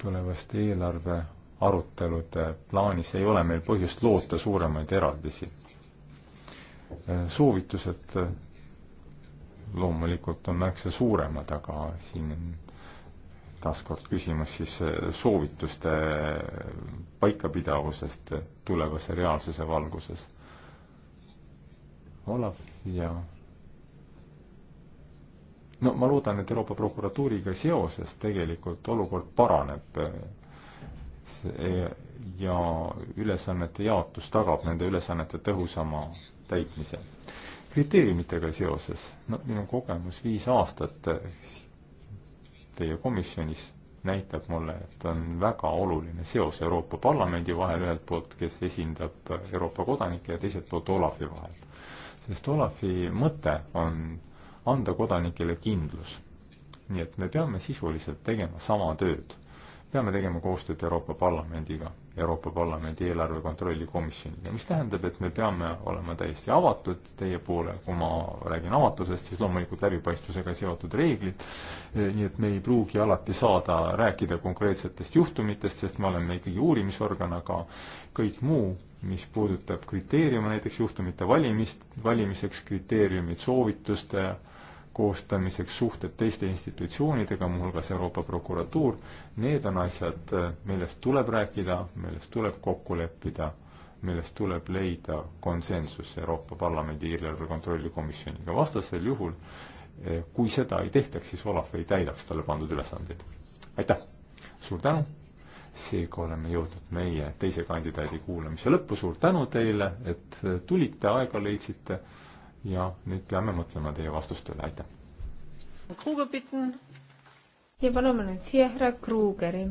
tulevast eelarve arutelude äh, plaanis ei ole meil põhjust loota suuremaid eraldisi. Äh, soovitused äh, loomulikult on märksa suuremad, aga siin on taaskord küsimus siis soovituste paikapidavusest tulevase reaalsuse valguses. Olav ja no ma loodan, et Euroopa prokuratuuriga seoses tegelikult olukord paraneb ja ülesannete jaotus tagab nende ülesannete tõhusama täitmise. kriteeriumitega seoses, no minu kogemus viis aastat eh, teie komisjonis näitab mulle, et on väga oluline seos Euroopa Parlamendi vahel ühelt poolt, kes esindab Euroopa kodanikke, ja teiselt poolt Olafi vahel. sest Olafi mõte on anda kodanikele kindlus. nii et me peame sisuliselt tegema sama tööd peame tegema koostööd Euroopa Parlamendiga, Euroopa Parlamendi eelarve kontrolli komisjoniga, mis tähendab, et me peame olema täiesti avatud teie poole, kui ma räägin avatusest, siis loomulikult läbipaistvusega seotud reeglid, nii et me ei pruugi alati saada rääkida konkreetsetest juhtumitest, sest me oleme ikkagi uurimisorgan, aga kõik muu, mis puudutab kriteeriume, näiteks juhtumite valimist, valimiseks kriteeriumid, soovituste äh, koostamiseks, suhted teiste institutsioonidega, muuhulgas Euroopa Prokuratuur, need on asjad, millest tuleb rääkida, millest tuleb kokku leppida, millest tuleb leida konsensus Euroopa Parlamendi eelarve kontrolli komisjoniga. vastasel juhul, eh, kui seda ei tehtaks, siis Olav ei täidaks talle pandud ülesandeid. aitäh, suur tänu, seega oleme jõudnud meie teise kandidaadi kuulamise lõppu, suur tänu teile, et eh, tulite, aega leidsite ja nüüd peame mõtlema teie vastustele, aitäh! ja palume nüüd siia härra Kruugeri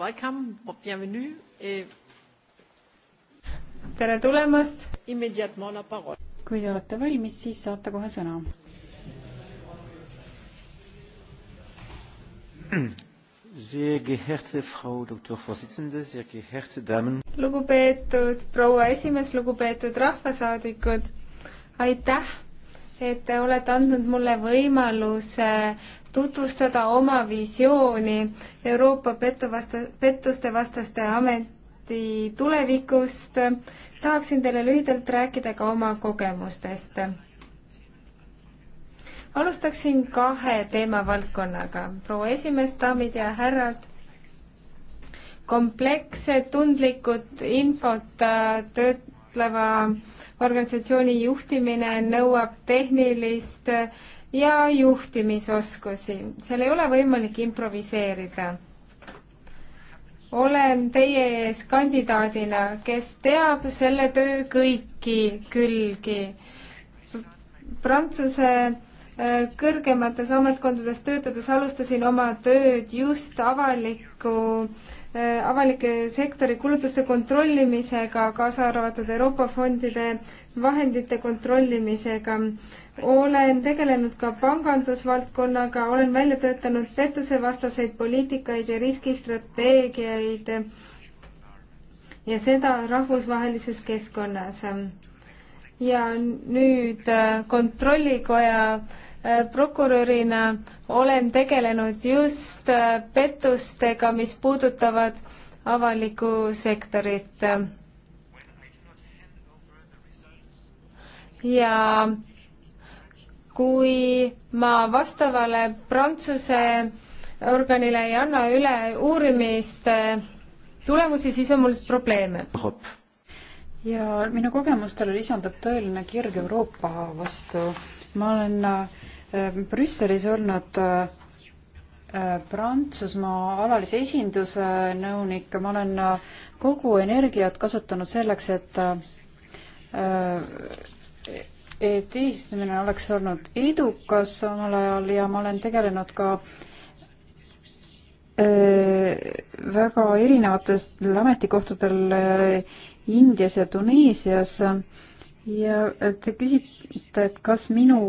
Welcome, bienvenue et tere tulemast! kui te olete valmis, siis saate kohe sõna. lugupeetud proua esimees, lugupeetud rahvasaadikud, aitäh et te olete andnud mulle võimaluse tutvustada oma visiooni Euroopa pettuvasta, pettuste vastaste ameti tulevikust. tahaksin teile lühidalt rääkida ka oma kogemustest. alustaksin kahe teemavaldkonnaga. proua esimees, daamid ja härrad, komplekssed tundlikud infot äh, tööt-, taotleva organisatsiooni juhtimine nõuab tehnilist ja juhtimisoskusi. seal ei ole võimalik improviseerida. olen teie ees kandidaadina, kes teab selle töö kõiki külgi. Prantsuse äh, kõrgemates ametkondades töötades alustasin oma tööd just avaliku äh, Äh, avalike sektori kulutuste kontrollimisega, kaasa arvatud Euroopa fondide vahendite kontrollimisega. olen tegelenud ka pangandusvaldkonnaga, olen välja töötanud pettusevastaseid poliitikaid ja riskistrateegiaid ja seda rahvusvahelises keskkonnas. ja nüüd äh, kontrollikoja Äh, prokurörina olen tegelenud just äh, pettustega, mis puudutavad avalikku sektorit. ja kui ma vastavale Prantsuse organile ei anna üle uurimiste äh, tulemusi, siis on mul probleeme. ja minu kogemustele lisandub tõeline kirg Euroopa vastu. ma olen Ehm, Brüsselis olnud äh, äh, Prantsusmaa alalise esinduse nõunik, ma olen äh, kogu energiat kasutanud selleks, et et eesistumine oleks olnud edukas omal ajal ja ma olen tegelenud ka väga erinevatel ametikohtadel Indias ja Tuneesias ja te küsite, et kas minu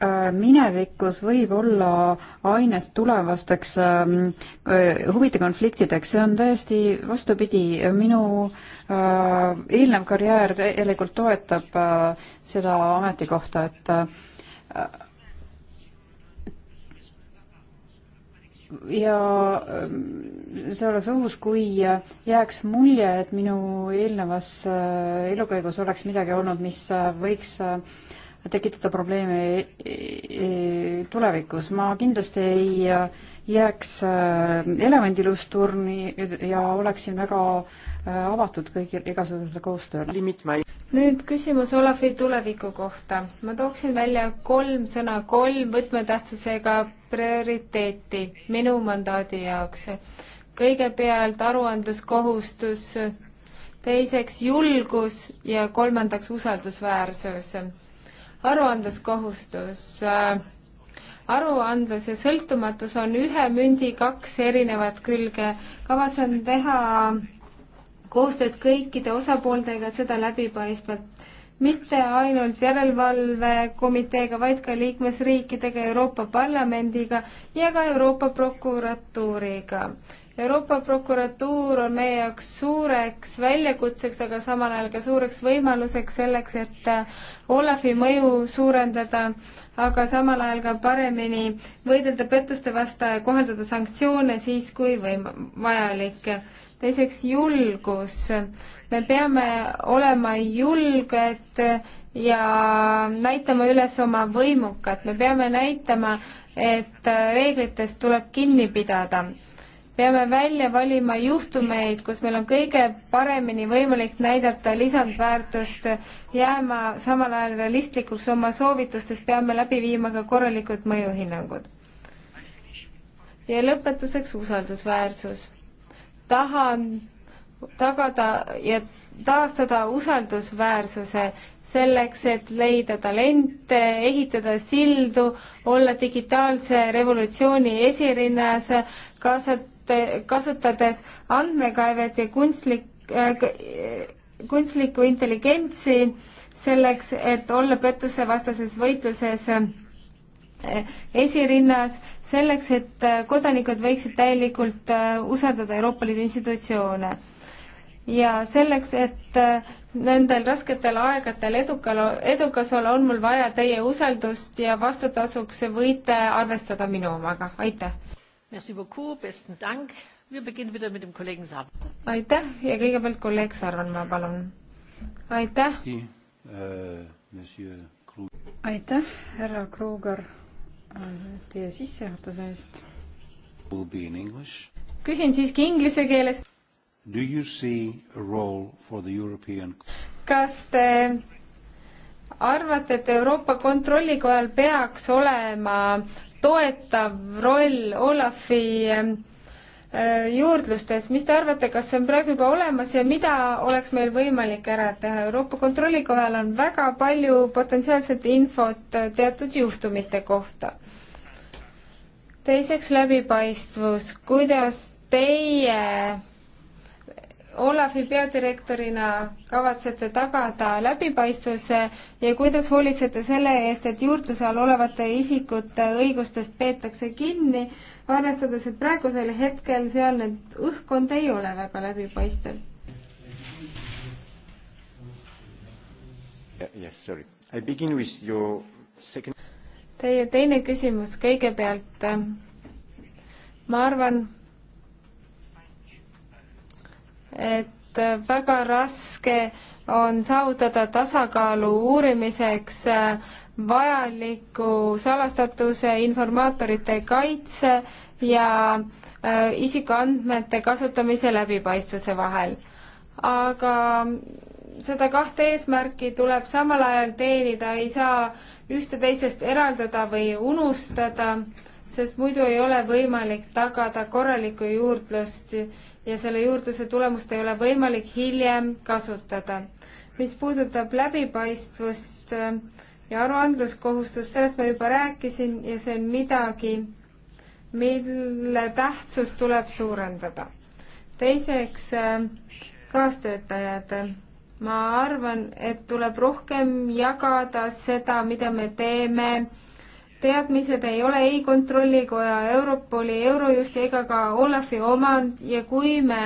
Äh, minevikus võib olla ainest tulevasteks ähm, äh, huvide konfliktideks, see on täiesti vastupidi, minu äh, eelnev karjäär tegelikult toetab seda ametikohta, et ja ähm, see oleks ohus, kui jääks mulje, et minu eelnevas elukäigus oleks midagi olnud, mis võiks äh, tekitada probleeme e, e, e, tulevikus. ma kindlasti ei jääks elevandiluusturni ja oleksin väga avatud kõigile igasugusele koostööle. nüüd küsimus Olavi tuleviku kohta. ma tooksin välja kolm sõna, kolm võtmetähtsusega prioriteeti minu mandaadi jaoks. kõigepealt aruandluskohustus, teiseks julgus ja kolmandaks usaldusväärsus aruandluskohustus äh,. aruandlus ja sõltumatus on ühe mündi kaks erinevat külge. kavatsen teha koostööd kõikide osapooltega, et seda läbipaistvalt mitte ainult järelevalvekomiteega, vaid ka liikmesriikidega, Euroopa Parlamendiga ja ka Euroopa prokuratuuriga. Euroopa prokuratuur on meie jaoks suureks väljakutseks, aga samal ajal ka suureks võimaluseks selleks, et äh, Olavi mõju suurendada, aga samal ajal ka paremini võidelda pettuste vastu ja kohaldada sanktsioone siis, kui võim-, vajalik. teiseks julgus me peame olema julged ja näitama üles oma võimukat, me peame näitama, et reeglitest tuleb kinni pidada. peame välja valima juhtumeid, kus meil on kõige paremini võimalik näidata lisandväärtust, jääma samal ajal realistlikuks oma soovitustes, peame läbi viima ka korralikud mõjuhinnangud. ja lõpetuseks usaldusväärsus. tahan tagada ja taastada usaldusväärsuse selleks, et leida talente, ehitada sildu, olla digitaalse revolutsiooni esirinnas, kaasata, kasutades andmekaevet ja kunstlik äh,, kunstlikku intelligentsi selleks, et olla pettusevastases võitluses äh, esirinnas selleks, et äh, kodanikud võiksid täielikult äh, usaldada Euroopa Liidu institutsioone ja selleks, et äh, nendel rasketel aegadel edukal, edukas olla, on mul vaja teie usaldust ja vastutasuks võite arvestada minu omaga, aitäh! aitäh ja kõigepealt kolleeg Sarvenmaa, palun! aitäh! Äh, aitäh, härra Kruger, äh, teie sissejuhatuse eest! küsin siiski inglise keeles Do you see a role for the European kas te arvate, et Euroopa Kontrollikojal peaks olema toetav roll Olafi äh, juurdlustes, mis te arvate, kas see on praegu juba olemas ja mida oleks meil võimalik ära teha? Euroopa Kontrollikojal on väga palju potentsiaalset infot äh, teatud juhtumite kohta. teiseks läbipaistvus, kuidas teie Olavi peadirektorina kavatsete tagada läbipaistvuse ja kuidas hoolitsete selle eest, et juurdluse all olevate isikute õigustest peetakse kinni, arvestades, et praegusel hetkel sealne õhkkond ei ole väga läbipaistev? Yes, sorry. I begin with your second Teie teine küsimus kõigepealt. ma arvan, et väga raske on saavutada tasakaalu uurimiseks äh, vajaliku salastatuse, informaatorite kaitse ja äh, isikuandmete kasutamise läbipaistvuse vahel. aga seda kahte eesmärki tuleb samal ajal teenida, ei saa ühte teisest eraldada või unustada, sest muidu ei ole võimalik tagada korralikku juurdlust ja selle juurdluse tulemust ei ole võimalik hiljem kasutada. mis puudutab läbipaistvust äh, ja aruandluskohustust, sellest ma juba rääkisin ja see on midagi, mille tähtsust tuleb suurendada. teiseks, äh, kaastöötajad. ma arvan, et tuleb rohkem jagada seda, mida me teeme teadmised ei ole ei Kontrollikoja, Europoli, Eurojusti ega ka Olafi omand ja kui me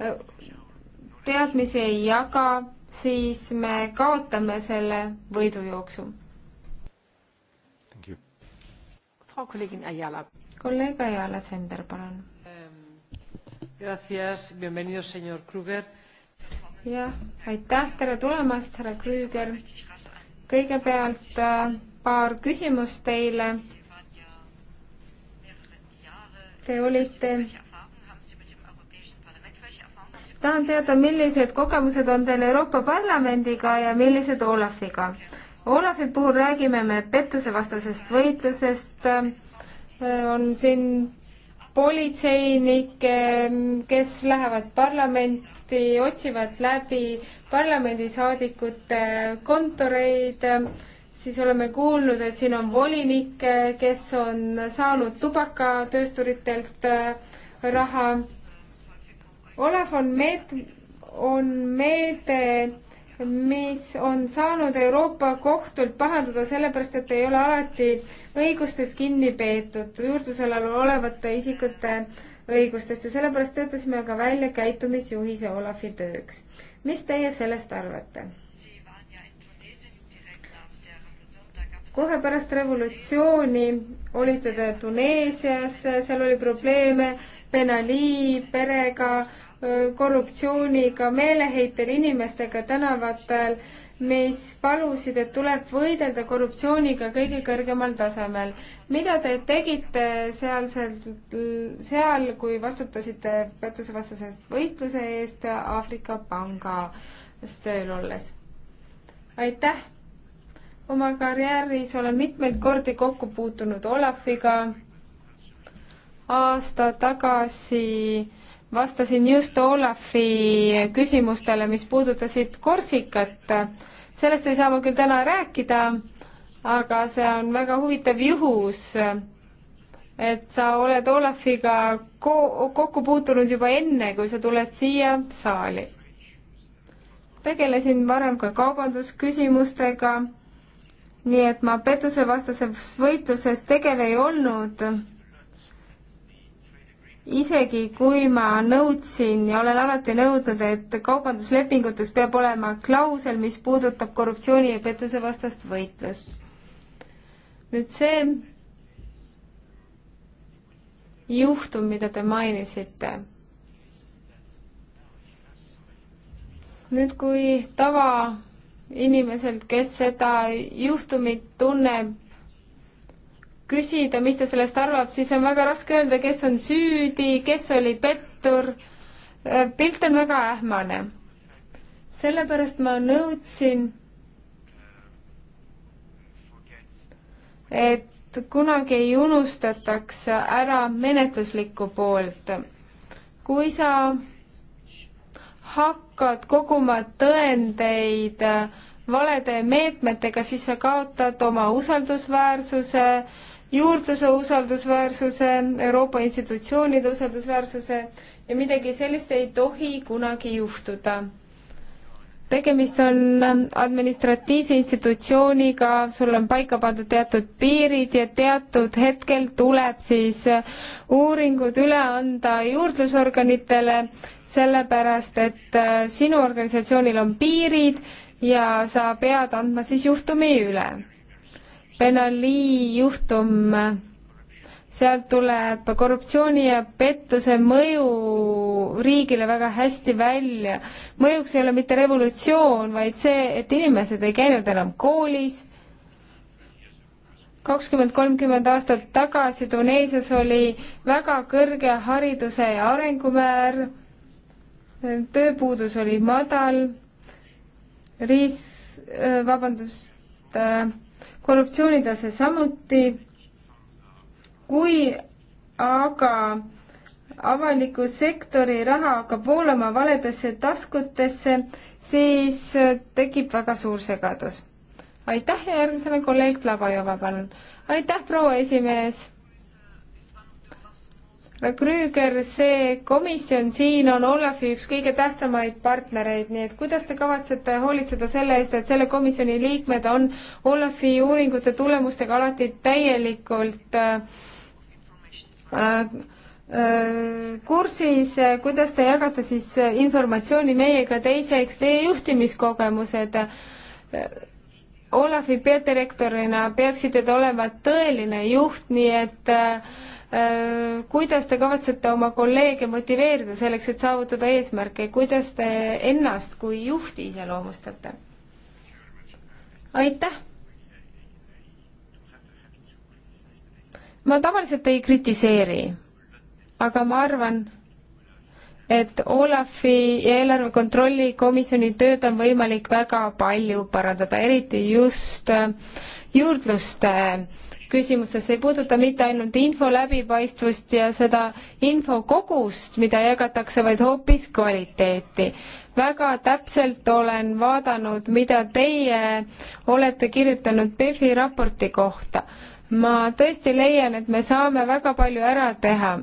äh, teadmisi ei jaga, siis me kaotame selle võidujooksu. kolleeg Ayala Sender, palun. Ähm, jah, aitäh, tere tulemast, härra Krüger. kõigepealt äh, paar küsimust teile. Te olite tahan teada, millised kogemused on teil Euroopa Parlamendiga ja millised Olafiga? Olafi puhul räägime me pettusevastasest võitlusest, on siin politseinikke, kes lähevad parlamenti, otsivad läbi parlamendisaadikute kontoreid siis oleme kuulnud, et siin on volinikke, kes on saanud tubakatöösturitelt äh, raha. Olev on meet-, on meede, mis on saanud Euroopa kohtult pahandada sellepärast, et ei ole alati õigustest kinni peetud juurdlusalal olevate isikute õigustest ja sellepärast töötasime ka välja käitumisjuhise Olavi tööks. mis teie sellest arvate? kohe pärast revolutsiooni olite te Tuneesias, seal oli probleeme Benali perega, korruptsiooniga, meeleheitel inimestega tänavatel, mis palusid, et tuleb võidelda korruptsiooniga kõige kõrgemal tasemel. mida te tegite seal, seal, kui vastutasite pettusevastase võitluse eest Aafrika pangas tööl olles? aitäh oma karjääris olen mitmeid kordi kokku puutunud Olafiga. aasta tagasi vastasin just Olafi küsimustele, mis puudutasid Korsikat. sellest ei saa ma küll täna rääkida, aga see on väga huvitav juhus, et sa oled Olafiga ko kokku puutunud juba enne, kui sa tuled siia saali tegelesin varem ka kaubandusküsimustega nii et ma pettusevastases võitluses tegev ei olnud, isegi kui ma nõudsin ja olen alati nõudnud, et kaubanduslepingutes peab olema klausel, mis puudutab korruptsiooni ja pettusevastast võitlust. nüüd see juhtum, mida te mainisite nüüd, kui tava inimeselt, kes seda juhtumit tunneb, küsida, mis ta sellest arvab, siis on väga raske öelda, kes on süüdi, kes oli pettur. pilt on väga ähmane. sellepärast ma nõudsin, et kunagi ei unustataks ära menetluslikku poolt. kui sa hakkad hakkad koguma tõendeid valede meetmetega, siis sa kaotad oma usaldusväärsuse, juurdluse usaldusväärsuse, Euroopa institutsioonide usaldusväärsuse ja midagi sellist ei tohi kunagi juhtuda. tegemist on administratiivse institutsiooniga, sul on paika pandud teatud piirid ja teatud hetkel tuleb siis uuringud üle anda juurdlusorganitele sellepärast et äh, sinu organisatsioonil on piirid ja sa pead andma siis juhtumi üle. Benali juhtum, sealt tuleb korruptsiooni ja pettuse mõju riigile väga hästi välja. mõjuks ei ole mitte revolutsioon, vaid see, et inimesed ei käinud enam koolis, kakskümmend, kolmkümmend aastat tagasi Tuneesias oli väga kõrge hariduse ja arengumäär tööpuudus oli madal, riis, äh, vabandust, äh, korruptsioonitase samuti, kui aga avaliku sektori raha hakkab voolama valedesse taskutesse, siis äh, tekib väga suur segadus. aitäh ja järgmisena kolleeg Labajova, palun. aitäh, proua esimees Krüüger, see komisjon siin on Olafi üks kõige tähtsamaid partnereid, nii et kuidas te kavatsete hoolitseda selle eest, et selle komisjoni liikmed on Olafi uuringute tulemustega alati täielikult äh, äh, äh kursis, kuidas te jagate siis informatsiooni meiega, teiseks teie juhtimiskogemused äh,, Olafi peadirektorina peaksite te olema tõeline juht, nii et äh, Äh, kuidas te kavatsete oma kolleege motiveerida selleks, et saavutada eesmärke, kuidas te ennast kui juhti iseloomustate? aitäh! ma tavaliselt ei kritiseeri, aga ma arvan, et Olafi ja eelarve kontrolli komisjoni tööd on võimalik väga palju parandada, eriti just juurdluste äh, küsimuses, see ei puuduta mitte ainult info läbipaistvust ja seda infokogust, mida jagatakse, vaid hoopis kvaliteeti. väga täpselt olen vaadanud, mida teie olete kirjutanud PEFi raporti kohta. ma tõesti leian, et me saame väga palju ära teha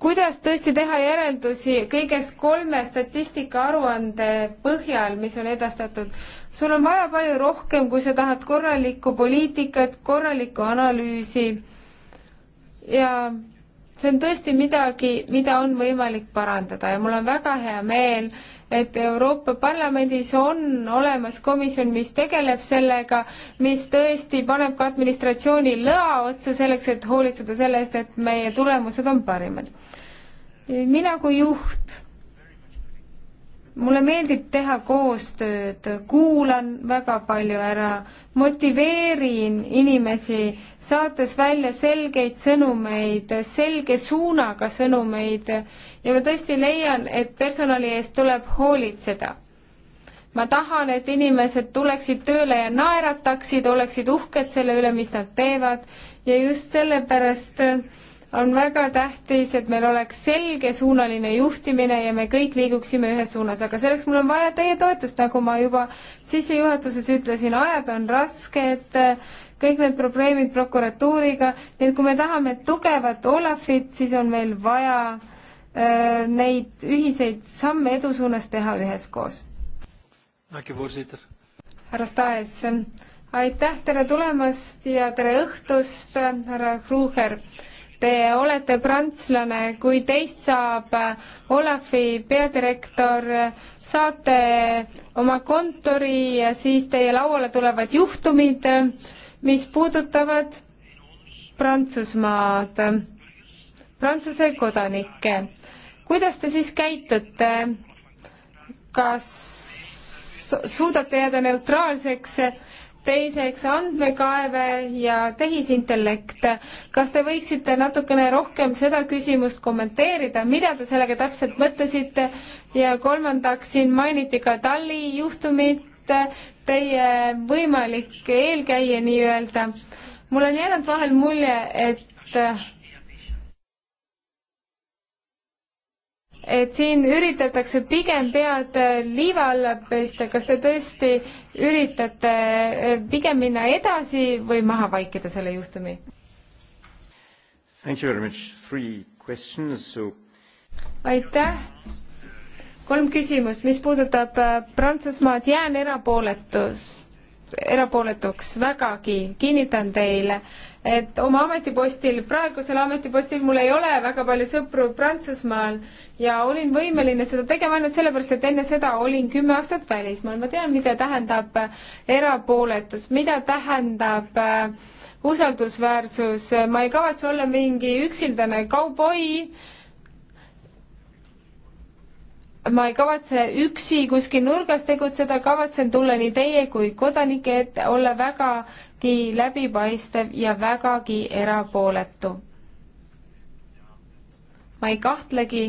kuidas tõesti teha järeldusi kõigest kolme statistika aruande põhjal, mis on edastatud. sul on vaja palju rohkem, kui sa tahad korralikku poliitikat, korralikku analüüsi ja see on tõesti midagi, mida on võimalik parandada ja mul on väga hea meel, et Euroopa Parlamendis on olemas komisjon, mis tegeleb sellega, mis tõesti paneb ka administratsiooni lõa otsa selleks, et hoolitseda selle eest, et meie tulemused on parimad. mina kui juht mulle meeldib teha koostööd, kuulan väga palju ära, motiveerin inimesi, saates välja selgeid sõnumeid, selge suunaga sõnumeid ja ma tõesti leian, et personali eest tuleb hoolitseda. ma tahan, et inimesed tuleksid tööle ja naerataksid, oleksid uhked selle üle, mis nad teevad ja just sellepärast äh, on väga tähtis, et meil oleks selgesuunaline juhtimine ja me kõik liiguksime ühes suunas, aga selleks mul on vaja teie toetust, nagu ma juba sissejuhatuses ütlesin, ajad on rasked, kõik need probleemid prokuratuuriga, nii et kui me tahame tugevat Olafit, siis on meil vaja öö, äh, neid ühiseid samme edu suunas teha üheskoos. härra Staes, aitäh, tere tulemast ja tere õhtust, härra Kruuger Te olete prantslane, kui teist saab Olafi peadirektor, saate oma kontori ja siis teie lauale tulevad juhtumid, mis puudutavad Prantsusmaad, Prantsuse kodanikke. kuidas te siis käitute? kas suudate jääda neutraalseks teiseks andmekaeve ja tehisintellekt. kas te võiksite natukene rohkem seda küsimust kommenteerida, mida te sellega täpselt mõtlesite ja kolmandaks siin mainiti ka Tali juhtumit, teie võimalik eelkäija nii-öelda. mul on jäänud vahel mulje, et et siin üritatakse pigem pead äh, liiva alla pesta, kas te tõesti üritate äh, pigem minna edasi või maha vaikida selle juhtumi? So... aitäh. kolm küsimust, mis puudutab äh, Prantsusmaad, jään erapooletus erapooletuks vägagi, kinnitan teile, et oma ametipostil, praegusel ametipostil mul ei ole väga palju sõpru Prantsusmaal ja olin võimeline seda tegema ainult sellepärast, et enne seda olin kümme aastat välismaal, ma tean, mida tähendab äh, erapooletus, mida tähendab äh, usaldusväärsus, ma ei kavatse olla mingi üksildane kauboi, ma ei kavatse üksi kuskil nurgas tegutseda, kavatsen tulla nii teie kui kodanike ette, olla vägagi läbipaistev ja vägagi erapooletu. ma ei kahtlegi,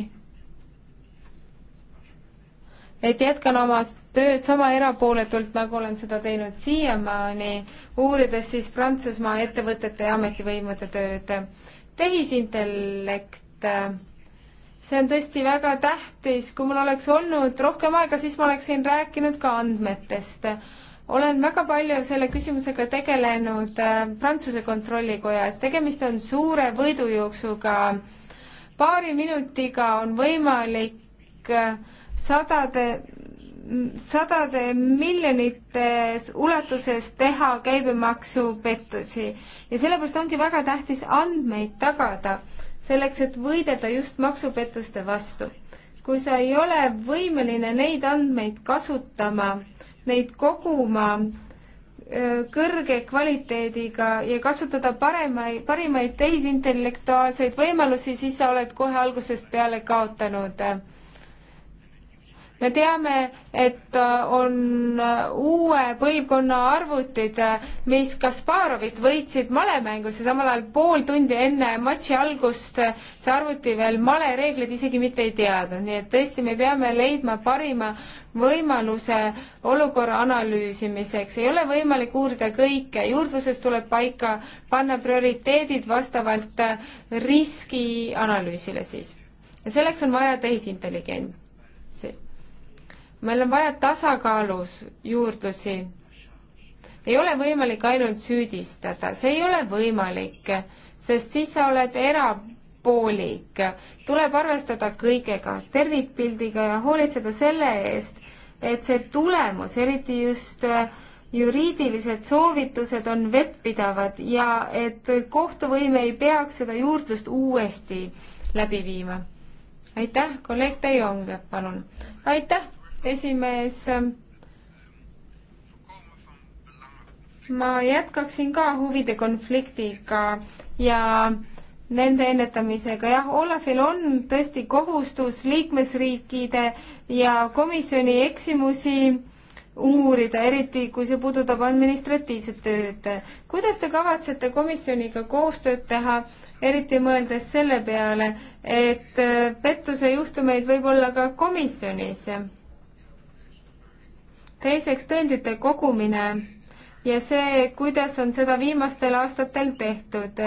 et jätkan oma tööd sama erapooletult, nagu olen seda teinud siiamaani, uurides siis Prantsusmaa ettevõtete ja ametivõimude tööd. tehisintellekt äh, see on tõesti väga tähtis, kui mul oleks olnud rohkem aega, siis ma oleksin rääkinud ka andmetest. olen väga palju selle küsimusega tegelenud äh, Prantsuse Kontrollikojas, tegemist on suure võidujooksuga. paari minutiga on võimalik äh, sadade sadade miljonite ulatuses teha käibemaksupettusi ja sellepärast ongi väga tähtis andmeid tagada selleks, et võidelda just maksupettuste vastu. kui sa ei ole võimeline neid andmeid kasutama, neid koguma kõrge kvaliteediga ja kasutada paremaid, parimaid tehisintellektuaalseid võimalusi, siis sa oled kohe algusest peale kaotanud me teame, et äh, on äh, uue põlvkonna arvutid, äh, mis Kasparovit võitsid malemängus ja samal ajal pool tundi enne matši algust see arvuti veel malereegleid isegi mitte ei teadnud, nii et tõesti, me peame leidma parima võimaluse olukorra analüüsimiseks, ei ole võimalik uurida kõike, juurdluses tuleb paika panna prioriteedid vastavalt riskianalüüsile siis. ja selleks on vaja tehisintelligentsi meil on vaja tasakaalus juurdlusi. ei ole võimalik ainult süüdistada, see ei ole võimalik, sest siis sa oled erapoolik. tuleb arvestada kõigega, tervikpildiga ja hoolitseda selle eest, et see tulemus, eriti just äh, juriidilised soovitused on vettpidavad ja et kohtuvõim ei peaks seda juurdlust uuesti läbi viima. aitäh, kolleeg Teiong, palun. aitäh esimees. ma jätkaksin ka huvide konfliktiga ja nende ennetamisega, jah, Olafil on tõesti kohustus liikmesriikide ja komisjoni eksimusi uurida, eriti kui see puudutab administratiivset tööd. kuidas te kavatsete komisjoniga koostööd teha, eriti mõeldes selle peale, et pettuse juhtumeid võib olla ka komisjonis? teiseks tõendite kogumine ja see, kuidas on seda viimastel aastatel tehtud.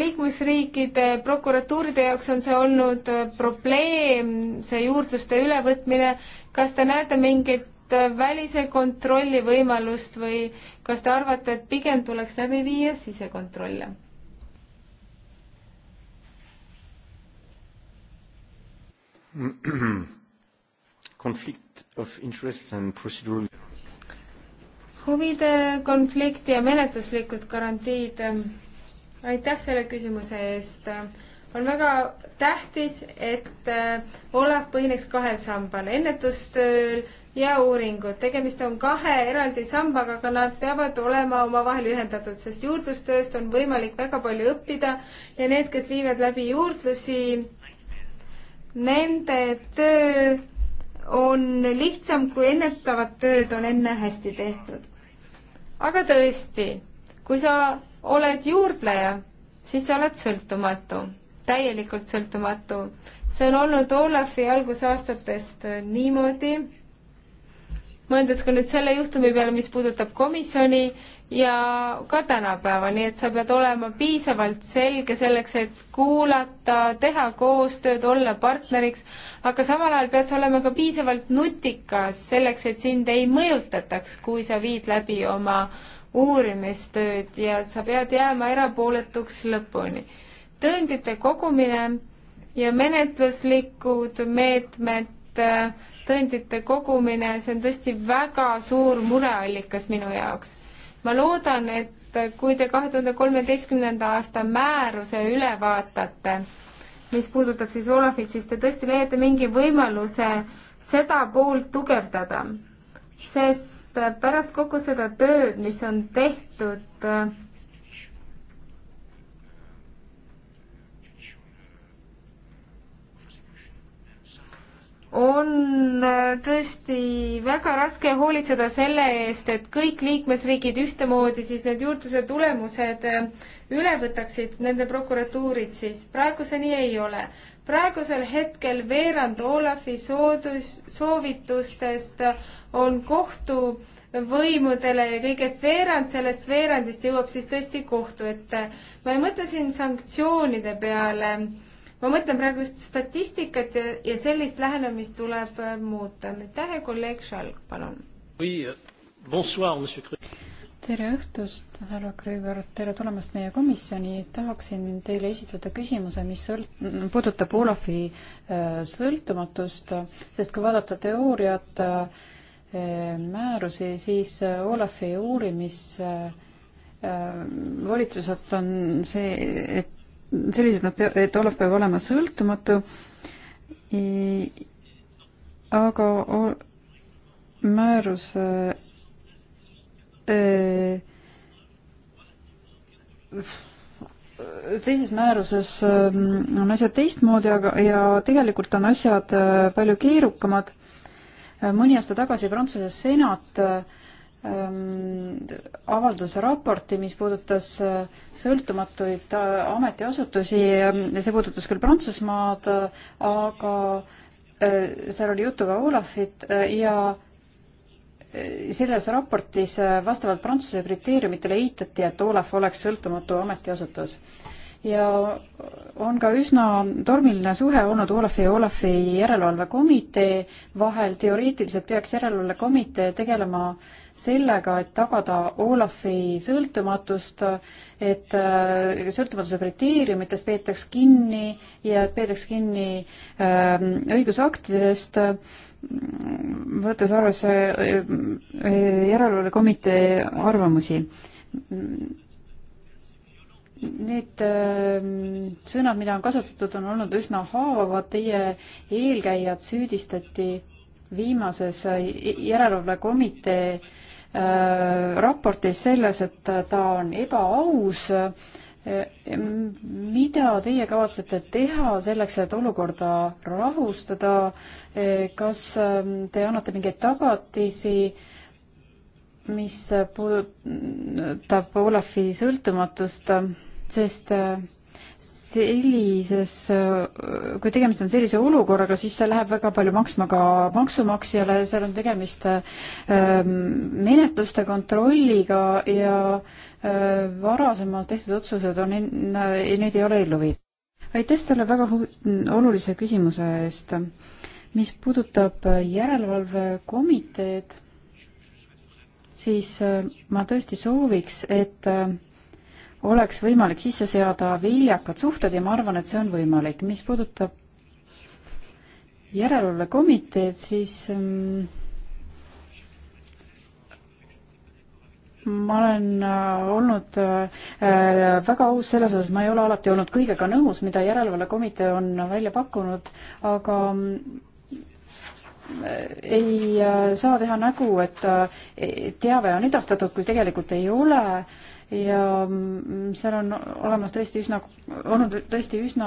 liikmesriikide prokuratuuride jaoks on see olnud probleem, see juurdluste ülevõtmine. kas te näete mingit välise kontrolli võimalust või kas te arvate, et pigem tuleks läbi viia sisekontrolle? conflict of interests and procedural huvide konflikt ja menetluslikud garantiid. aitäh selle küsimuse eest. on väga tähtis, et äh, Olav põhineks kahel sambal, ennetustööl ja uuringud. tegemist on kahe eraldi sambaga, aga nad peavad olema omavahel ühendatud, sest juurdlustööst on võimalik väga palju õppida ja need, kes viivad läbi juurdlusi, nende töö on lihtsam, kui ennetavat tööd on enne hästi tehtud. aga tõesti, kui sa oled juurdleja, siis sa oled sõltumatu, täielikult sõltumatu. see on olnud Olafi algusaastatest niimoodi mõeldes ka nüüd selle juhtumi peale, mis puudutab komisjoni ja ka tänapäeva, nii et sa pead olema piisavalt selge selleks, et kuulata, teha koostööd, olla partneriks, aga samal ajal pead sa olema ka piisavalt nutikas selleks, et sind ei mõjutataks, kui sa viid läbi oma uurimistööd ja sa pead jääma erapooletuks lõpuni. tõendite kogumine ja menetluslikud meetmed äh, tõendite kogumine, see on tõesti väga suur mureallikas minu jaoks. ma loodan, et kui te kahe tuhande kolmeteistkümnenda aasta määruse üle vaatate, mis puudutab siis Olafit, siis te tõesti leiate mingi võimaluse seda poolt tugevdada. sest pärast kogu seda tööd, mis on tehtud äh, on äh, tõesti väga raske hoolitseda selle eest, et kõik liikmesriigid ühtemoodi siis need juurdluse tulemused äh, üle võtaksid, nende prokuratuurid siis. praegu see nii ei ole. praegusel hetkel veerand Olafi soodus, soovitustest on kohtu võimudele ja kõigest veerand sellest veerandist jõuab siis tõesti kohtu ette. ma ei mõtle siin sanktsioonide peale ma mõtlen praegu just statistikat ja, ja sellist lähenemist tuleb äh, muuta. aitäh ja kolleeg Schalk, palun oui,. Euh, tere õhtust, härra Krüger, tere tulemast meie komisjoni. tahaksin teile esitada küsimuse, mis sõlt-, mm, puudutab Olafi äh, sõltumatust, sest kui vaadata teooriat, äh, määrusi, siis Olafi uurimisvolitused on see, et sellised nad, et Olav peab olema sõltumatu. aga määruse e, teises määruses on asjad teistmoodi, aga, ja tegelikult on asjad e, palju keerukamad. mõni aasta tagasi Prantsuse senat äh, Ähm, avaldas raporti, mis puudutas äh, sõltumatuid äh, ametiasutusi, ähm, see puudutas küll Prantsusmaad, äh, aga seal oli juttu ka Olafit ja selles raportis vastavalt Prantsuse kriteeriumitele eitati, et Olaf oleks sõltumatu ametiasutus ja on ka üsna tormiline suhe olnud Olafi ja Olafi järelevalvekomitee vahel. teoreetiliselt peaks järelevalvekomitee tegelema sellega, et tagada Olafi sõltumatust, et äh, sõltumatuse kriteeriumitest peetaks kinni ja peetaks kinni ähm, õigusaktidest võttes arvesse äh, äh, järelevalvekomitee arvamusi. Need ähm, sõnad, mida on kasutatud, on olnud üsna haavavad. Teie eelkäijad süüdistati viimases äh, järelevalvekomitee äh, raportis selles, et ta on ebaaus. Äh, mida teie kavatsete teha selleks, et olukorda rahustada? kas ähm, te annate mingeid tagatisi? mis puudutab Olafi sõltumatust, sest äh, sellises, äh, kui tegemist on sellise olukorraga, siis see läheb väga palju maksma ka maksumaksjale, seal on tegemist äh, ähm, menetluste kontrolliga ja varasemalt tehtud otsused on, need ei ole ellu viidud. aitäh selle väga olulise küsimuse eest. mis puudutab järelevalvekomiteed, siis ma tõesti sooviks, et oleks võimalik sisse seada viljakad suhted ja ma arvan, et see on võimalik. mis puudutab järelevalvekomiteed, siis ähm, ma olen äh, olnud äh, äh, väga aus selles osas, ma ei ole alati olnud kõigega nõus, mida järelevalvekomitee on välja pakkunud, aga mm, ei saa teha nägu, et teave on edastatud, kui tegelikult ei ole ja mm, seal on olemas tõesti üsna, olnud tõesti üsna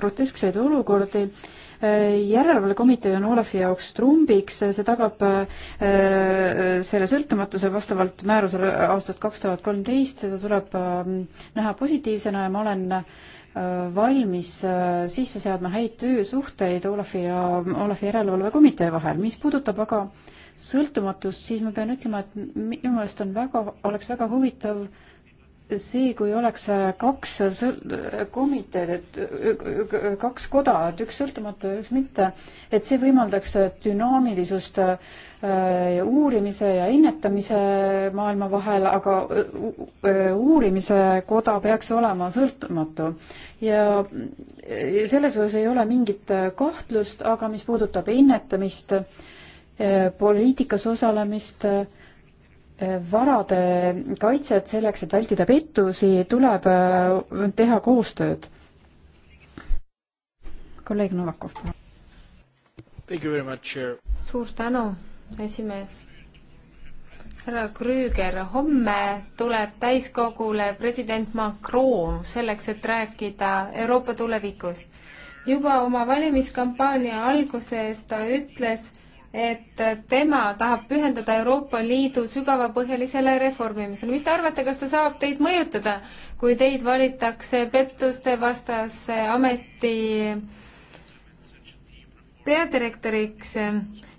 groteskseid olukordi äh, järelevalvekomitee on Olafi jaoks trumbiks, see tagab äh, selle sõltumatuse vastavalt määrusele aastast kaks tuhat kolmteist, seda tuleb äh, näha positiivsena ja ma olen äh, valmis äh, sisse seadma häid töösuhteid Olafi ja Olafi järelevalvekomitee vahel. mis puudutab aga äh, sõltumatust, siis ma pean ütlema, et minu meelest on väga, oleks väga huvitav see, kui oleks kaks komiteed, et kaks koda, et üks sõltumatu ja üks mitte, et see võimaldaks dünaamilisust äh, uurimise ja ennetamise maailma vahel, aga uurimise koda peaks olema sõltumatu. ja selles osas ei ole mingit kahtlust, aga mis puudutab ennetamist, Äh, poliitikas osalemist, äh, varade kaitset selleks, et vältida pettusi, tuleb äh, teha koostööd. kolleeg Novakov, palun. suur tänu, esimees härra Krüüger, homme tuleb täiskogule president Macron selleks, et rääkida Euroopa tulevikust. juba oma valimiskampaania alguses ta ütles, et tema tahab pühendada Euroopa Liidu sügavapõhjalisele reformimisele. mis te arvate, kas ta saab teid mõjutada, kui teid valitakse pettuste vastase ameti peadirektoriks,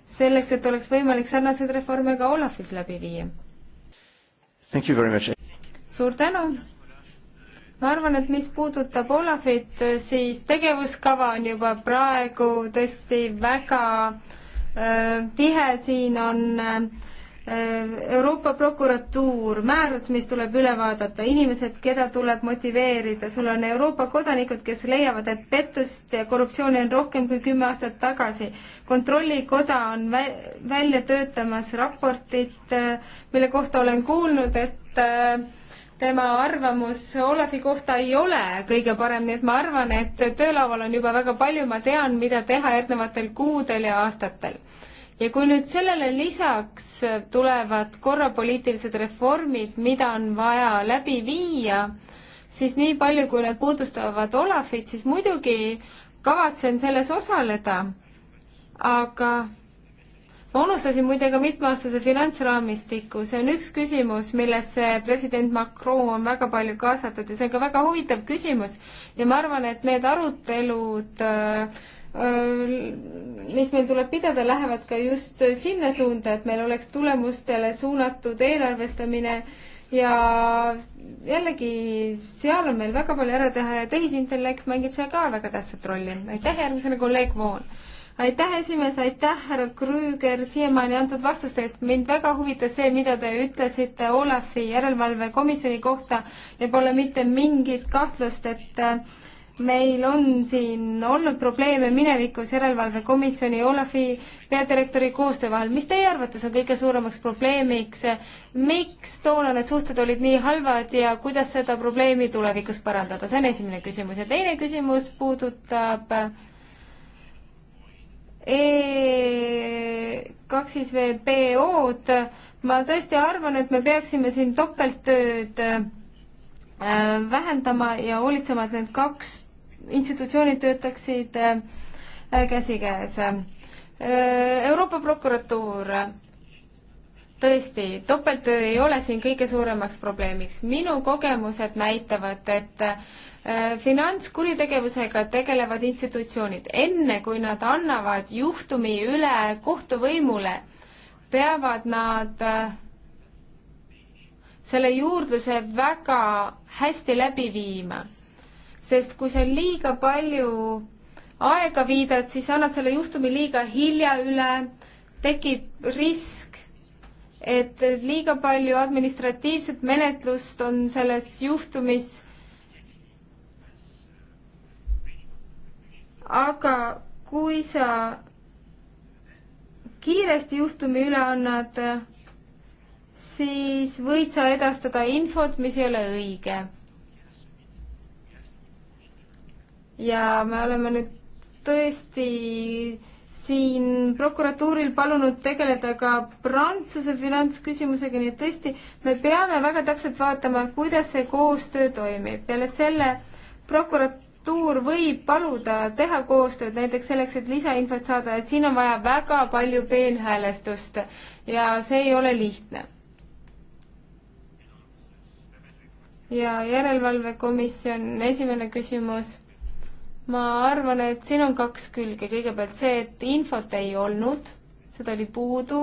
selleks, et oleks võimalik sarnaseid reforme ka Olafis läbi viia? suur tänu! ma arvan, et mis puudutab Olafit, siis tegevuskava on juba praegu tõesti väga äh, Äh, tihe siin on äh, Euroopa prokuratuur, määrus, mis tuleb üle vaadata, inimesed, keda tuleb motiveerida, sul on Euroopa kodanikud, kes leiavad, et pettust ja korruptsiooni on rohkem kui kümme aastat tagasi. kontrollikoda on vä välja töötamas raportit, äh, mille kohta olen kuulnud, et äh, tema arvamus Olavi kohta ei ole kõige parem, nii et ma arvan, et töölaual on juba väga palju, ma tean, mida teha järgnevatel kuudel ja aastatel. ja kui nüüd sellele lisaks tulevad korrapoliitilised reformid, mida on vaja läbi viia, siis nii palju, kui need puudustavad Olafit, siis muidugi kavatsen selles osaleda, aga ma unustasin muide ka mitmeaastase finantsraamistiku, see on üks küsimus, millesse president Macron on väga palju kaasatud ja see on ka väga huvitav küsimus ja ma arvan, et need arutelud äh, äh, mis meil tuleb pidada, lähevad ka just sinna suunda, et meil oleks tulemustele suunatud eelarvestamine ja jällegi seal on meil väga palju ära teha ja tehisintellekt mängib seal ka väga tähtsat rolli. aitäh, järgmisena kolleeg Vool aitäh, esimees, aitäh, härra Krüüger, siiamaani antud vastuste eest. mind väga huvitas see, mida te ütlesite Olafi järelevalvekomisjoni kohta ja pole mitte mingit kahtlust, et äh, meil on siin olnud probleeme minevikus järelevalvekomisjoni ja Olafi peadirektori koostöö vahel. mis teie arvates on kõige suuremaks probleemiks? miks toona need suhted olid nii halvad ja kuidas seda probleemi tulevikus parandada? see on esimene küsimus ja teine küsimus puudutab äh, E2VBO-d. ma tõesti arvan, et me peaksime siin topelttööd äh, vähendama ja hoolitsema, et need kaks institutsiooni töötaksid äh, käsikäes. Äh, Euroopa prokuratuur tõesti, topelttöö ei ole siin kõige suuremaks probleemiks. minu kogemused näitavad, et äh, finantskuritegevusega tegelevad institutsioonid, enne kui nad annavad juhtumi üle kohtuvõimule, peavad nad äh, selle juurdluse väga hästi läbi viima. sest kui sa liiga palju aega viidad, siis annad selle juhtumi liiga hilja üle, tekib risk, et liiga palju administratiivset menetlust on selles juhtumis. aga kui sa kiiresti juhtumi üle annad, siis võid sa edastada infot, mis ei ole õige. ja me oleme nüüd tõesti siin prokuratuuril palunud tegeleda ka Prantsuse finantsküsimusega, nii et tõesti, me peame väga täpselt vaatama, kuidas see koostöö toimib. peale selle prokuratuur võib paluda teha koostööd näiteks selleks, et lisainfot saada ja siin on vaja väga palju peenhäälestust ja see ei ole lihtne. ja järelevalvekomisjon, esimene küsimus ma arvan, et siin on kaks külge, kõigepealt see, et infot ei olnud, seda oli puudu,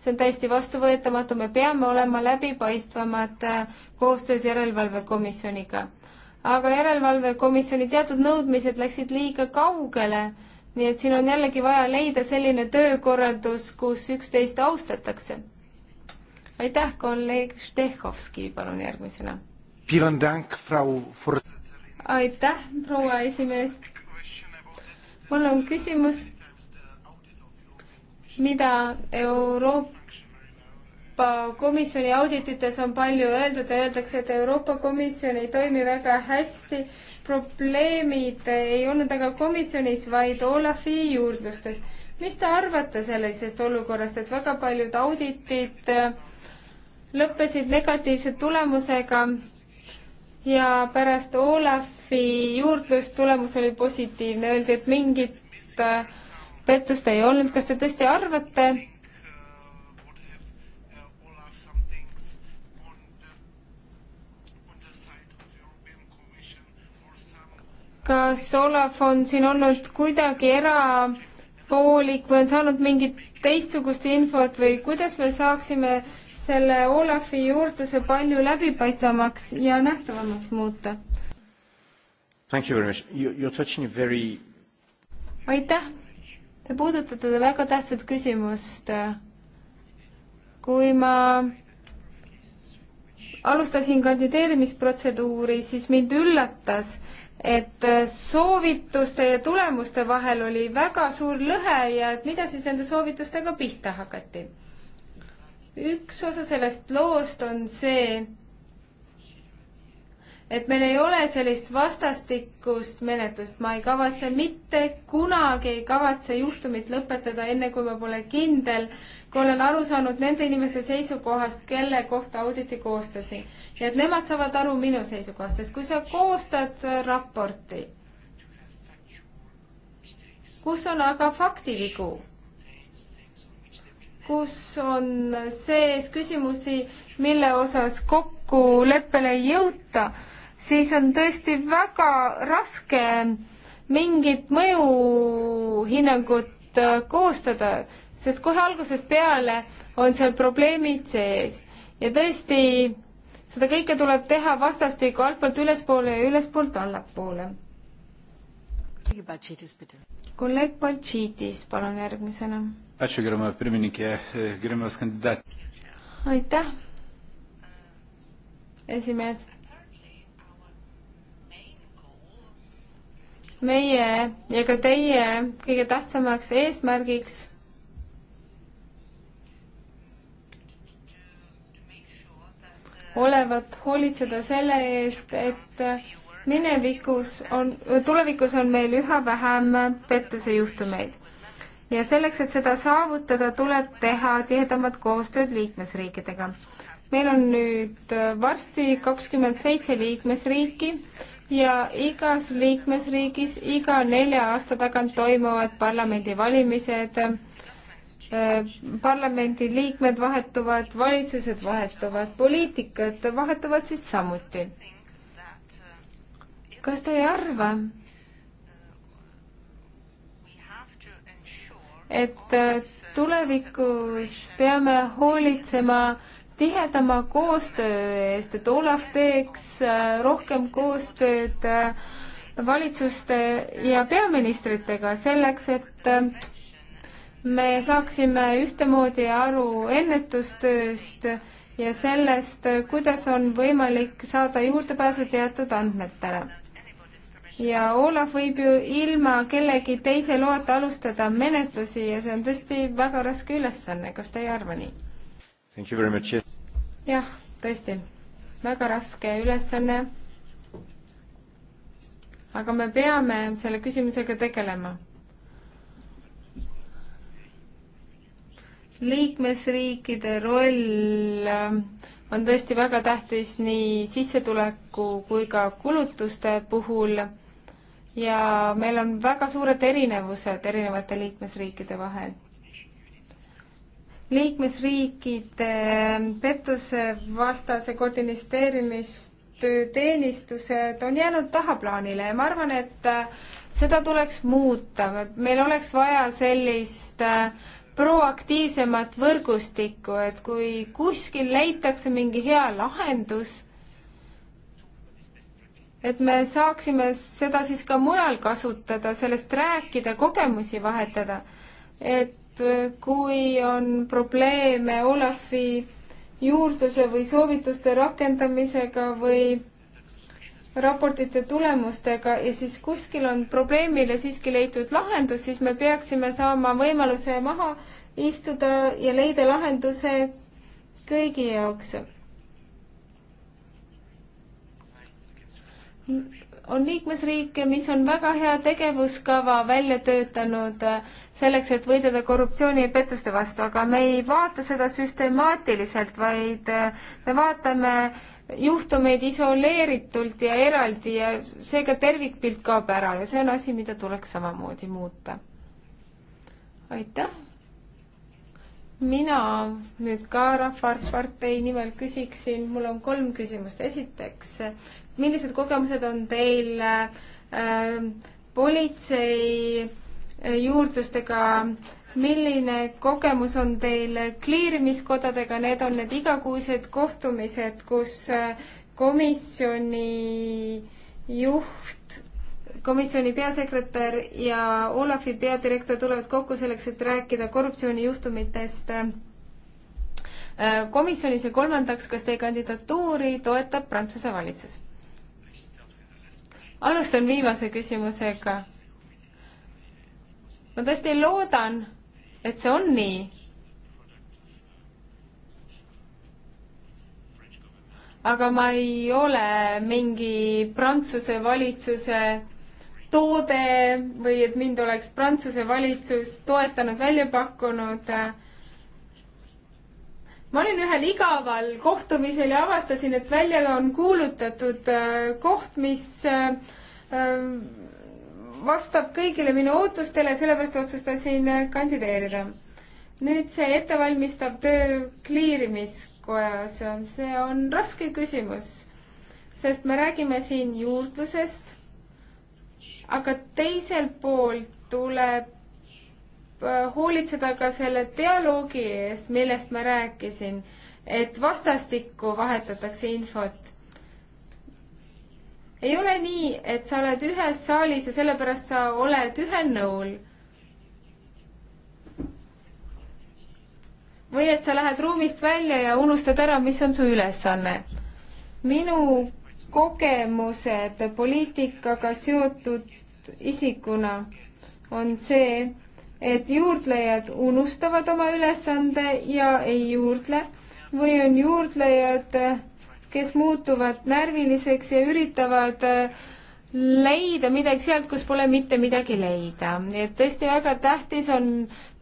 see on täiesti vastuvõetamatu, me peame olema läbipaistvamad äh, koostöös Järelevalvekomisjoniga. aga Järelevalvekomisjoni teatud nõudmised läksid liiga kaugele, nii et siin on jällegi vaja leida selline töökorraldus, kus üksteist austatakse. aitäh, kolleeg Štehhovski, palun järgmisena aitäh, proua esimees. mul on küsimus, mida Euroopa Euroopa Komisjoni auditites on palju öeldud ja öeldakse, et Euroopa Komisjon ei toimi väga hästi. probleemid ei olnud aga komisjonis, vaid Olafi juurdlustes. mis te arvate sellisest olukorrast, et väga paljud auditid lõppesid negatiivse tulemusega ja pärast Olafi juurdlustulemus oli positiivne, öeldi, et mingit äh, pettust ei olnud, kas te tõesti arvate, kas Olav on siin olnud kuidagi erapoolik või on saanud mingit teistsugust infot või kuidas me saaksime äh, selle Olafi juurdluse palju läbipaistvamaks ja nähtavamaks muuta? Very... aitäh, te puudutate väga tähtsat küsimust. kui ma alustasin kandideerimisprotseduuri, siis mind üllatas, et soovituste ja tulemuste vahel oli väga suur lõhe ja et mida siis nende soovitustega pihta hakati üks osa sellest loost on see, et meil ei ole sellist vastastikust menetlust, ma ei kavatse mitte kunagi ei kavatse juhtumit lõpetada, enne kui ma pole kindel, kui olen aru saanud nende inimeste seisukohast, kelle kohta auditi koostasin. ja et nemad saavad aru minu seisukohast, sest kui sa koostad raporti, kus on aga faktivigu kus on sees küsimusi, mille osas kokkuleppele ei jõuta, siis on tõesti väga raske mingit mõjuhinnangut äh, koostada, sest kohe algusest peale on seal probleemid sees ja tõesti, seda kõike tuleb teha vastastikku altpoolt ülespoole ja ülespoolt allapoole. kolleeg Baltšiitis, palun järgmisena E, aitäh, esimees. meie ja ka teie kõige tähtsamaks eesmärgiks olevat hoolitseda selle eest, et minevikus on, tulevikus on meil üha vähem pettusejuhtumeid ja selleks, et seda saavutada, tuleb teha tihedamat koostööd liikmesriikidega. meil on nüüd varsti kakskümmend seitse liikmesriiki ja igas liikmesriigis iga nelja aasta tagant toimuvad parlamendivalimised, parlamendi liikmed vahetuvad, valitsused vahetuvad, poliitikad vahetuvad siis samuti. kas te ei arva, et äh, tulevikus peame hoolitsema tihedama koostöö eest, et Olav teeks äh, rohkem koostööd äh, valitsuste ja peaministritega selleks, et me saaksime ühtemoodi aru ennetustööst ja sellest, kuidas on võimalik saada juurdepääsu teatud andmetele ja Olav võib ju ilma kellegi teise loata alustada menetlusi ja see on tõesti väga raske ülesanne, kas te ei arva nii? jah, tõesti, väga raske ülesanne. aga me peame selle küsimusega tegelema liikmesriikide roll äh, on tõesti väga tähtis nii sissetuleku kui ka kulutuste puhul ja meil on väga suured erinevused erinevate liikmesriikide vahel. liikmesriikide pettusevastase koordineerimistöö teenistused on jäänud tahaplaanile ja ma arvan, et äh, seda tuleks muuta, meil oleks vaja sellist äh, proaktiivsemat võrgustikku, et kui kuskil leitakse mingi hea lahendus, et me saaksime seda siis ka mujal kasutada, sellest rääkida, kogemusi vahetada. et äh, kui on probleeme Olafi juurdluse või soovituste rakendamisega või raportite tulemustega ja siis kuskil on probleemile siiski leitud lahendus, siis me peaksime saama võimaluse maha istuda ja leida lahenduse kõigi jaoks on liikmesriike, mis on väga hea tegevuskava välja töötanud äh, selleks, et võidelda korruptsiooni ja pettuste vastu, aga me ei vaata seda süstemaatiliselt, vaid äh, me vaatame juhtumeid isoleeritult ja eraldi ja seega tervikpilt kaob ära ja see on asi, mida tuleks samamoodi muuta. aitäh! mina nüüd ka Rahvapartei nimel küsiksin, mul on kolm küsimust. esiteks, millised kogemused on teil äh, politsei äh, juurdlustega, milline kogemus on teil kliirimiskodadega, need on need igakuised kohtumised, kus äh, komisjoni juht, komisjoni peasekretär ja Olafi peadirektor tulevad kokku selleks, et rääkida korruptsioonijuhtumitest äh, komisjonis ja kolmandaks, kas teie kandidatuuri toetab Prantsuse valitsus? alustan viimase küsimusega. ma tõesti loodan, et see on nii. aga ma ei ole mingi Prantsuse valitsuse toode või et mind oleks Prantsuse valitsus toetanud, välja pakkunud äh, ma olin ühel igaval kohtumisel ja avastasin, et välja on kuulutatud äh, koht, mis äh, äh, vastab kõigile minu ootustele, sellepärast otsustasin kandideerida. nüüd see ettevalmistav töö kliirimiskojas, see on raske küsimus, sest me räägime siin juurdlusest, aga teiselt poolt tuleb Äh, hoolitseda ka selle dialoogi eest, millest ma rääkisin, et vastastikku vahetatakse infot. ei ole nii, et sa oled ühes saalis ja sellepärast sa oled ühel nõul. või et sa lähed ruumist välja ja unustad ära, mis on su ülesanne. minu kogemused poliitikaga seotud isikuna on see, et juurdlejad unustavad oma ülesande ja ei juurdle või on juurdlejad, kes muutuvad närviliseks ja üritavad äh, leida midagi sealt, kus pole mitte midagi leida. nii et tõesti väga tähtis on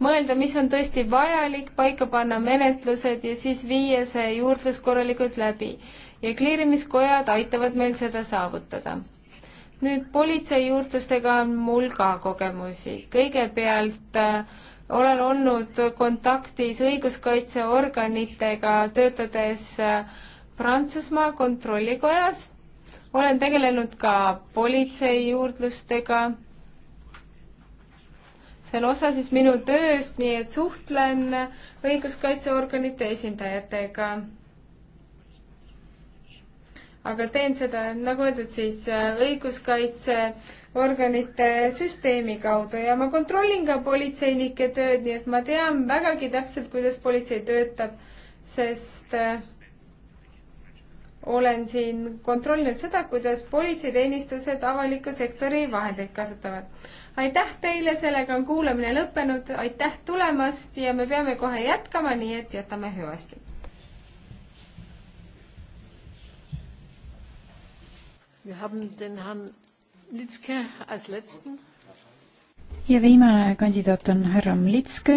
mõelda, mis on tõesti vajalik, paika panna menetlused ja siis viia see juurdlus korralikult läbi. ja kliirimiskojad aitavad meil seda saavutada nüüd politseijuurdlustega on mul ka kogemusi. kõigepealt äh, olen olnud kontaktis õiguskaitseorganitega, töötades äh, Prantsusmaa kontrollikojas. olen tegelenud ka politseijuurdlustega. see on osa siis minu tööst, nii et suhtlen õiguskaitseorganite esindajatega aga teen seda, nagu öeldud, siis äh, õiguskaitseorganite süsteemi kaudu ja ma kontrollin ka politseinike tööd, nii et ma tean vägagi täpselt, kuidas politsei töötab, sest äh, olen siin kontrollinud seda, kuidas politseiteenistused avaliku sektori vahendeid kasutavad. aitäh teile, sellega on kuulamine lõppenud, aitäh tulemast ja me peame kohe jätkama, nii et jätame hüvasti Wir haben den Herrn Litzke als letzten. ja viimane kandidaat on härra Mlitske.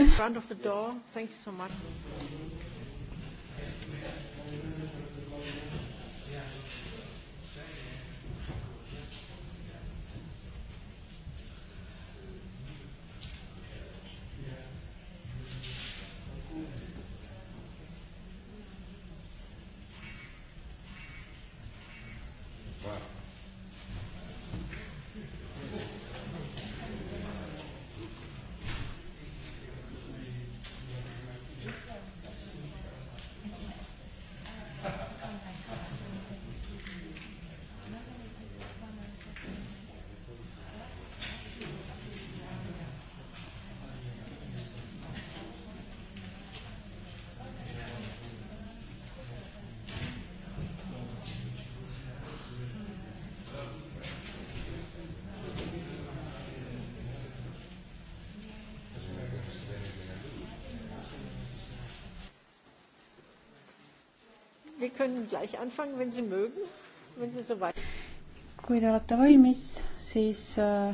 kui te olete valmis, siis äh,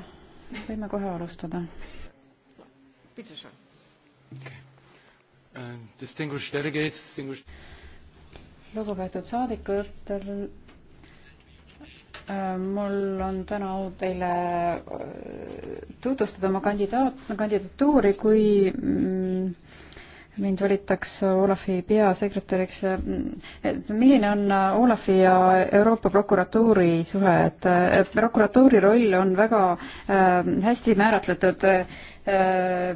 võime kohe alustada. Äh, lugupeetud saadikutel, äh, mul on täna au teile tutvustada oma kandidaat, kandidatuuri, kui mm, mind valitakse Olafi peasekretäriks. milline on äh, Olafi ja Euroopa prokuratuuri suhe, et äh, prokuratuuri roll on väga äh, hästi määratletud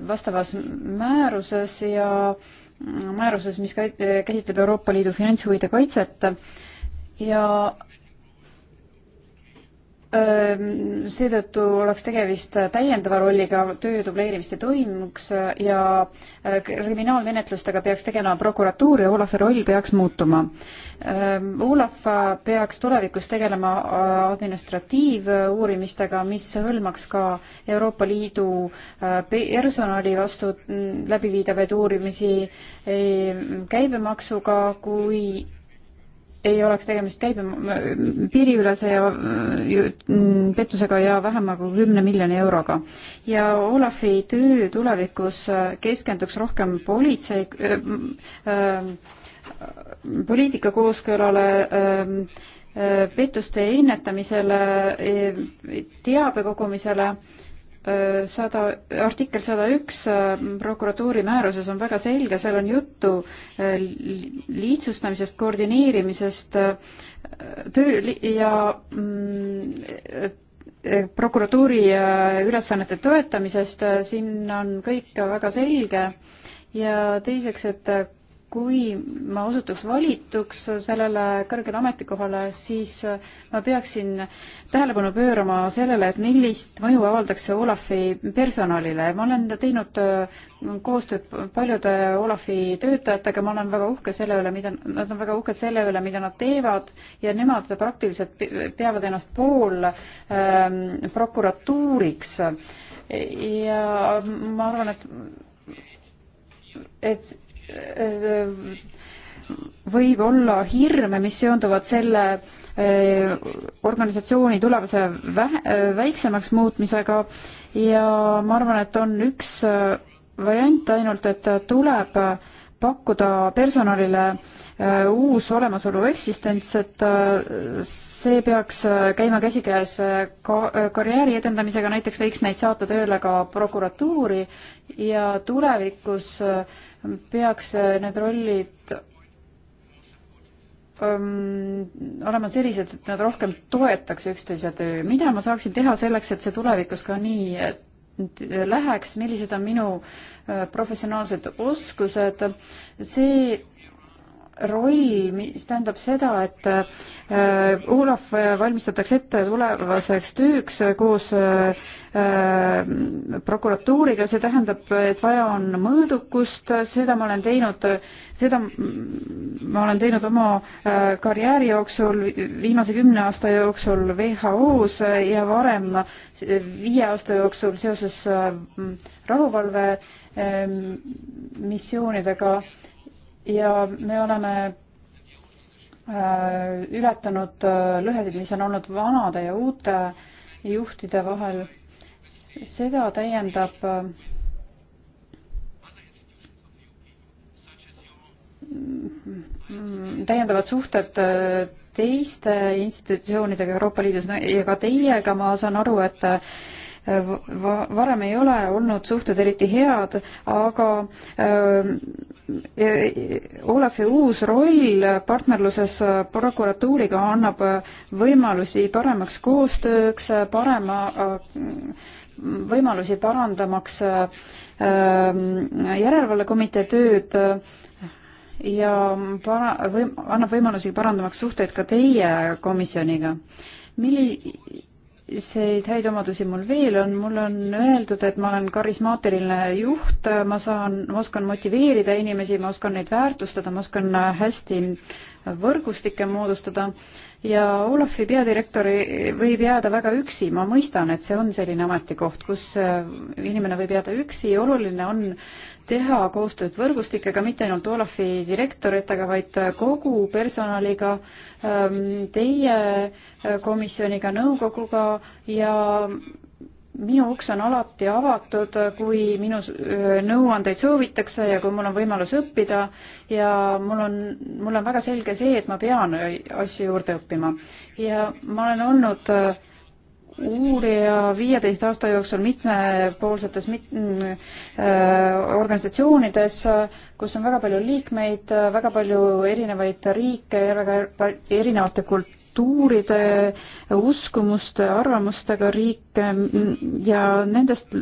vastavas määruses ja mm, määruses, mis käsitleb Euroopa Liidu finantshuvide kaitset ja seetõttu oleks tegemist täiendava rolliga, töö dubleerimist ei toimuks ja kriminaalmenetlustega peaks tegelema prokuratuur ja Olafi roll peaks muutuma. Olaf peaks tulevikus tegelema administratiivuurimistega, mis hõlmaks ka Euroopa Liidu personali vastu läbiviidavaid uurimisi käibemaksuga, kui ei oleks tegemist käibe, piiriülese ja mm, pettusega ja vähema kui kümne miljoni euroga. ja Olafi töö tulevikus äh, keskenduks rohkem politsei äh, äh, poliitika kooskõlale ähm, äh, pettuste ennetamisele, äh, teabe kogumisele äh, sada, artikkel sada üks äh, prokuratuuri määruses on väga selge, seal on juttu äh, lihtsustamisest, koordineerimisest, äh, töö ja mm, prokuratuuri ülesannete toetamisest, siin on kõik väga selge ja teiseks, et kui ma osutuks valituks sellele kõrgele ametikohale, siis ma peaksin tähelepanu pöörama sellele, et millist mõju avaldaks see Olafi personalile. ma olen teinud äh, koostööd paljude Olafi töötajatega, ma olen väga uhke selle üle, mida, nad on väga uhked selle üle, mida nad teevad ja nemad praktiliselt peavad ennast pool ähm, prokuratuuriks. ja ma arvan, et et Äh, võib olla hirme, mis seonduvad selle äh, organisatsiooni tulevase vähe, äh, väiksemaks muutmisega ja ma arvan, et on üks variant ainult, et tuleb pakkuda personalile uus olemasolu eksistents, et see peaks käima käsikäes ka karjääri edendamisega, näiteks võiks neid saata tööle ka prokuratuuri ja tulevikus äh, peaks äh, need rollid ähm, olema sellised, et nad rohkem toetaks üksteise töö. mida ma saaksin teha selleks, et see tulevikus ka nii äh, läheks, millised on minu äh, professionaalsed oskused, see roll, mis tähendab seda, et äh, Olav valmistatakse ette tulevaseks tööks äh, koos äh, prokuratuuriga, see tähendab, et vaja on mõõdukust, seda ma olen teinud, seda ma olen teinud oma karjääri jooksul, viimase kümne aasta jooksul WHO-s ja varem viie aasta jooksul seoses rahuvalve missioonidega äh, ja me oleme äh, ületanud äh, lõhesid, mis on olnud vanade ja uute juhtide vahel. seda täiendab äh, täiendavad suhted teiste institutsioonidega Euroopa Liidus ja ka teiega, ma saan aru, et varem ei ole olnud suhted eriti head, aga äh, e, Olafi uus roll partnerluses äh, prokuratuuriga annab äh, võimalusi paremaks koostööks, parema, võimalusi parandamaks järelevalvekomitee tööd ja para-, või annab võimalusi parandamaks suhteid ka teie komisjoniga. milli-, milliseid häid omadusi mul veel on, mul on öeldud, et ma olen karismaatiline juht, ma saan, ma oskan motiveerida inimesi, ma oskan neid väärtustada, ma oskan hästi võrgustikke moodustada ja Olafi peadirektori võib jääda väga üksi, ma mõistan, et see on selline ametikoht, kus inimene võib jääda üksi, oluline on teha koostööd võrgustikega, mitte ainult Olafi direktoritega, vaid kogu personaliga, ähm, teie äh, komisjoniga, nõukoguga ja minu uks on alati avatud, kui minu äh, nõuandeid soovitakse ja kui mul on võimalus õppida ja mul on, mul on väga selge see, et ma pean äh, asju juurde õppima. ja ma olen olnud äh, uurija viieteist aasta jooksul mitmepoolsetes mit- mm, äh,, organisatsioonides, kus on väga palju liikmeid, väga palju erinevaid riike ja väga erinevate kultuuride, uskumuste, arvamustega riike mm, ja nendest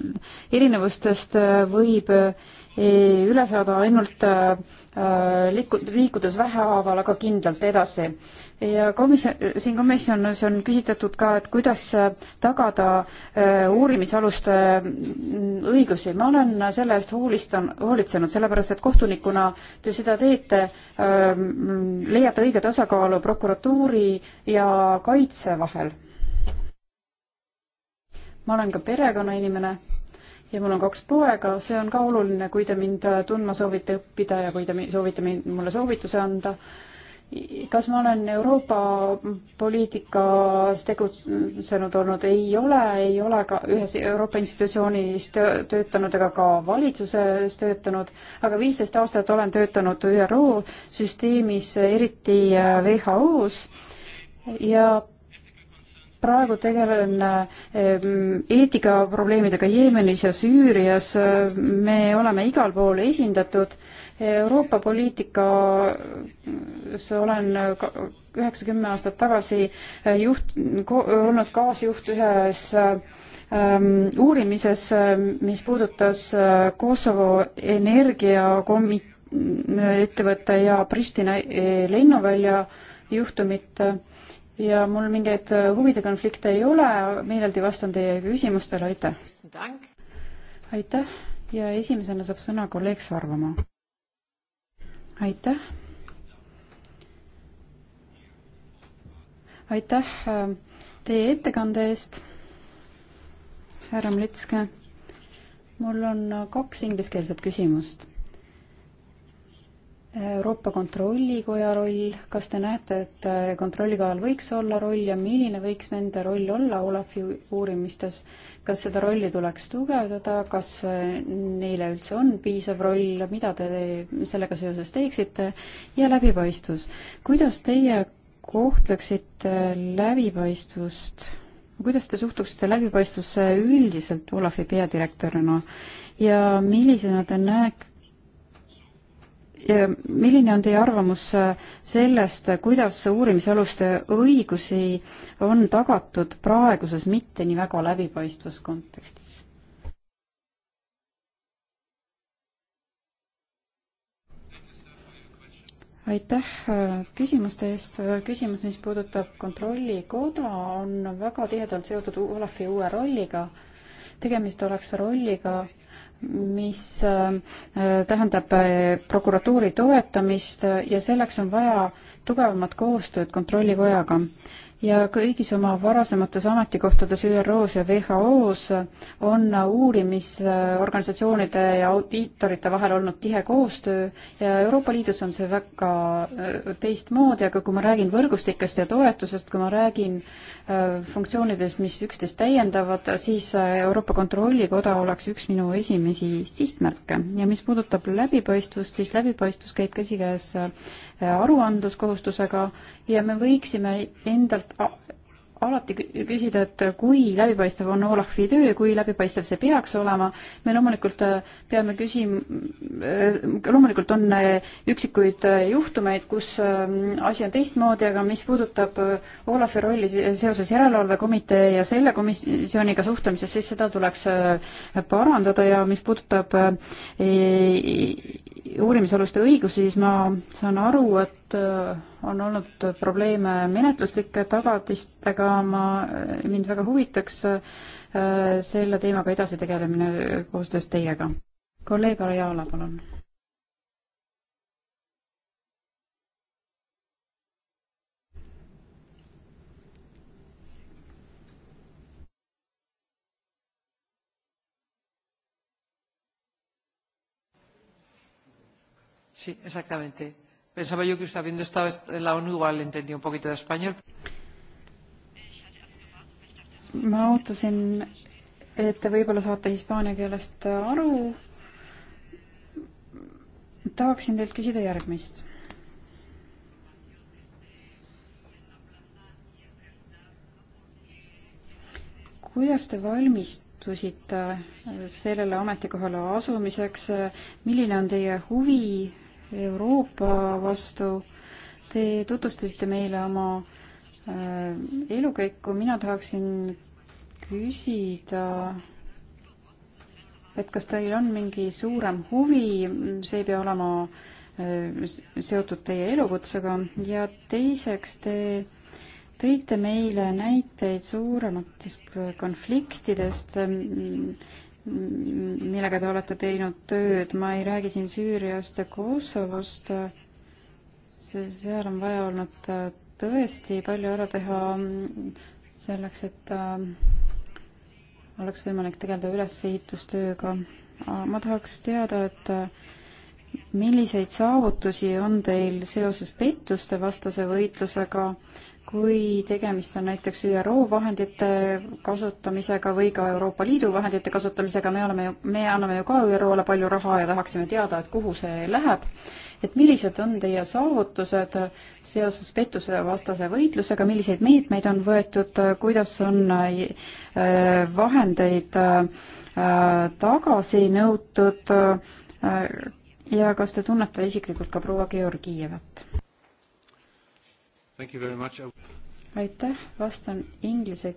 erinevustest võib e, üle saada ainult äh, liiku-, liikudes vähehaaval, aga kindlalt edasi ja komisjon, siin komisjonis on küsitletud ka, et kuidas tagada äh, uurimisaluste äh, õigusi. ma olen selle eest hoolistan, hoolitsenud, sellepärast et kohtunikuna te seda teete, ähm, leiate õige tasakaalu prokuratuuri ja kaitse vahel. ma olen ka perekonnainimene ja mul on kaks poega, see on ka oluline, kui te mind tundma soovite õppida ja kui te soovite mind, mulle soovituse anda kas ma olen Euroopa poliitikas tegutsenud olnud? ei ole, ei ole ka ühes Euroopa institutsioonis töötanud ega ka valitsuses töötanud, aga viisteist aastat olen töötanud ÜRO süsteemis, eriti WHO-s äh, ja praegu tegelen eh, eetikaprobleemidega Jeemenis ja Süürias. me oleme igal pool esindatud. Euroopa poliitikas olen üheksa-kümme aastat tagasi juht, olnud kaasjuht ühes ähm, uurimises, mis puudutas äh, Kosovo energiakomitee äh, ettevõtte ja Pristina äh, lennuvälja juhtumit ja mul mingeid äh, huvide konflikte ei ole, meeleldi vastan teie küsimustele, aitäh! aitäh ja esimesena saab sõna kolleeg Sarvamaa. aitäh! aitäh äh, teie ettekande eest, härra Mlitske. mul on äh, kaks ingliskeelset küsimust Euroopa Kontrollikoja roll, kas te näete, et äh, Kontrollikojal võiks olla roll ja milline võiks nende roll olla Olafi uurimistes? kas seda rolli tuleks tugevdada, kas äh, neile üldse on piisav roll, mida te sellega seoses teeksite ja läbipaistvus. kuidas teie kohtleksite läbipaistvust, kuidas te suhtuksite läbipaistvusse üldiselt Olafi peadirektorina ja millisena te näete, milline on teie arvamus äh, sellest, kuidas uurimisaluste õigusi on tagatud praeguses mitte nii väga läbipaistvas kontekstis? aitäh äh, küsimuste eest. Äh, küsimus, mis puudutab kontrollikoda, on väga tihedalt seotud Olafi uue rolliga. tegemist oleks rolliga, mis äh, tähendab äh, prokuratuuri toetamist ja selleks on vaja tugevamat koostööd Kontrollikojaga ja kõigis oma varasemates ametikohtades ÜRO-s ja WHO-s on uurimisorganisatsioonide ja audiitorite vahel olnud tihe koostöö ja Euroopa Liidus on see väga äh, teistmoodi, aga kui ma räägin võrgustikest ja toetusest, kui ma räägin äh, funktsioonidest, mis üksteist täiendavad, siis äh, Euroopa Kontrollikoda oleks üks minu esimesi sihtmärke ja mis puudutab läbipaistvust, siis läbipaistvus käib käsikäes aruandluskohustusega ja me võiksime endalt alati küsida, et kui läbipaistev on Olafi töö, kui läbipaistev see peaks olema. me loomulikult äh, peame küsim-, äh, loomulikult on äh, üksikuid juhtumeid, kus asi on teistmoodi, aga mis puudutab Olafi rolli seoses järelevalvekomitee ja selle komisjoniga suhtlemises, siis seda tuleks parandada ja mis puudutab uurimisaluste õigusi, siis ma saan aru, et et äh, on olnud probleeme menetluslike tagatistega, ma, äh, mind väga huvitaks äh, selle teemaga edasi tegelemine koostöös teiega. kolleeg Arjala, palun. Sí, exactamente. Pensaba yo que usted habiendo estado en la ONU igual entendía un poquito de español. ma ootasin, et te võib-olla saate hispaania keelest aru. tahaksin teilt küsida järgmist kuidas te valmistusite sellele ametikohale asumiseks, milline on teie huvi Euroopa vastu. Te tutvustasite meile oma äh, elukäiku, mina tahaksin küsida, et kas teil on mingi suurem huvi, see ei pea olema äh, seotud teie elukutsega ja teiseks te tõite meile näiteid suurematest konfliktidest, millega te olete teinud tööd, ma ei räägi siin Süüriast ja Kosovost, see, seal on vaja olnud äh, tõesti palju ära teha mm, selleks, et äh, oleks võimalik tegeleda ülesehitustööga. Äh, ma tahaks teada, et milliseid saavutusi on teil seoses pettuste vastase võitlusega äh, kui tegemist on näiteks ÜRO vahendite kasutamisega või ka Euroopa Liidu vahendite kasutamisega, me oleme ju, me anname ju ka ÜRO-le palju raha ja tahaksime teada, et kuhu see läheb. et millised on teie saavutused seoses pettusevastase võitlusega, milliseid meetmeid on võetud, kuidas on äh, vahendeid äh, tagasi nõutud äh, ja kas te tunnete isiklikult ka proua Georgievat? aitäh, vastan inglise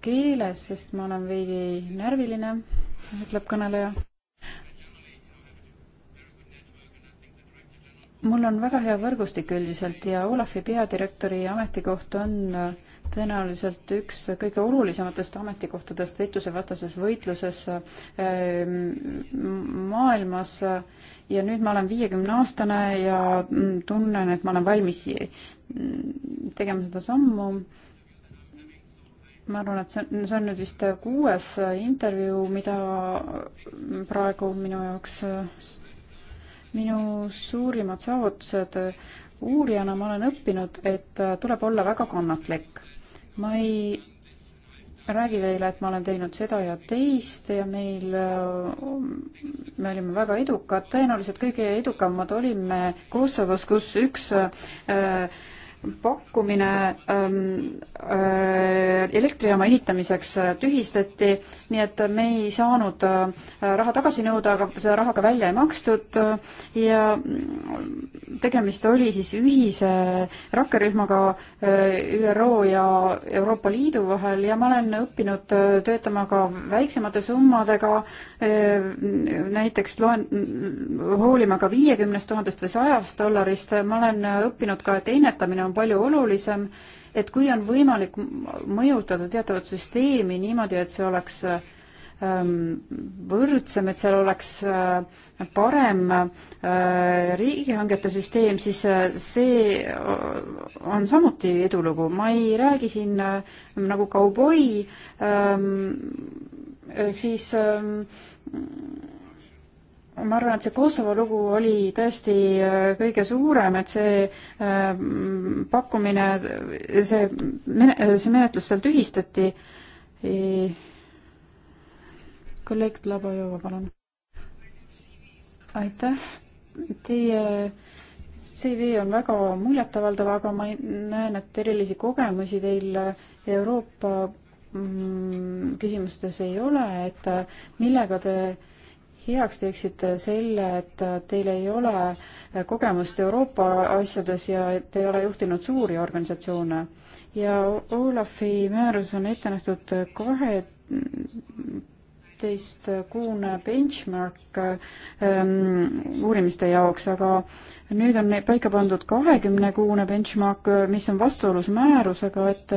keeles, sest ma olen veidi närviline, ütleb kõneleja. mul on väga hea võrgustik üldiselt ja Olafi peadirektori ametikoht on äh, tõenäoliselt üks kõige olulisematest ametikohtadest võitlusevastases võitluses äh, maailmas ja nüüd ma olen viiekümne aastane ja mm, tunnen, et ma olen valmis mm, tegema seda sammu. ma arvan, et see on, see on nüüd vist kuues intervjuu, mida praegu minu jaoks, minu suurimad saavutused uurijana ma olen õppinud, et tuleb olla väga kannatlik. ma ei räägi teile, et ma olen teinud seda ja teist ja meil, me olime väga edukad, tõenäoliselt kõige edukamad olime Kosovos, kus üks äh, pakkumine ähm, äh, elektrijaama ehitamiseks äh, tühistati, nii et me ei saanud äh, raha tagasi nõuda, aga seda raha ka välja ei makstud ja tegemist oli siis ühise rakkerühmaga ÜRO ja Euroopa Liidu vahel ja ma olen õppinud töötama ka väiksemate summadega, näiteks loen, hoolima ka viiekümnest tuhandest või sajast dollarist, ma olen õppinud ka, et ennetamine on on palju olulisem, et kui on võimalik mõjutada teatavat süsteemi niimoodi, et see oleks ähm, võrdsem, et seal oleks äh, parem äh, riigihangete süsteem, siis äh, see on samuti edulugu. ma ei räägi siin nagu kauboi, ähm, siis ähm, ma arvan, et see Kosovo lugu oli tõesti äh, kõige suurem, et see äh, pakkumine, see, see menetlus seal tühistati. E, kolleeg Labajova, palun. aitäh, teie CV on väga muljetavaldav, aga ma näen, et erilisi kogemusi teil äh, Euroopa mm, küsimustes ei ole, et millega te heaks teeksite selle, et teil ei ole kogemust Euroopa asjades ja et te ei ole juhtinud suuri organisatsioone. ja Olafi määrus on ette nähtud kaheteistkuune benchmark ähm, uurimiste jaoks, aga nüüd on paika pandud kahekümnekuune benchmark, mis on vastuolus määrusega, et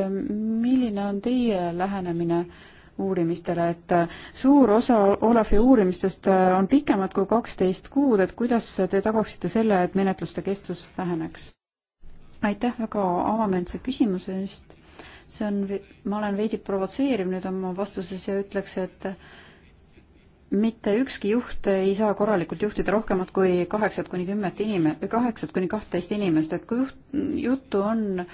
milline on teie lähenemine äh, uurimistele, et äh, suur osa Olafi uurimistest äh, on pikemad kui kaksteist kuud, et kuidas te tagaksite selle, et menetluste kestus väheneks? aitäh väga avameelse küsimuse eest. see on, ma olen veidi provotseeriv nüüd oma vastuses ja ütleks, et äh, mitte ükski juht ei saa korralikult juhtida rohkemat kui kaheksat kuni kümmet inime-, kaheksat kuni kahtteist inimest, et kui juht, juttu on äh,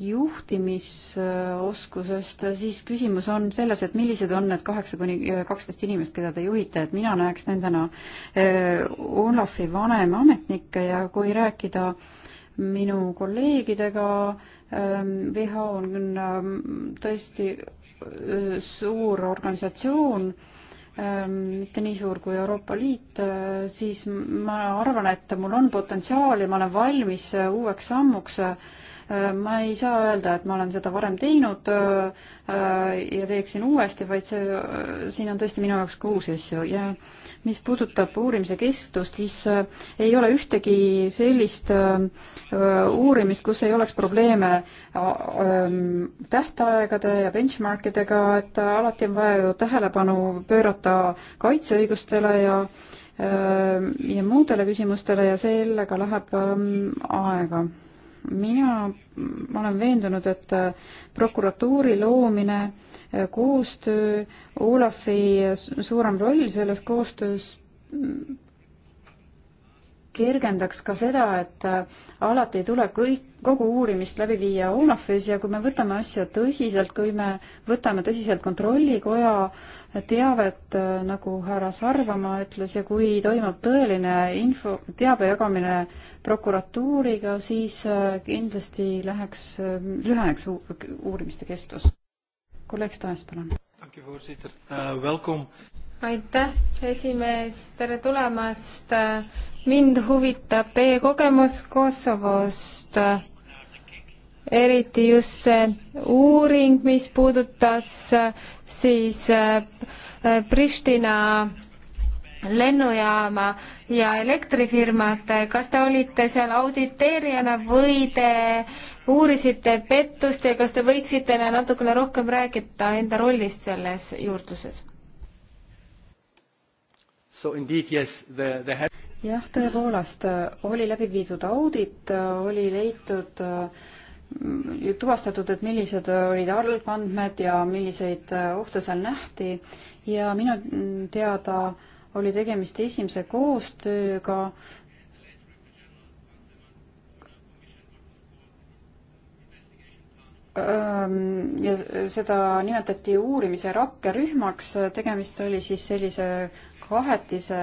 juhtimisoskusest, siis küsimus on selles, et millised on need kaheksa kuni äh, kaksteist inimest, keda te juhite, et mina näeks nendena äh, Olafi vanemametnikke ja kui rääkida minu kolleegidega, WHO ähm, on ähm, tõesti äh, suur organisatsioon, ähm, mitte nii suur kui Euroopa Liit, siis ma arvan, et mul on potentsiaali, ma olen valmis uueks sammuks Äh, ma ei saa öelda, et ma olen seda varem teinud äh, äh, ja teeksin uuesti, vaid see, siin on tõesti minu jaoks ka uusi asju ja mis puudutab uurimise kestust, siis ei ole ühtegi sellist uurimist, kus ei oleks probleeme ähm, tähtaegade ja benchmark idega, et alati on vaja ju tähelepanu pöörata kaitseõigustele ja ja muudele küsimustele ja sellega läheb ähm, aega mina olen veendunud, et äh, prokuratuuri loomine, äh, koostöö, Olafi äh, suurem roll selles koostöös mm, kergendaks ka seda, et alati ei tule kõik kogu uurimist läbi viia Olafis ja kui me võtame asja tõsiselt, kui me võtame tõsiselt Kontrollikoja teavet, äh, nagu härra Sarvamaa ütles, ja kui toimub tõeline info, teabe jagamine prokuratuuriga, siis äh, kindlasti läheks, äh, lüheneks uurimiste kestus. kolleeg Staes, palun. Eh, aitäh, esimees, tere tulemast mind huvitab teie kogemus Kosovost eriti just see uuring, mis puudutas äh, siis äh, Pristina lennujaama ja elektrifirmat, kas te olite seal auditeerijana või te uurisite pettust ja kas te võiksite natukene rohkem rääkida enda rollist selles juurdluses? jah, tõepoolest äh, oli läbi viidud audit, oli leitud äh, tuvastatud, et millised olid algandmed ja milliseid äh, ohte seal nähti ja minu teada oli tegemist esimese koostööga, ähm, ja seda nimetati uurimise rakkerühmaks, tegemist oli siis sellise kahetise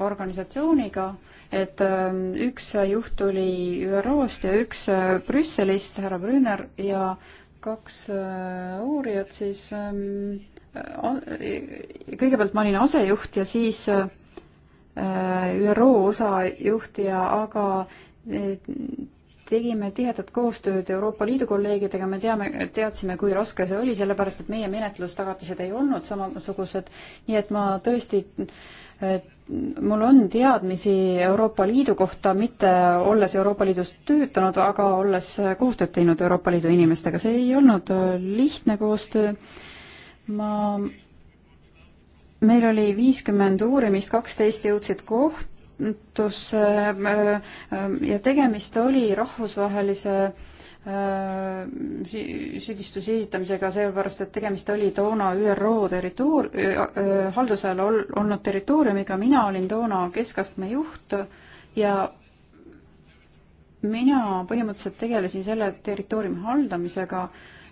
organisatsiooniga et ähm, üks juht tuli ÜRO-st ja üks äh, Brüsselist, härra Brünner, ja kaks äh, uurijat siis, ähm, äh, kõigepealt ma olin asejuht ja siis ÜRO osajuht ja aga tegime tihedat koostööd Euroopa Liidu kolleegidega, me teame, teadsime, kui raske see oli, sellepärast et meie menetlustagatised ei olnud samasugused, nii et ma tõesti mul on teadmisi Euroopa Liidu kohta, mitte olles Euroopa Liidus töötanud, aga olles koostööd teinud Euroopa Liidu inimestega, see ei olnud äh, lihtne koostöö. ma meil oli viiskümmend uurimist, kaksteist jõudsid koht, algatus äh, ja tegemist oli rahvusvahelise äh, süüdistuse esitamisega, sellepärast et tegemist oli toona ÜRO territoor-, äh, halduse all ol-, olnud territooriumiga, mina olin toona keskastme juht ja mina põhimõtteliselt tegelesin selle territooriumi haldamisega äh,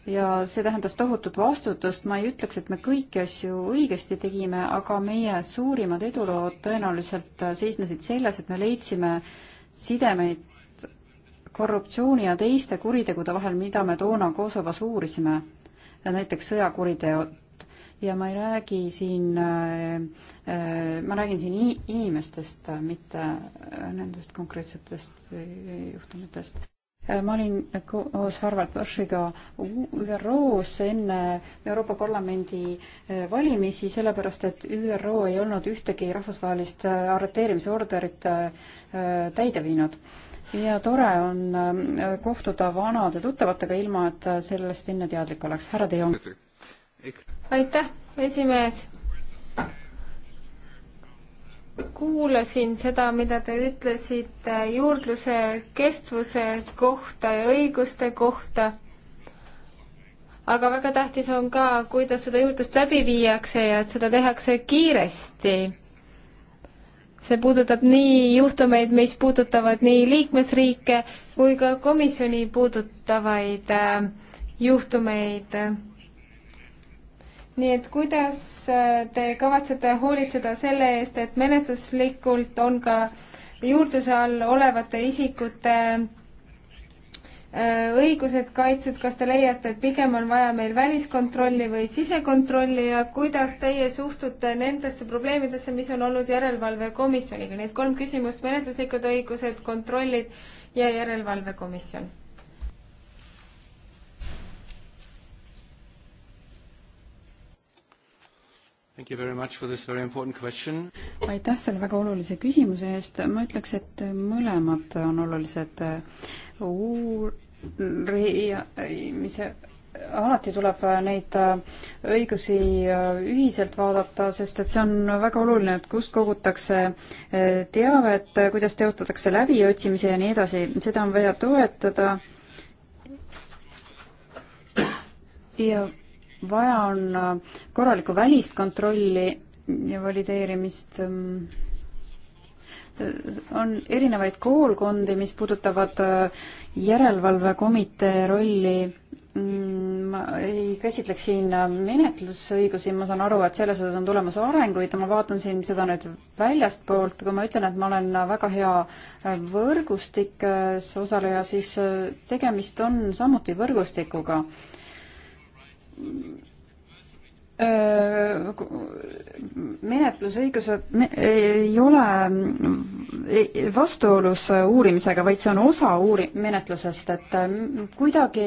ja see tähendas tohutut vastutust, ma ei ütleks, et me kõiki asju õigesti tegime, aga meie suurimad edulood tõenäoliselt seisnesid selles, et me leidsime sidemeid korruptsiooni ja teiste kuritegude vahel, mida me toona Kosovos uurisime, näiteks sõjakuriteod, ja ma ei räägi siin, äh, ma räägin siin inimestest, mitte nendest konkreetsetest juhtumitest. Äh, ma olin koos Harvard Borschiga ÜRO-s enne Euroopa Parlamendi äh, valimisi, sellepärast et ÜRO ei olnud ühtegi rahvusvahelist äh, arreteerimisorderit täide viinud. ja tore on kohtuda vanade tuttavatega, ilma et sellest enne teadlik oleks. härra De Jong. aitäh, esimees kuulasin seda, mida te ütlesite juurdluse kestvuse kohta ja õiguste kohta. aga väga tähtis on ka, kuidas seda juurdlust läbi viiakse ja et seda tehakse kiiresti. see puudutab nii juhtumeid, mis puudutavad nii liikmesriike kui ka komisjoni puudutavaid äh, juhtumeid nii et kuidas äh, te kavatsete hoolitseda selle eest, et menetluslikult on ka juurdluse all olevate isikute äh, õigused kaitstud, kas te leiate, et pigem on vaja meil väliskontrolli või sisekontrolli ja kuidas teie suhtute nendesse probleemidesse, mis on olnud järelevalvekomisjoniga, need kolm küsimust, menetluslikud õigused, kontrollid ja järelevalvekomisjon? aitäh selle väga olulise küsimuse eest, ma ütleks, et mõlemad on olulised uurimise alati tuleb neid äh, õigusi äh, ühiselt vaadata, sest et see on väga oluline, et kust kogutakse äh, teavet, kuidas teostatakse läbiotsimisi ja nii edasi, seda on vaja toetada. ja vaja on äh, korralikku välist kontrolli ja valideerimist. Ähm, on erinevaid koolkondi, mis puudutavad äh, järelevalvekomitee rolli mm, ma ei käsitleks siin äh, menetlusõigusi, ma saan aru, et selles osas on tulemas arenguid, ma vaatan siin seda nüüd väljastpoolt, kui ma ütlen, et ma olen väga hea võrgustikes osaleja, siis tegemist on samuti võrgustikuga menetlusõigused ei ole vastuolus uurimisega, vaid see on osa uuri-, menetlusest, et ähm, kuidagi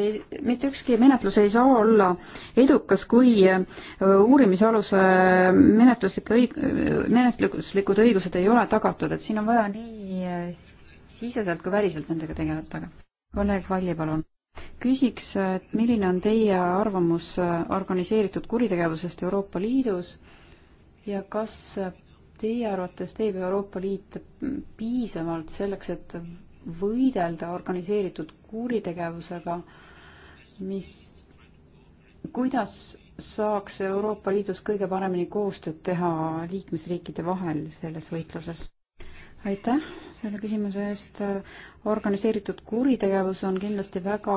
mitte ükski menetlus ei saa olla edukas, kui uurimisaluse menetluslik õig-, menetluslikud õigused ei ole tagatud, et siin on vaja nii äh, siseselt kui väliselt nendega tegeleda. kolleeg Valli, palun küsiks, et milline on teie arvamus äh, organiseeritud kuritegevusest Euroopa Liidus ja kas teie arvates teeb Euroopa Liit piisavalt selleks, et võidelda organiseeritud kuritegevusega, mis, kuidas saaks Euroopa Liidus kõige paremini koostööd teha liikmesriikide vahel selles võitluses? aitäh selle küsimuse eest. organiseeritud kuritegevus on kindlasti väga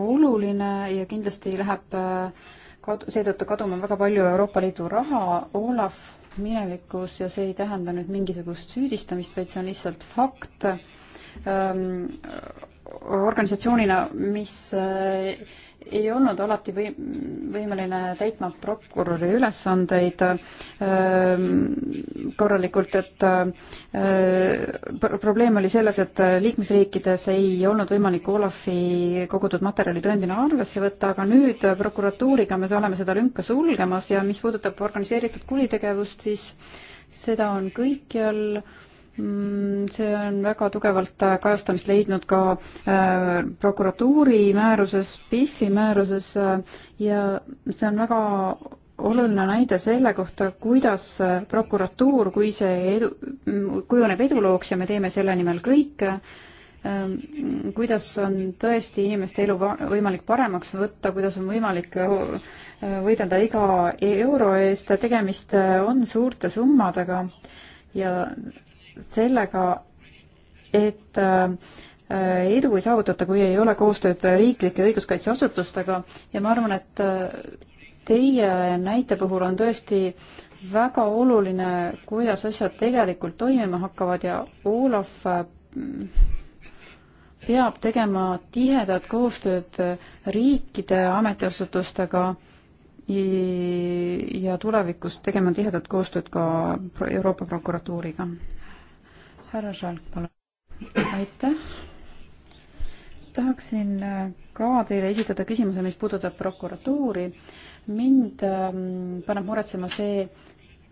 oluline ja kindlasti läheb äh, kadu, seetõttu kaduma väga palju Euroopa Liidu raha. Olav minevikus ja see ei tähenda nüüd mingisugust süüdistamist, vaid see on lihtsalt fakt ähm, organisatsioonina, mis äh, ei olnud alati või-, võimeline täitma prokuröri ülesandeid ähm, korralikult, et äh, probleem oli selles, et liikmesriikides ei olnud võimalik Olafi kogutud materjali tõendina arvesse võtta, aga nüüd prokuratuuriga me oleme seda lünka sulgemas ja mis puudutab organiseeritud kuritegevust, siis seda on kõikjal äh, Mm, see on väga tugevalt äh, kajastamist leidnud ka äh, prokuratuuri määruses, PIF-i määruses äh, ja see on väga oluline näide selle kohta, kuidas äh, prokuratuur, kui see edu, mm, kujuneb edulooks ja me teeme selle nimel kõike äh,, mm, kuidas on tõesti inimeste elu võimalik paremaks võtta, kuidas on võimalik äh, võidelda iga euro eest, tegemist on suurte summadega ja sellega, et äh, edu ei saavutata, kui ei ole koostööd riiklike õiguskaitseasutustega ja ma arvan, et äh, teie näite puhul on tõesti väga oluline, kuidas asjad tegelikult toimima hakkavad ja Olav äh, peab tegema tihedat koostööd riikide ametiasutustega ja tulevikus tegema tihedat koostööd ka Euroopa prokuratuuriga härra Šalk, palun. aitäh. tahaksin äh, ka teile esitada küsimuse, mis puudutab prokuratuuri. mind ähm, paneb muretsema see,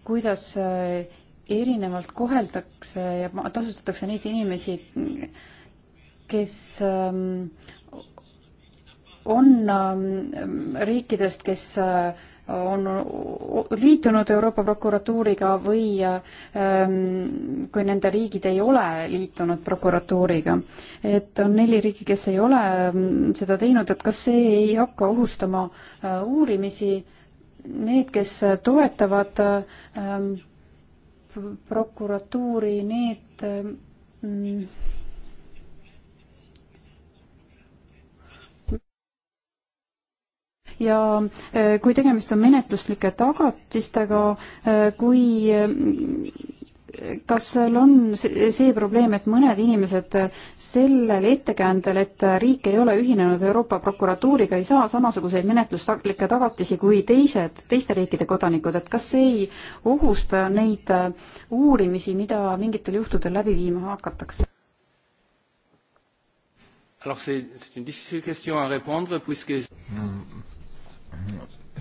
kuidas äh, erinevalt koheldakse ja tasustatakse neid inimesi, kes ähm, on ähm, riikidest, kes äh, on liitunud Euroopa prokuratuuriga või ähm, kui nende riigid ei ole liitunud prokuratuuriga. et on neli riiki, kes ei ole ähm, seda teinud, et kas see ei hakka ohustama äh, uurimisi, need, kes toetavad ähm, prokuratuuri, need ja e, kui tegemist on menetluslike tagatistega, e, kui e, kas seal on see probleem, et mõned inimesed sellel ettekäändel, et riik ei ole ühinenud Euroopa prokuratuuriga, ei saa samasuguseid menetluslikke tagatisi kui teised, teiste riikide kodanikud, et kas see ei ohusta neid uurimisi, mida mingitel juhtudel läbi viima hakatakse? Alors c'est une difficile question à répondre puisque mm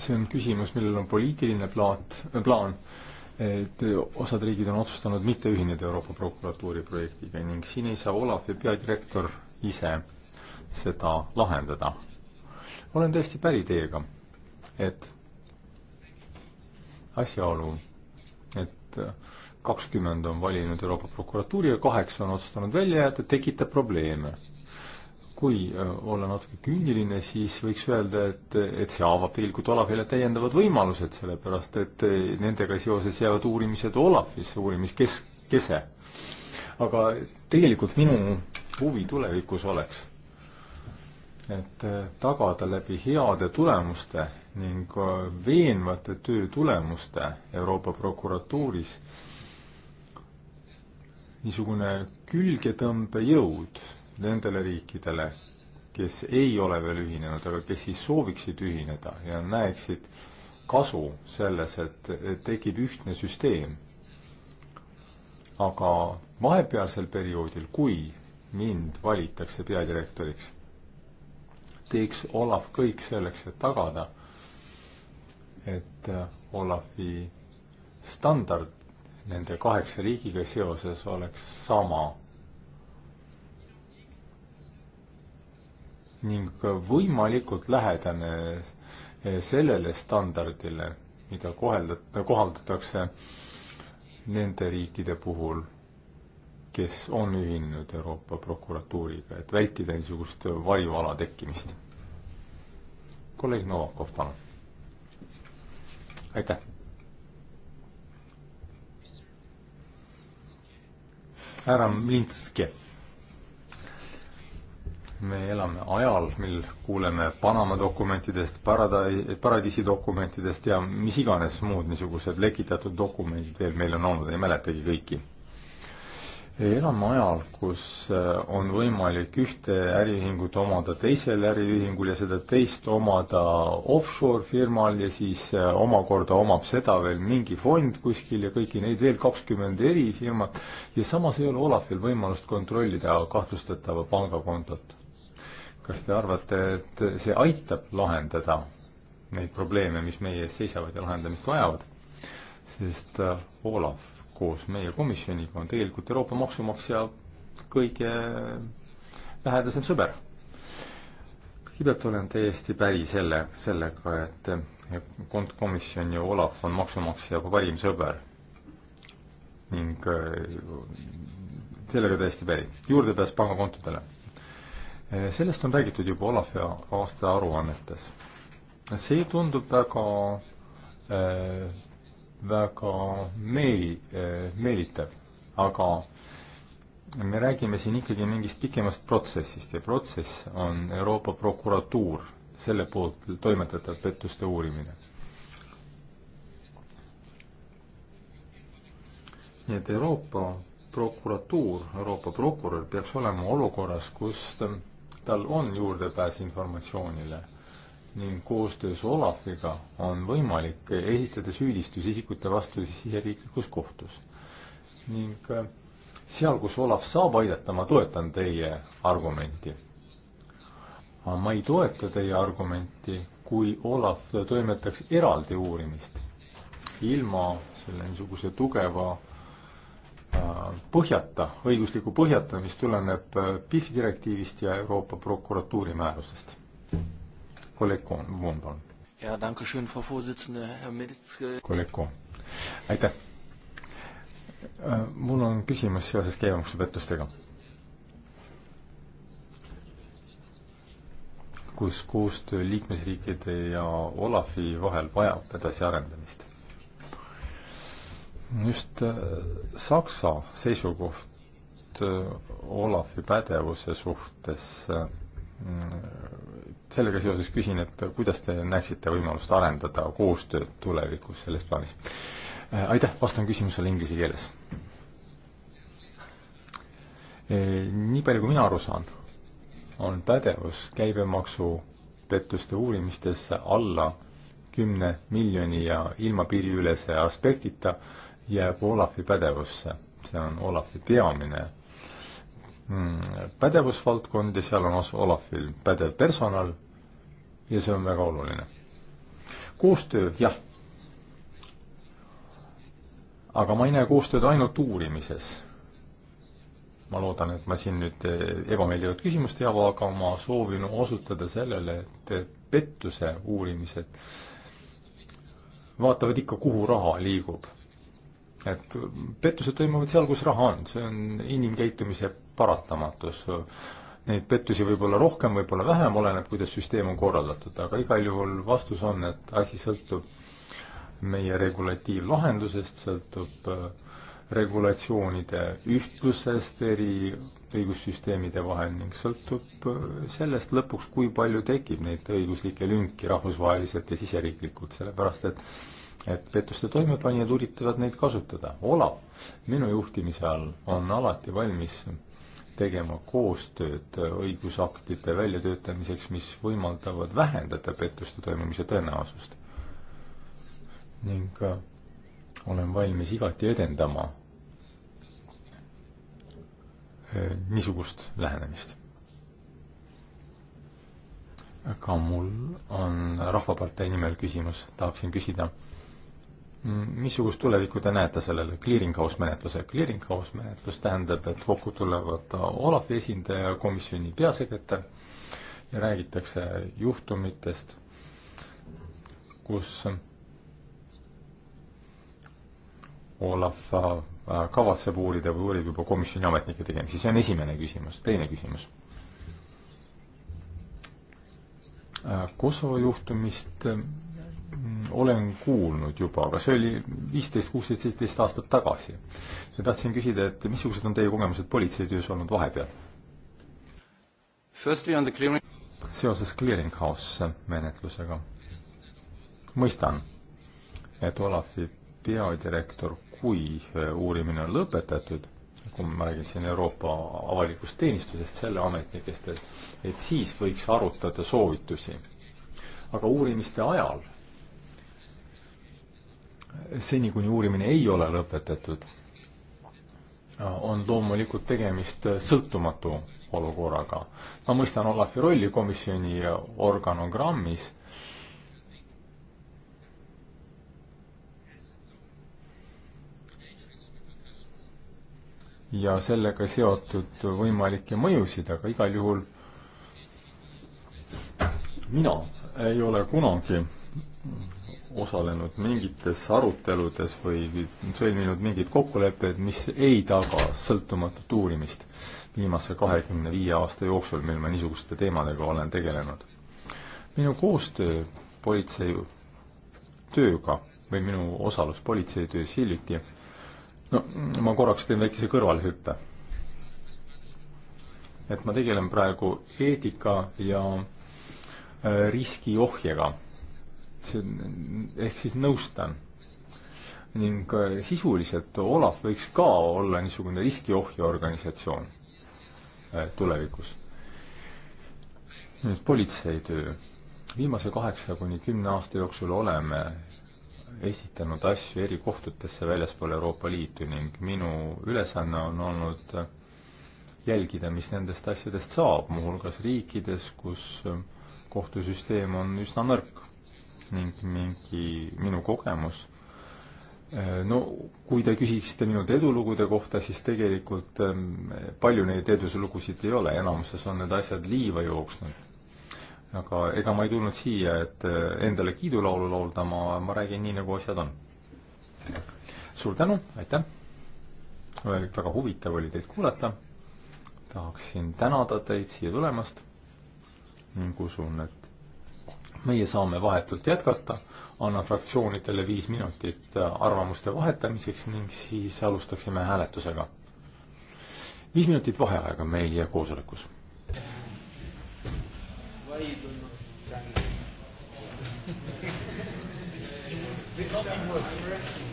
see on küsimus, millel on poliitiline plaat, äh, plaan, et osad riigid on otsustanud mitte ühineda Euroopa prokuratuuri projektiga ning siin ei saa Olavi peadirektor ise seda lahendada. olen täiesti päri teiega, et asjaolu, et kakskümmend on valinud Euroopa prokuratuuri ja kaheksa on otsustanud välja jätta, tekitab probleeme kui äh, olla natuke küüniline, siis võiks öelda, et, et see avab tegelikult Olafile täiendavad võimalused, sellepärast et äh, nendega seoses jäävad uurimised Olafisse, uurimiskes-, kese. aga tegelikult minu huvi tulevikus oleks, et äh, tagada läbi heade tulemuste ning veenvate töö tulemuste Euroopa prokuratuuris niisugune külgetõmbejõud nendele riikidele, kes ei ole veel ühinenud, aga kes siis sooviksid ühineda ja näeksid kasu selles, et tekib ühtne süsteem. aga vahepealsel perioodil, kui mind valitakse peadirektoriks, teeks Olav kõik selleks, et tagada, et äh, Olavi standard nende kaheksa riigiga seoses oleks sama ning võimalikult lähedane eh, sellele standardile, mida koheldat-, kohaldatakse nende riikide puhul, kes on ühinenud Euroopa prokuratuuriga, et vältida niisugust varjuala tekkimist. kolleeg Novakov, palun. aitäh. härra Mlinski me elame ajal, mil kuuleme Panama dokumentidest, parada-, paradiisi dokumentidest ja mis iganes muud niisugused lekitatud dokumendid veel meil on olnud, ei mäletagi kõiki. elame ajal, kus äh, on võimalik ühte äriühingut omada teisel äriühingul ja seda teist omada offshore firmal ja siis äh, omakorda omab seda veel mingi fond kuskil ja kõiki neid veel kakskümmend eri firmat ja samas ei ole Olafil võimalust kontrollida kahtlustatava pangakontot kas te arvate, et see aitab lahendada neid probleeme, mis meie ees seisavad ja lahendamist vajavad? sest äh, Olav koos meie komisjoniga on tegelikult Euroopa maksumaksja kõige lähedasem sõber. kõigepealt olen täiesti päri selle, sellega, et kontkomisjon ja Olav on maksumaksja parim sõber. ning äh, sellega täiesti päri. juurdepääs pangakontodele Eh, sellest on räägitud juba Olafi aastaaruannetes. see tundub väga äh,, väga meeli- äh,, eh, meelitav, aga me räägime siin ikkagi mingist pikemast protsessist ja protsess on Euroopa prokuratuur, selle poolt toimetatav pettuste uurimine. nii et Euroopa prokuratuur, Euroopa prokurör peaks olema olukorras, kus tal on juurdepääs informatsioonile ning koostöös Olafiga on võimalik esitada süüdistus isikute vastu siseriiklikus kohtus. ning äh, seal, kus Olav saab aidata, ma toetan teie argumenti. aga ma ei toeta teie argumenti, kui Olav toimetaks eraldi uurimist ilma selle niisuguse tugeva põhjata, õiguslikku põhjata, mis tuleneb äh, PIF direktiivist ja Euroopa prokuratuuri määrusest. kolleeg Koon, Voon, palun. ja tänke schön, Frau Vorsitzende, Herr Milts. kolleeg Koon, aitäh. Äh, mul on küsimus seoses käibemaksupettustega. kus koostöö liikmesriikide ja Olafi vahel vajab edasiarendamist just äh, Saksa seisukoht äh, Olavi pädevuse suhtes, äh, mm, sellega seoses küsin, et kuidas te näeksite võimalust arendada koostööd tulevikus selles plaanis? aitäh, vastan küsimusele inglise keeles. nii palju, kui mina aru saan, on pädevus käibemaksupettuste uurimistesse alla kümne miljoni ja ilma piiriülese aspektita äh, jääb Olafi pädevusse, see on Olafi peamine mm, pädevusvaldkond ja seal on Olafil pädev personal ja see on väga oluline. koostöö, jah. aga ma ei näe koostööd ainult uurimises. ma loodan, et ma siin nüüd eh, ebameeldivat küsimust ei ava, aga ma soovin osutada sellele, et pettuse uurimised vaatavad ikka, kuhu raha liigub et pettused toimuvad seal, kus raha on, see on inimkäitumise paratamatus. Neid pettusi võib olla rohkem, võib-olla vähem, oleneb, kuidas süsteem on korraldatud, aga igal juhul vastus on, et asi sõltub meie regulatiivlahendusest, sõltub äh, regulatsioonide ühtlusest eri õigussüsteemide vahel ning sõltub äh, sellest lõpuks, kui palju tekib neid õiguslikke lünki rahvusvaheliselt ja siseriiklikult, sellepärast et et pettuste toimepanijad üritavad neid kasutada. Olav minu juhtimise all on alati valmis tegema koostööd õigusaktide väljatöötamiseks, mis võimaldavad vähendada pettuste toimumise tõenäosust. ning äh, olen valmis igati edendama äh, niisugust lähenemist. ka mul on Rahvapartei nimel küsimus, tahaksin küsida Mm, missugust tulevikku te näete sellele clearing house menetlusele? Clearing house menetlus tähendab, et kokku tulevad Olavi esindaja, komisjoni peasekretär ja räägitakse juhtumitest, kus Olav äh, kavatseb uurida või uurib juba komisjoni ametnike tegemisi, see on esimene küsimus, teine küsimus. Äh, Kosovo juhtumist olen kuulnud juba, aga see oli viisteist, kuusteist, seitseteist aastat tagasi. ja tahtsin küsida, et missugused on teie kogemused politseitöös olnud vahepeal? seoses clearing house menetlusega. mõistan, et Olavi peadirektor, kui äh, uurimine on lõpetatud, kui ma räägin siin Euroopa avalikust teenistusest, selle ametnikest, et, et siis võiks arutada soovitusi. aga uurimiste ajal seni, kuni uurimine ei ole lõpetatud, on loomulikult tegemist sõltumatu olukorraga. ma mõistan Olafi rolli komisjoni organogrammis. ja sellega seotud võimalikke mõjusid, aga igal juhul mina ei ole kunagi osalenud mingites aruteludes või sõlminud mingeid kokkuleppeid, mis ei taga sõltumatut uurimist viimase kahekümne viie aasta jooksul, mil ma niisuguste teemadega olen tegelenud. minu koostöö politsei tööga või minu osalus politseitöös hiljuti, no ma korraks teen väikese kõrvalhüppe. et ma tegelen praegu eetika ja äh, riskiohjega ehk siis nõustan. ning äh, sisuliselt Olav võiks ka olla niisugune riskiohje organisatsioon äh, tulevikus. nüüd politseitöö. viimase kaheksa kuni kümne aasta jooksul oleme esitanud asju erikohtutesse väljaspool Euroopa Liitu ning minu ülesanne on olnud äh, jälgida, mis nendest asjadest saab, muuhulgas riikides, kus kohtusüsteem on üsna nõrk ning mingi minu kogemus. Äh, no kui te küsiksite minult edulugude kohta, siis tegelikult ähm, palju neid eduslugusid ei ole, enamuses on need asjad liiva jooksnud. aga ega ma ei tulnud siia, et äh, endale kiidulaulu laulda, ma, ma räägin nii, nagu asjad on. suur tänu, aitäh! Äh, väga huvitav oli teid kuulata. tahaksin tänada teid siia tulemast ning usun, et meie saame vahetult jätkata, annan fraktsioonidele viis minutit äh, arvamuste vahetamiseks ning siis alustaksime hääletusega. viis minutit vaheaega meie koosolekus. It's not been working.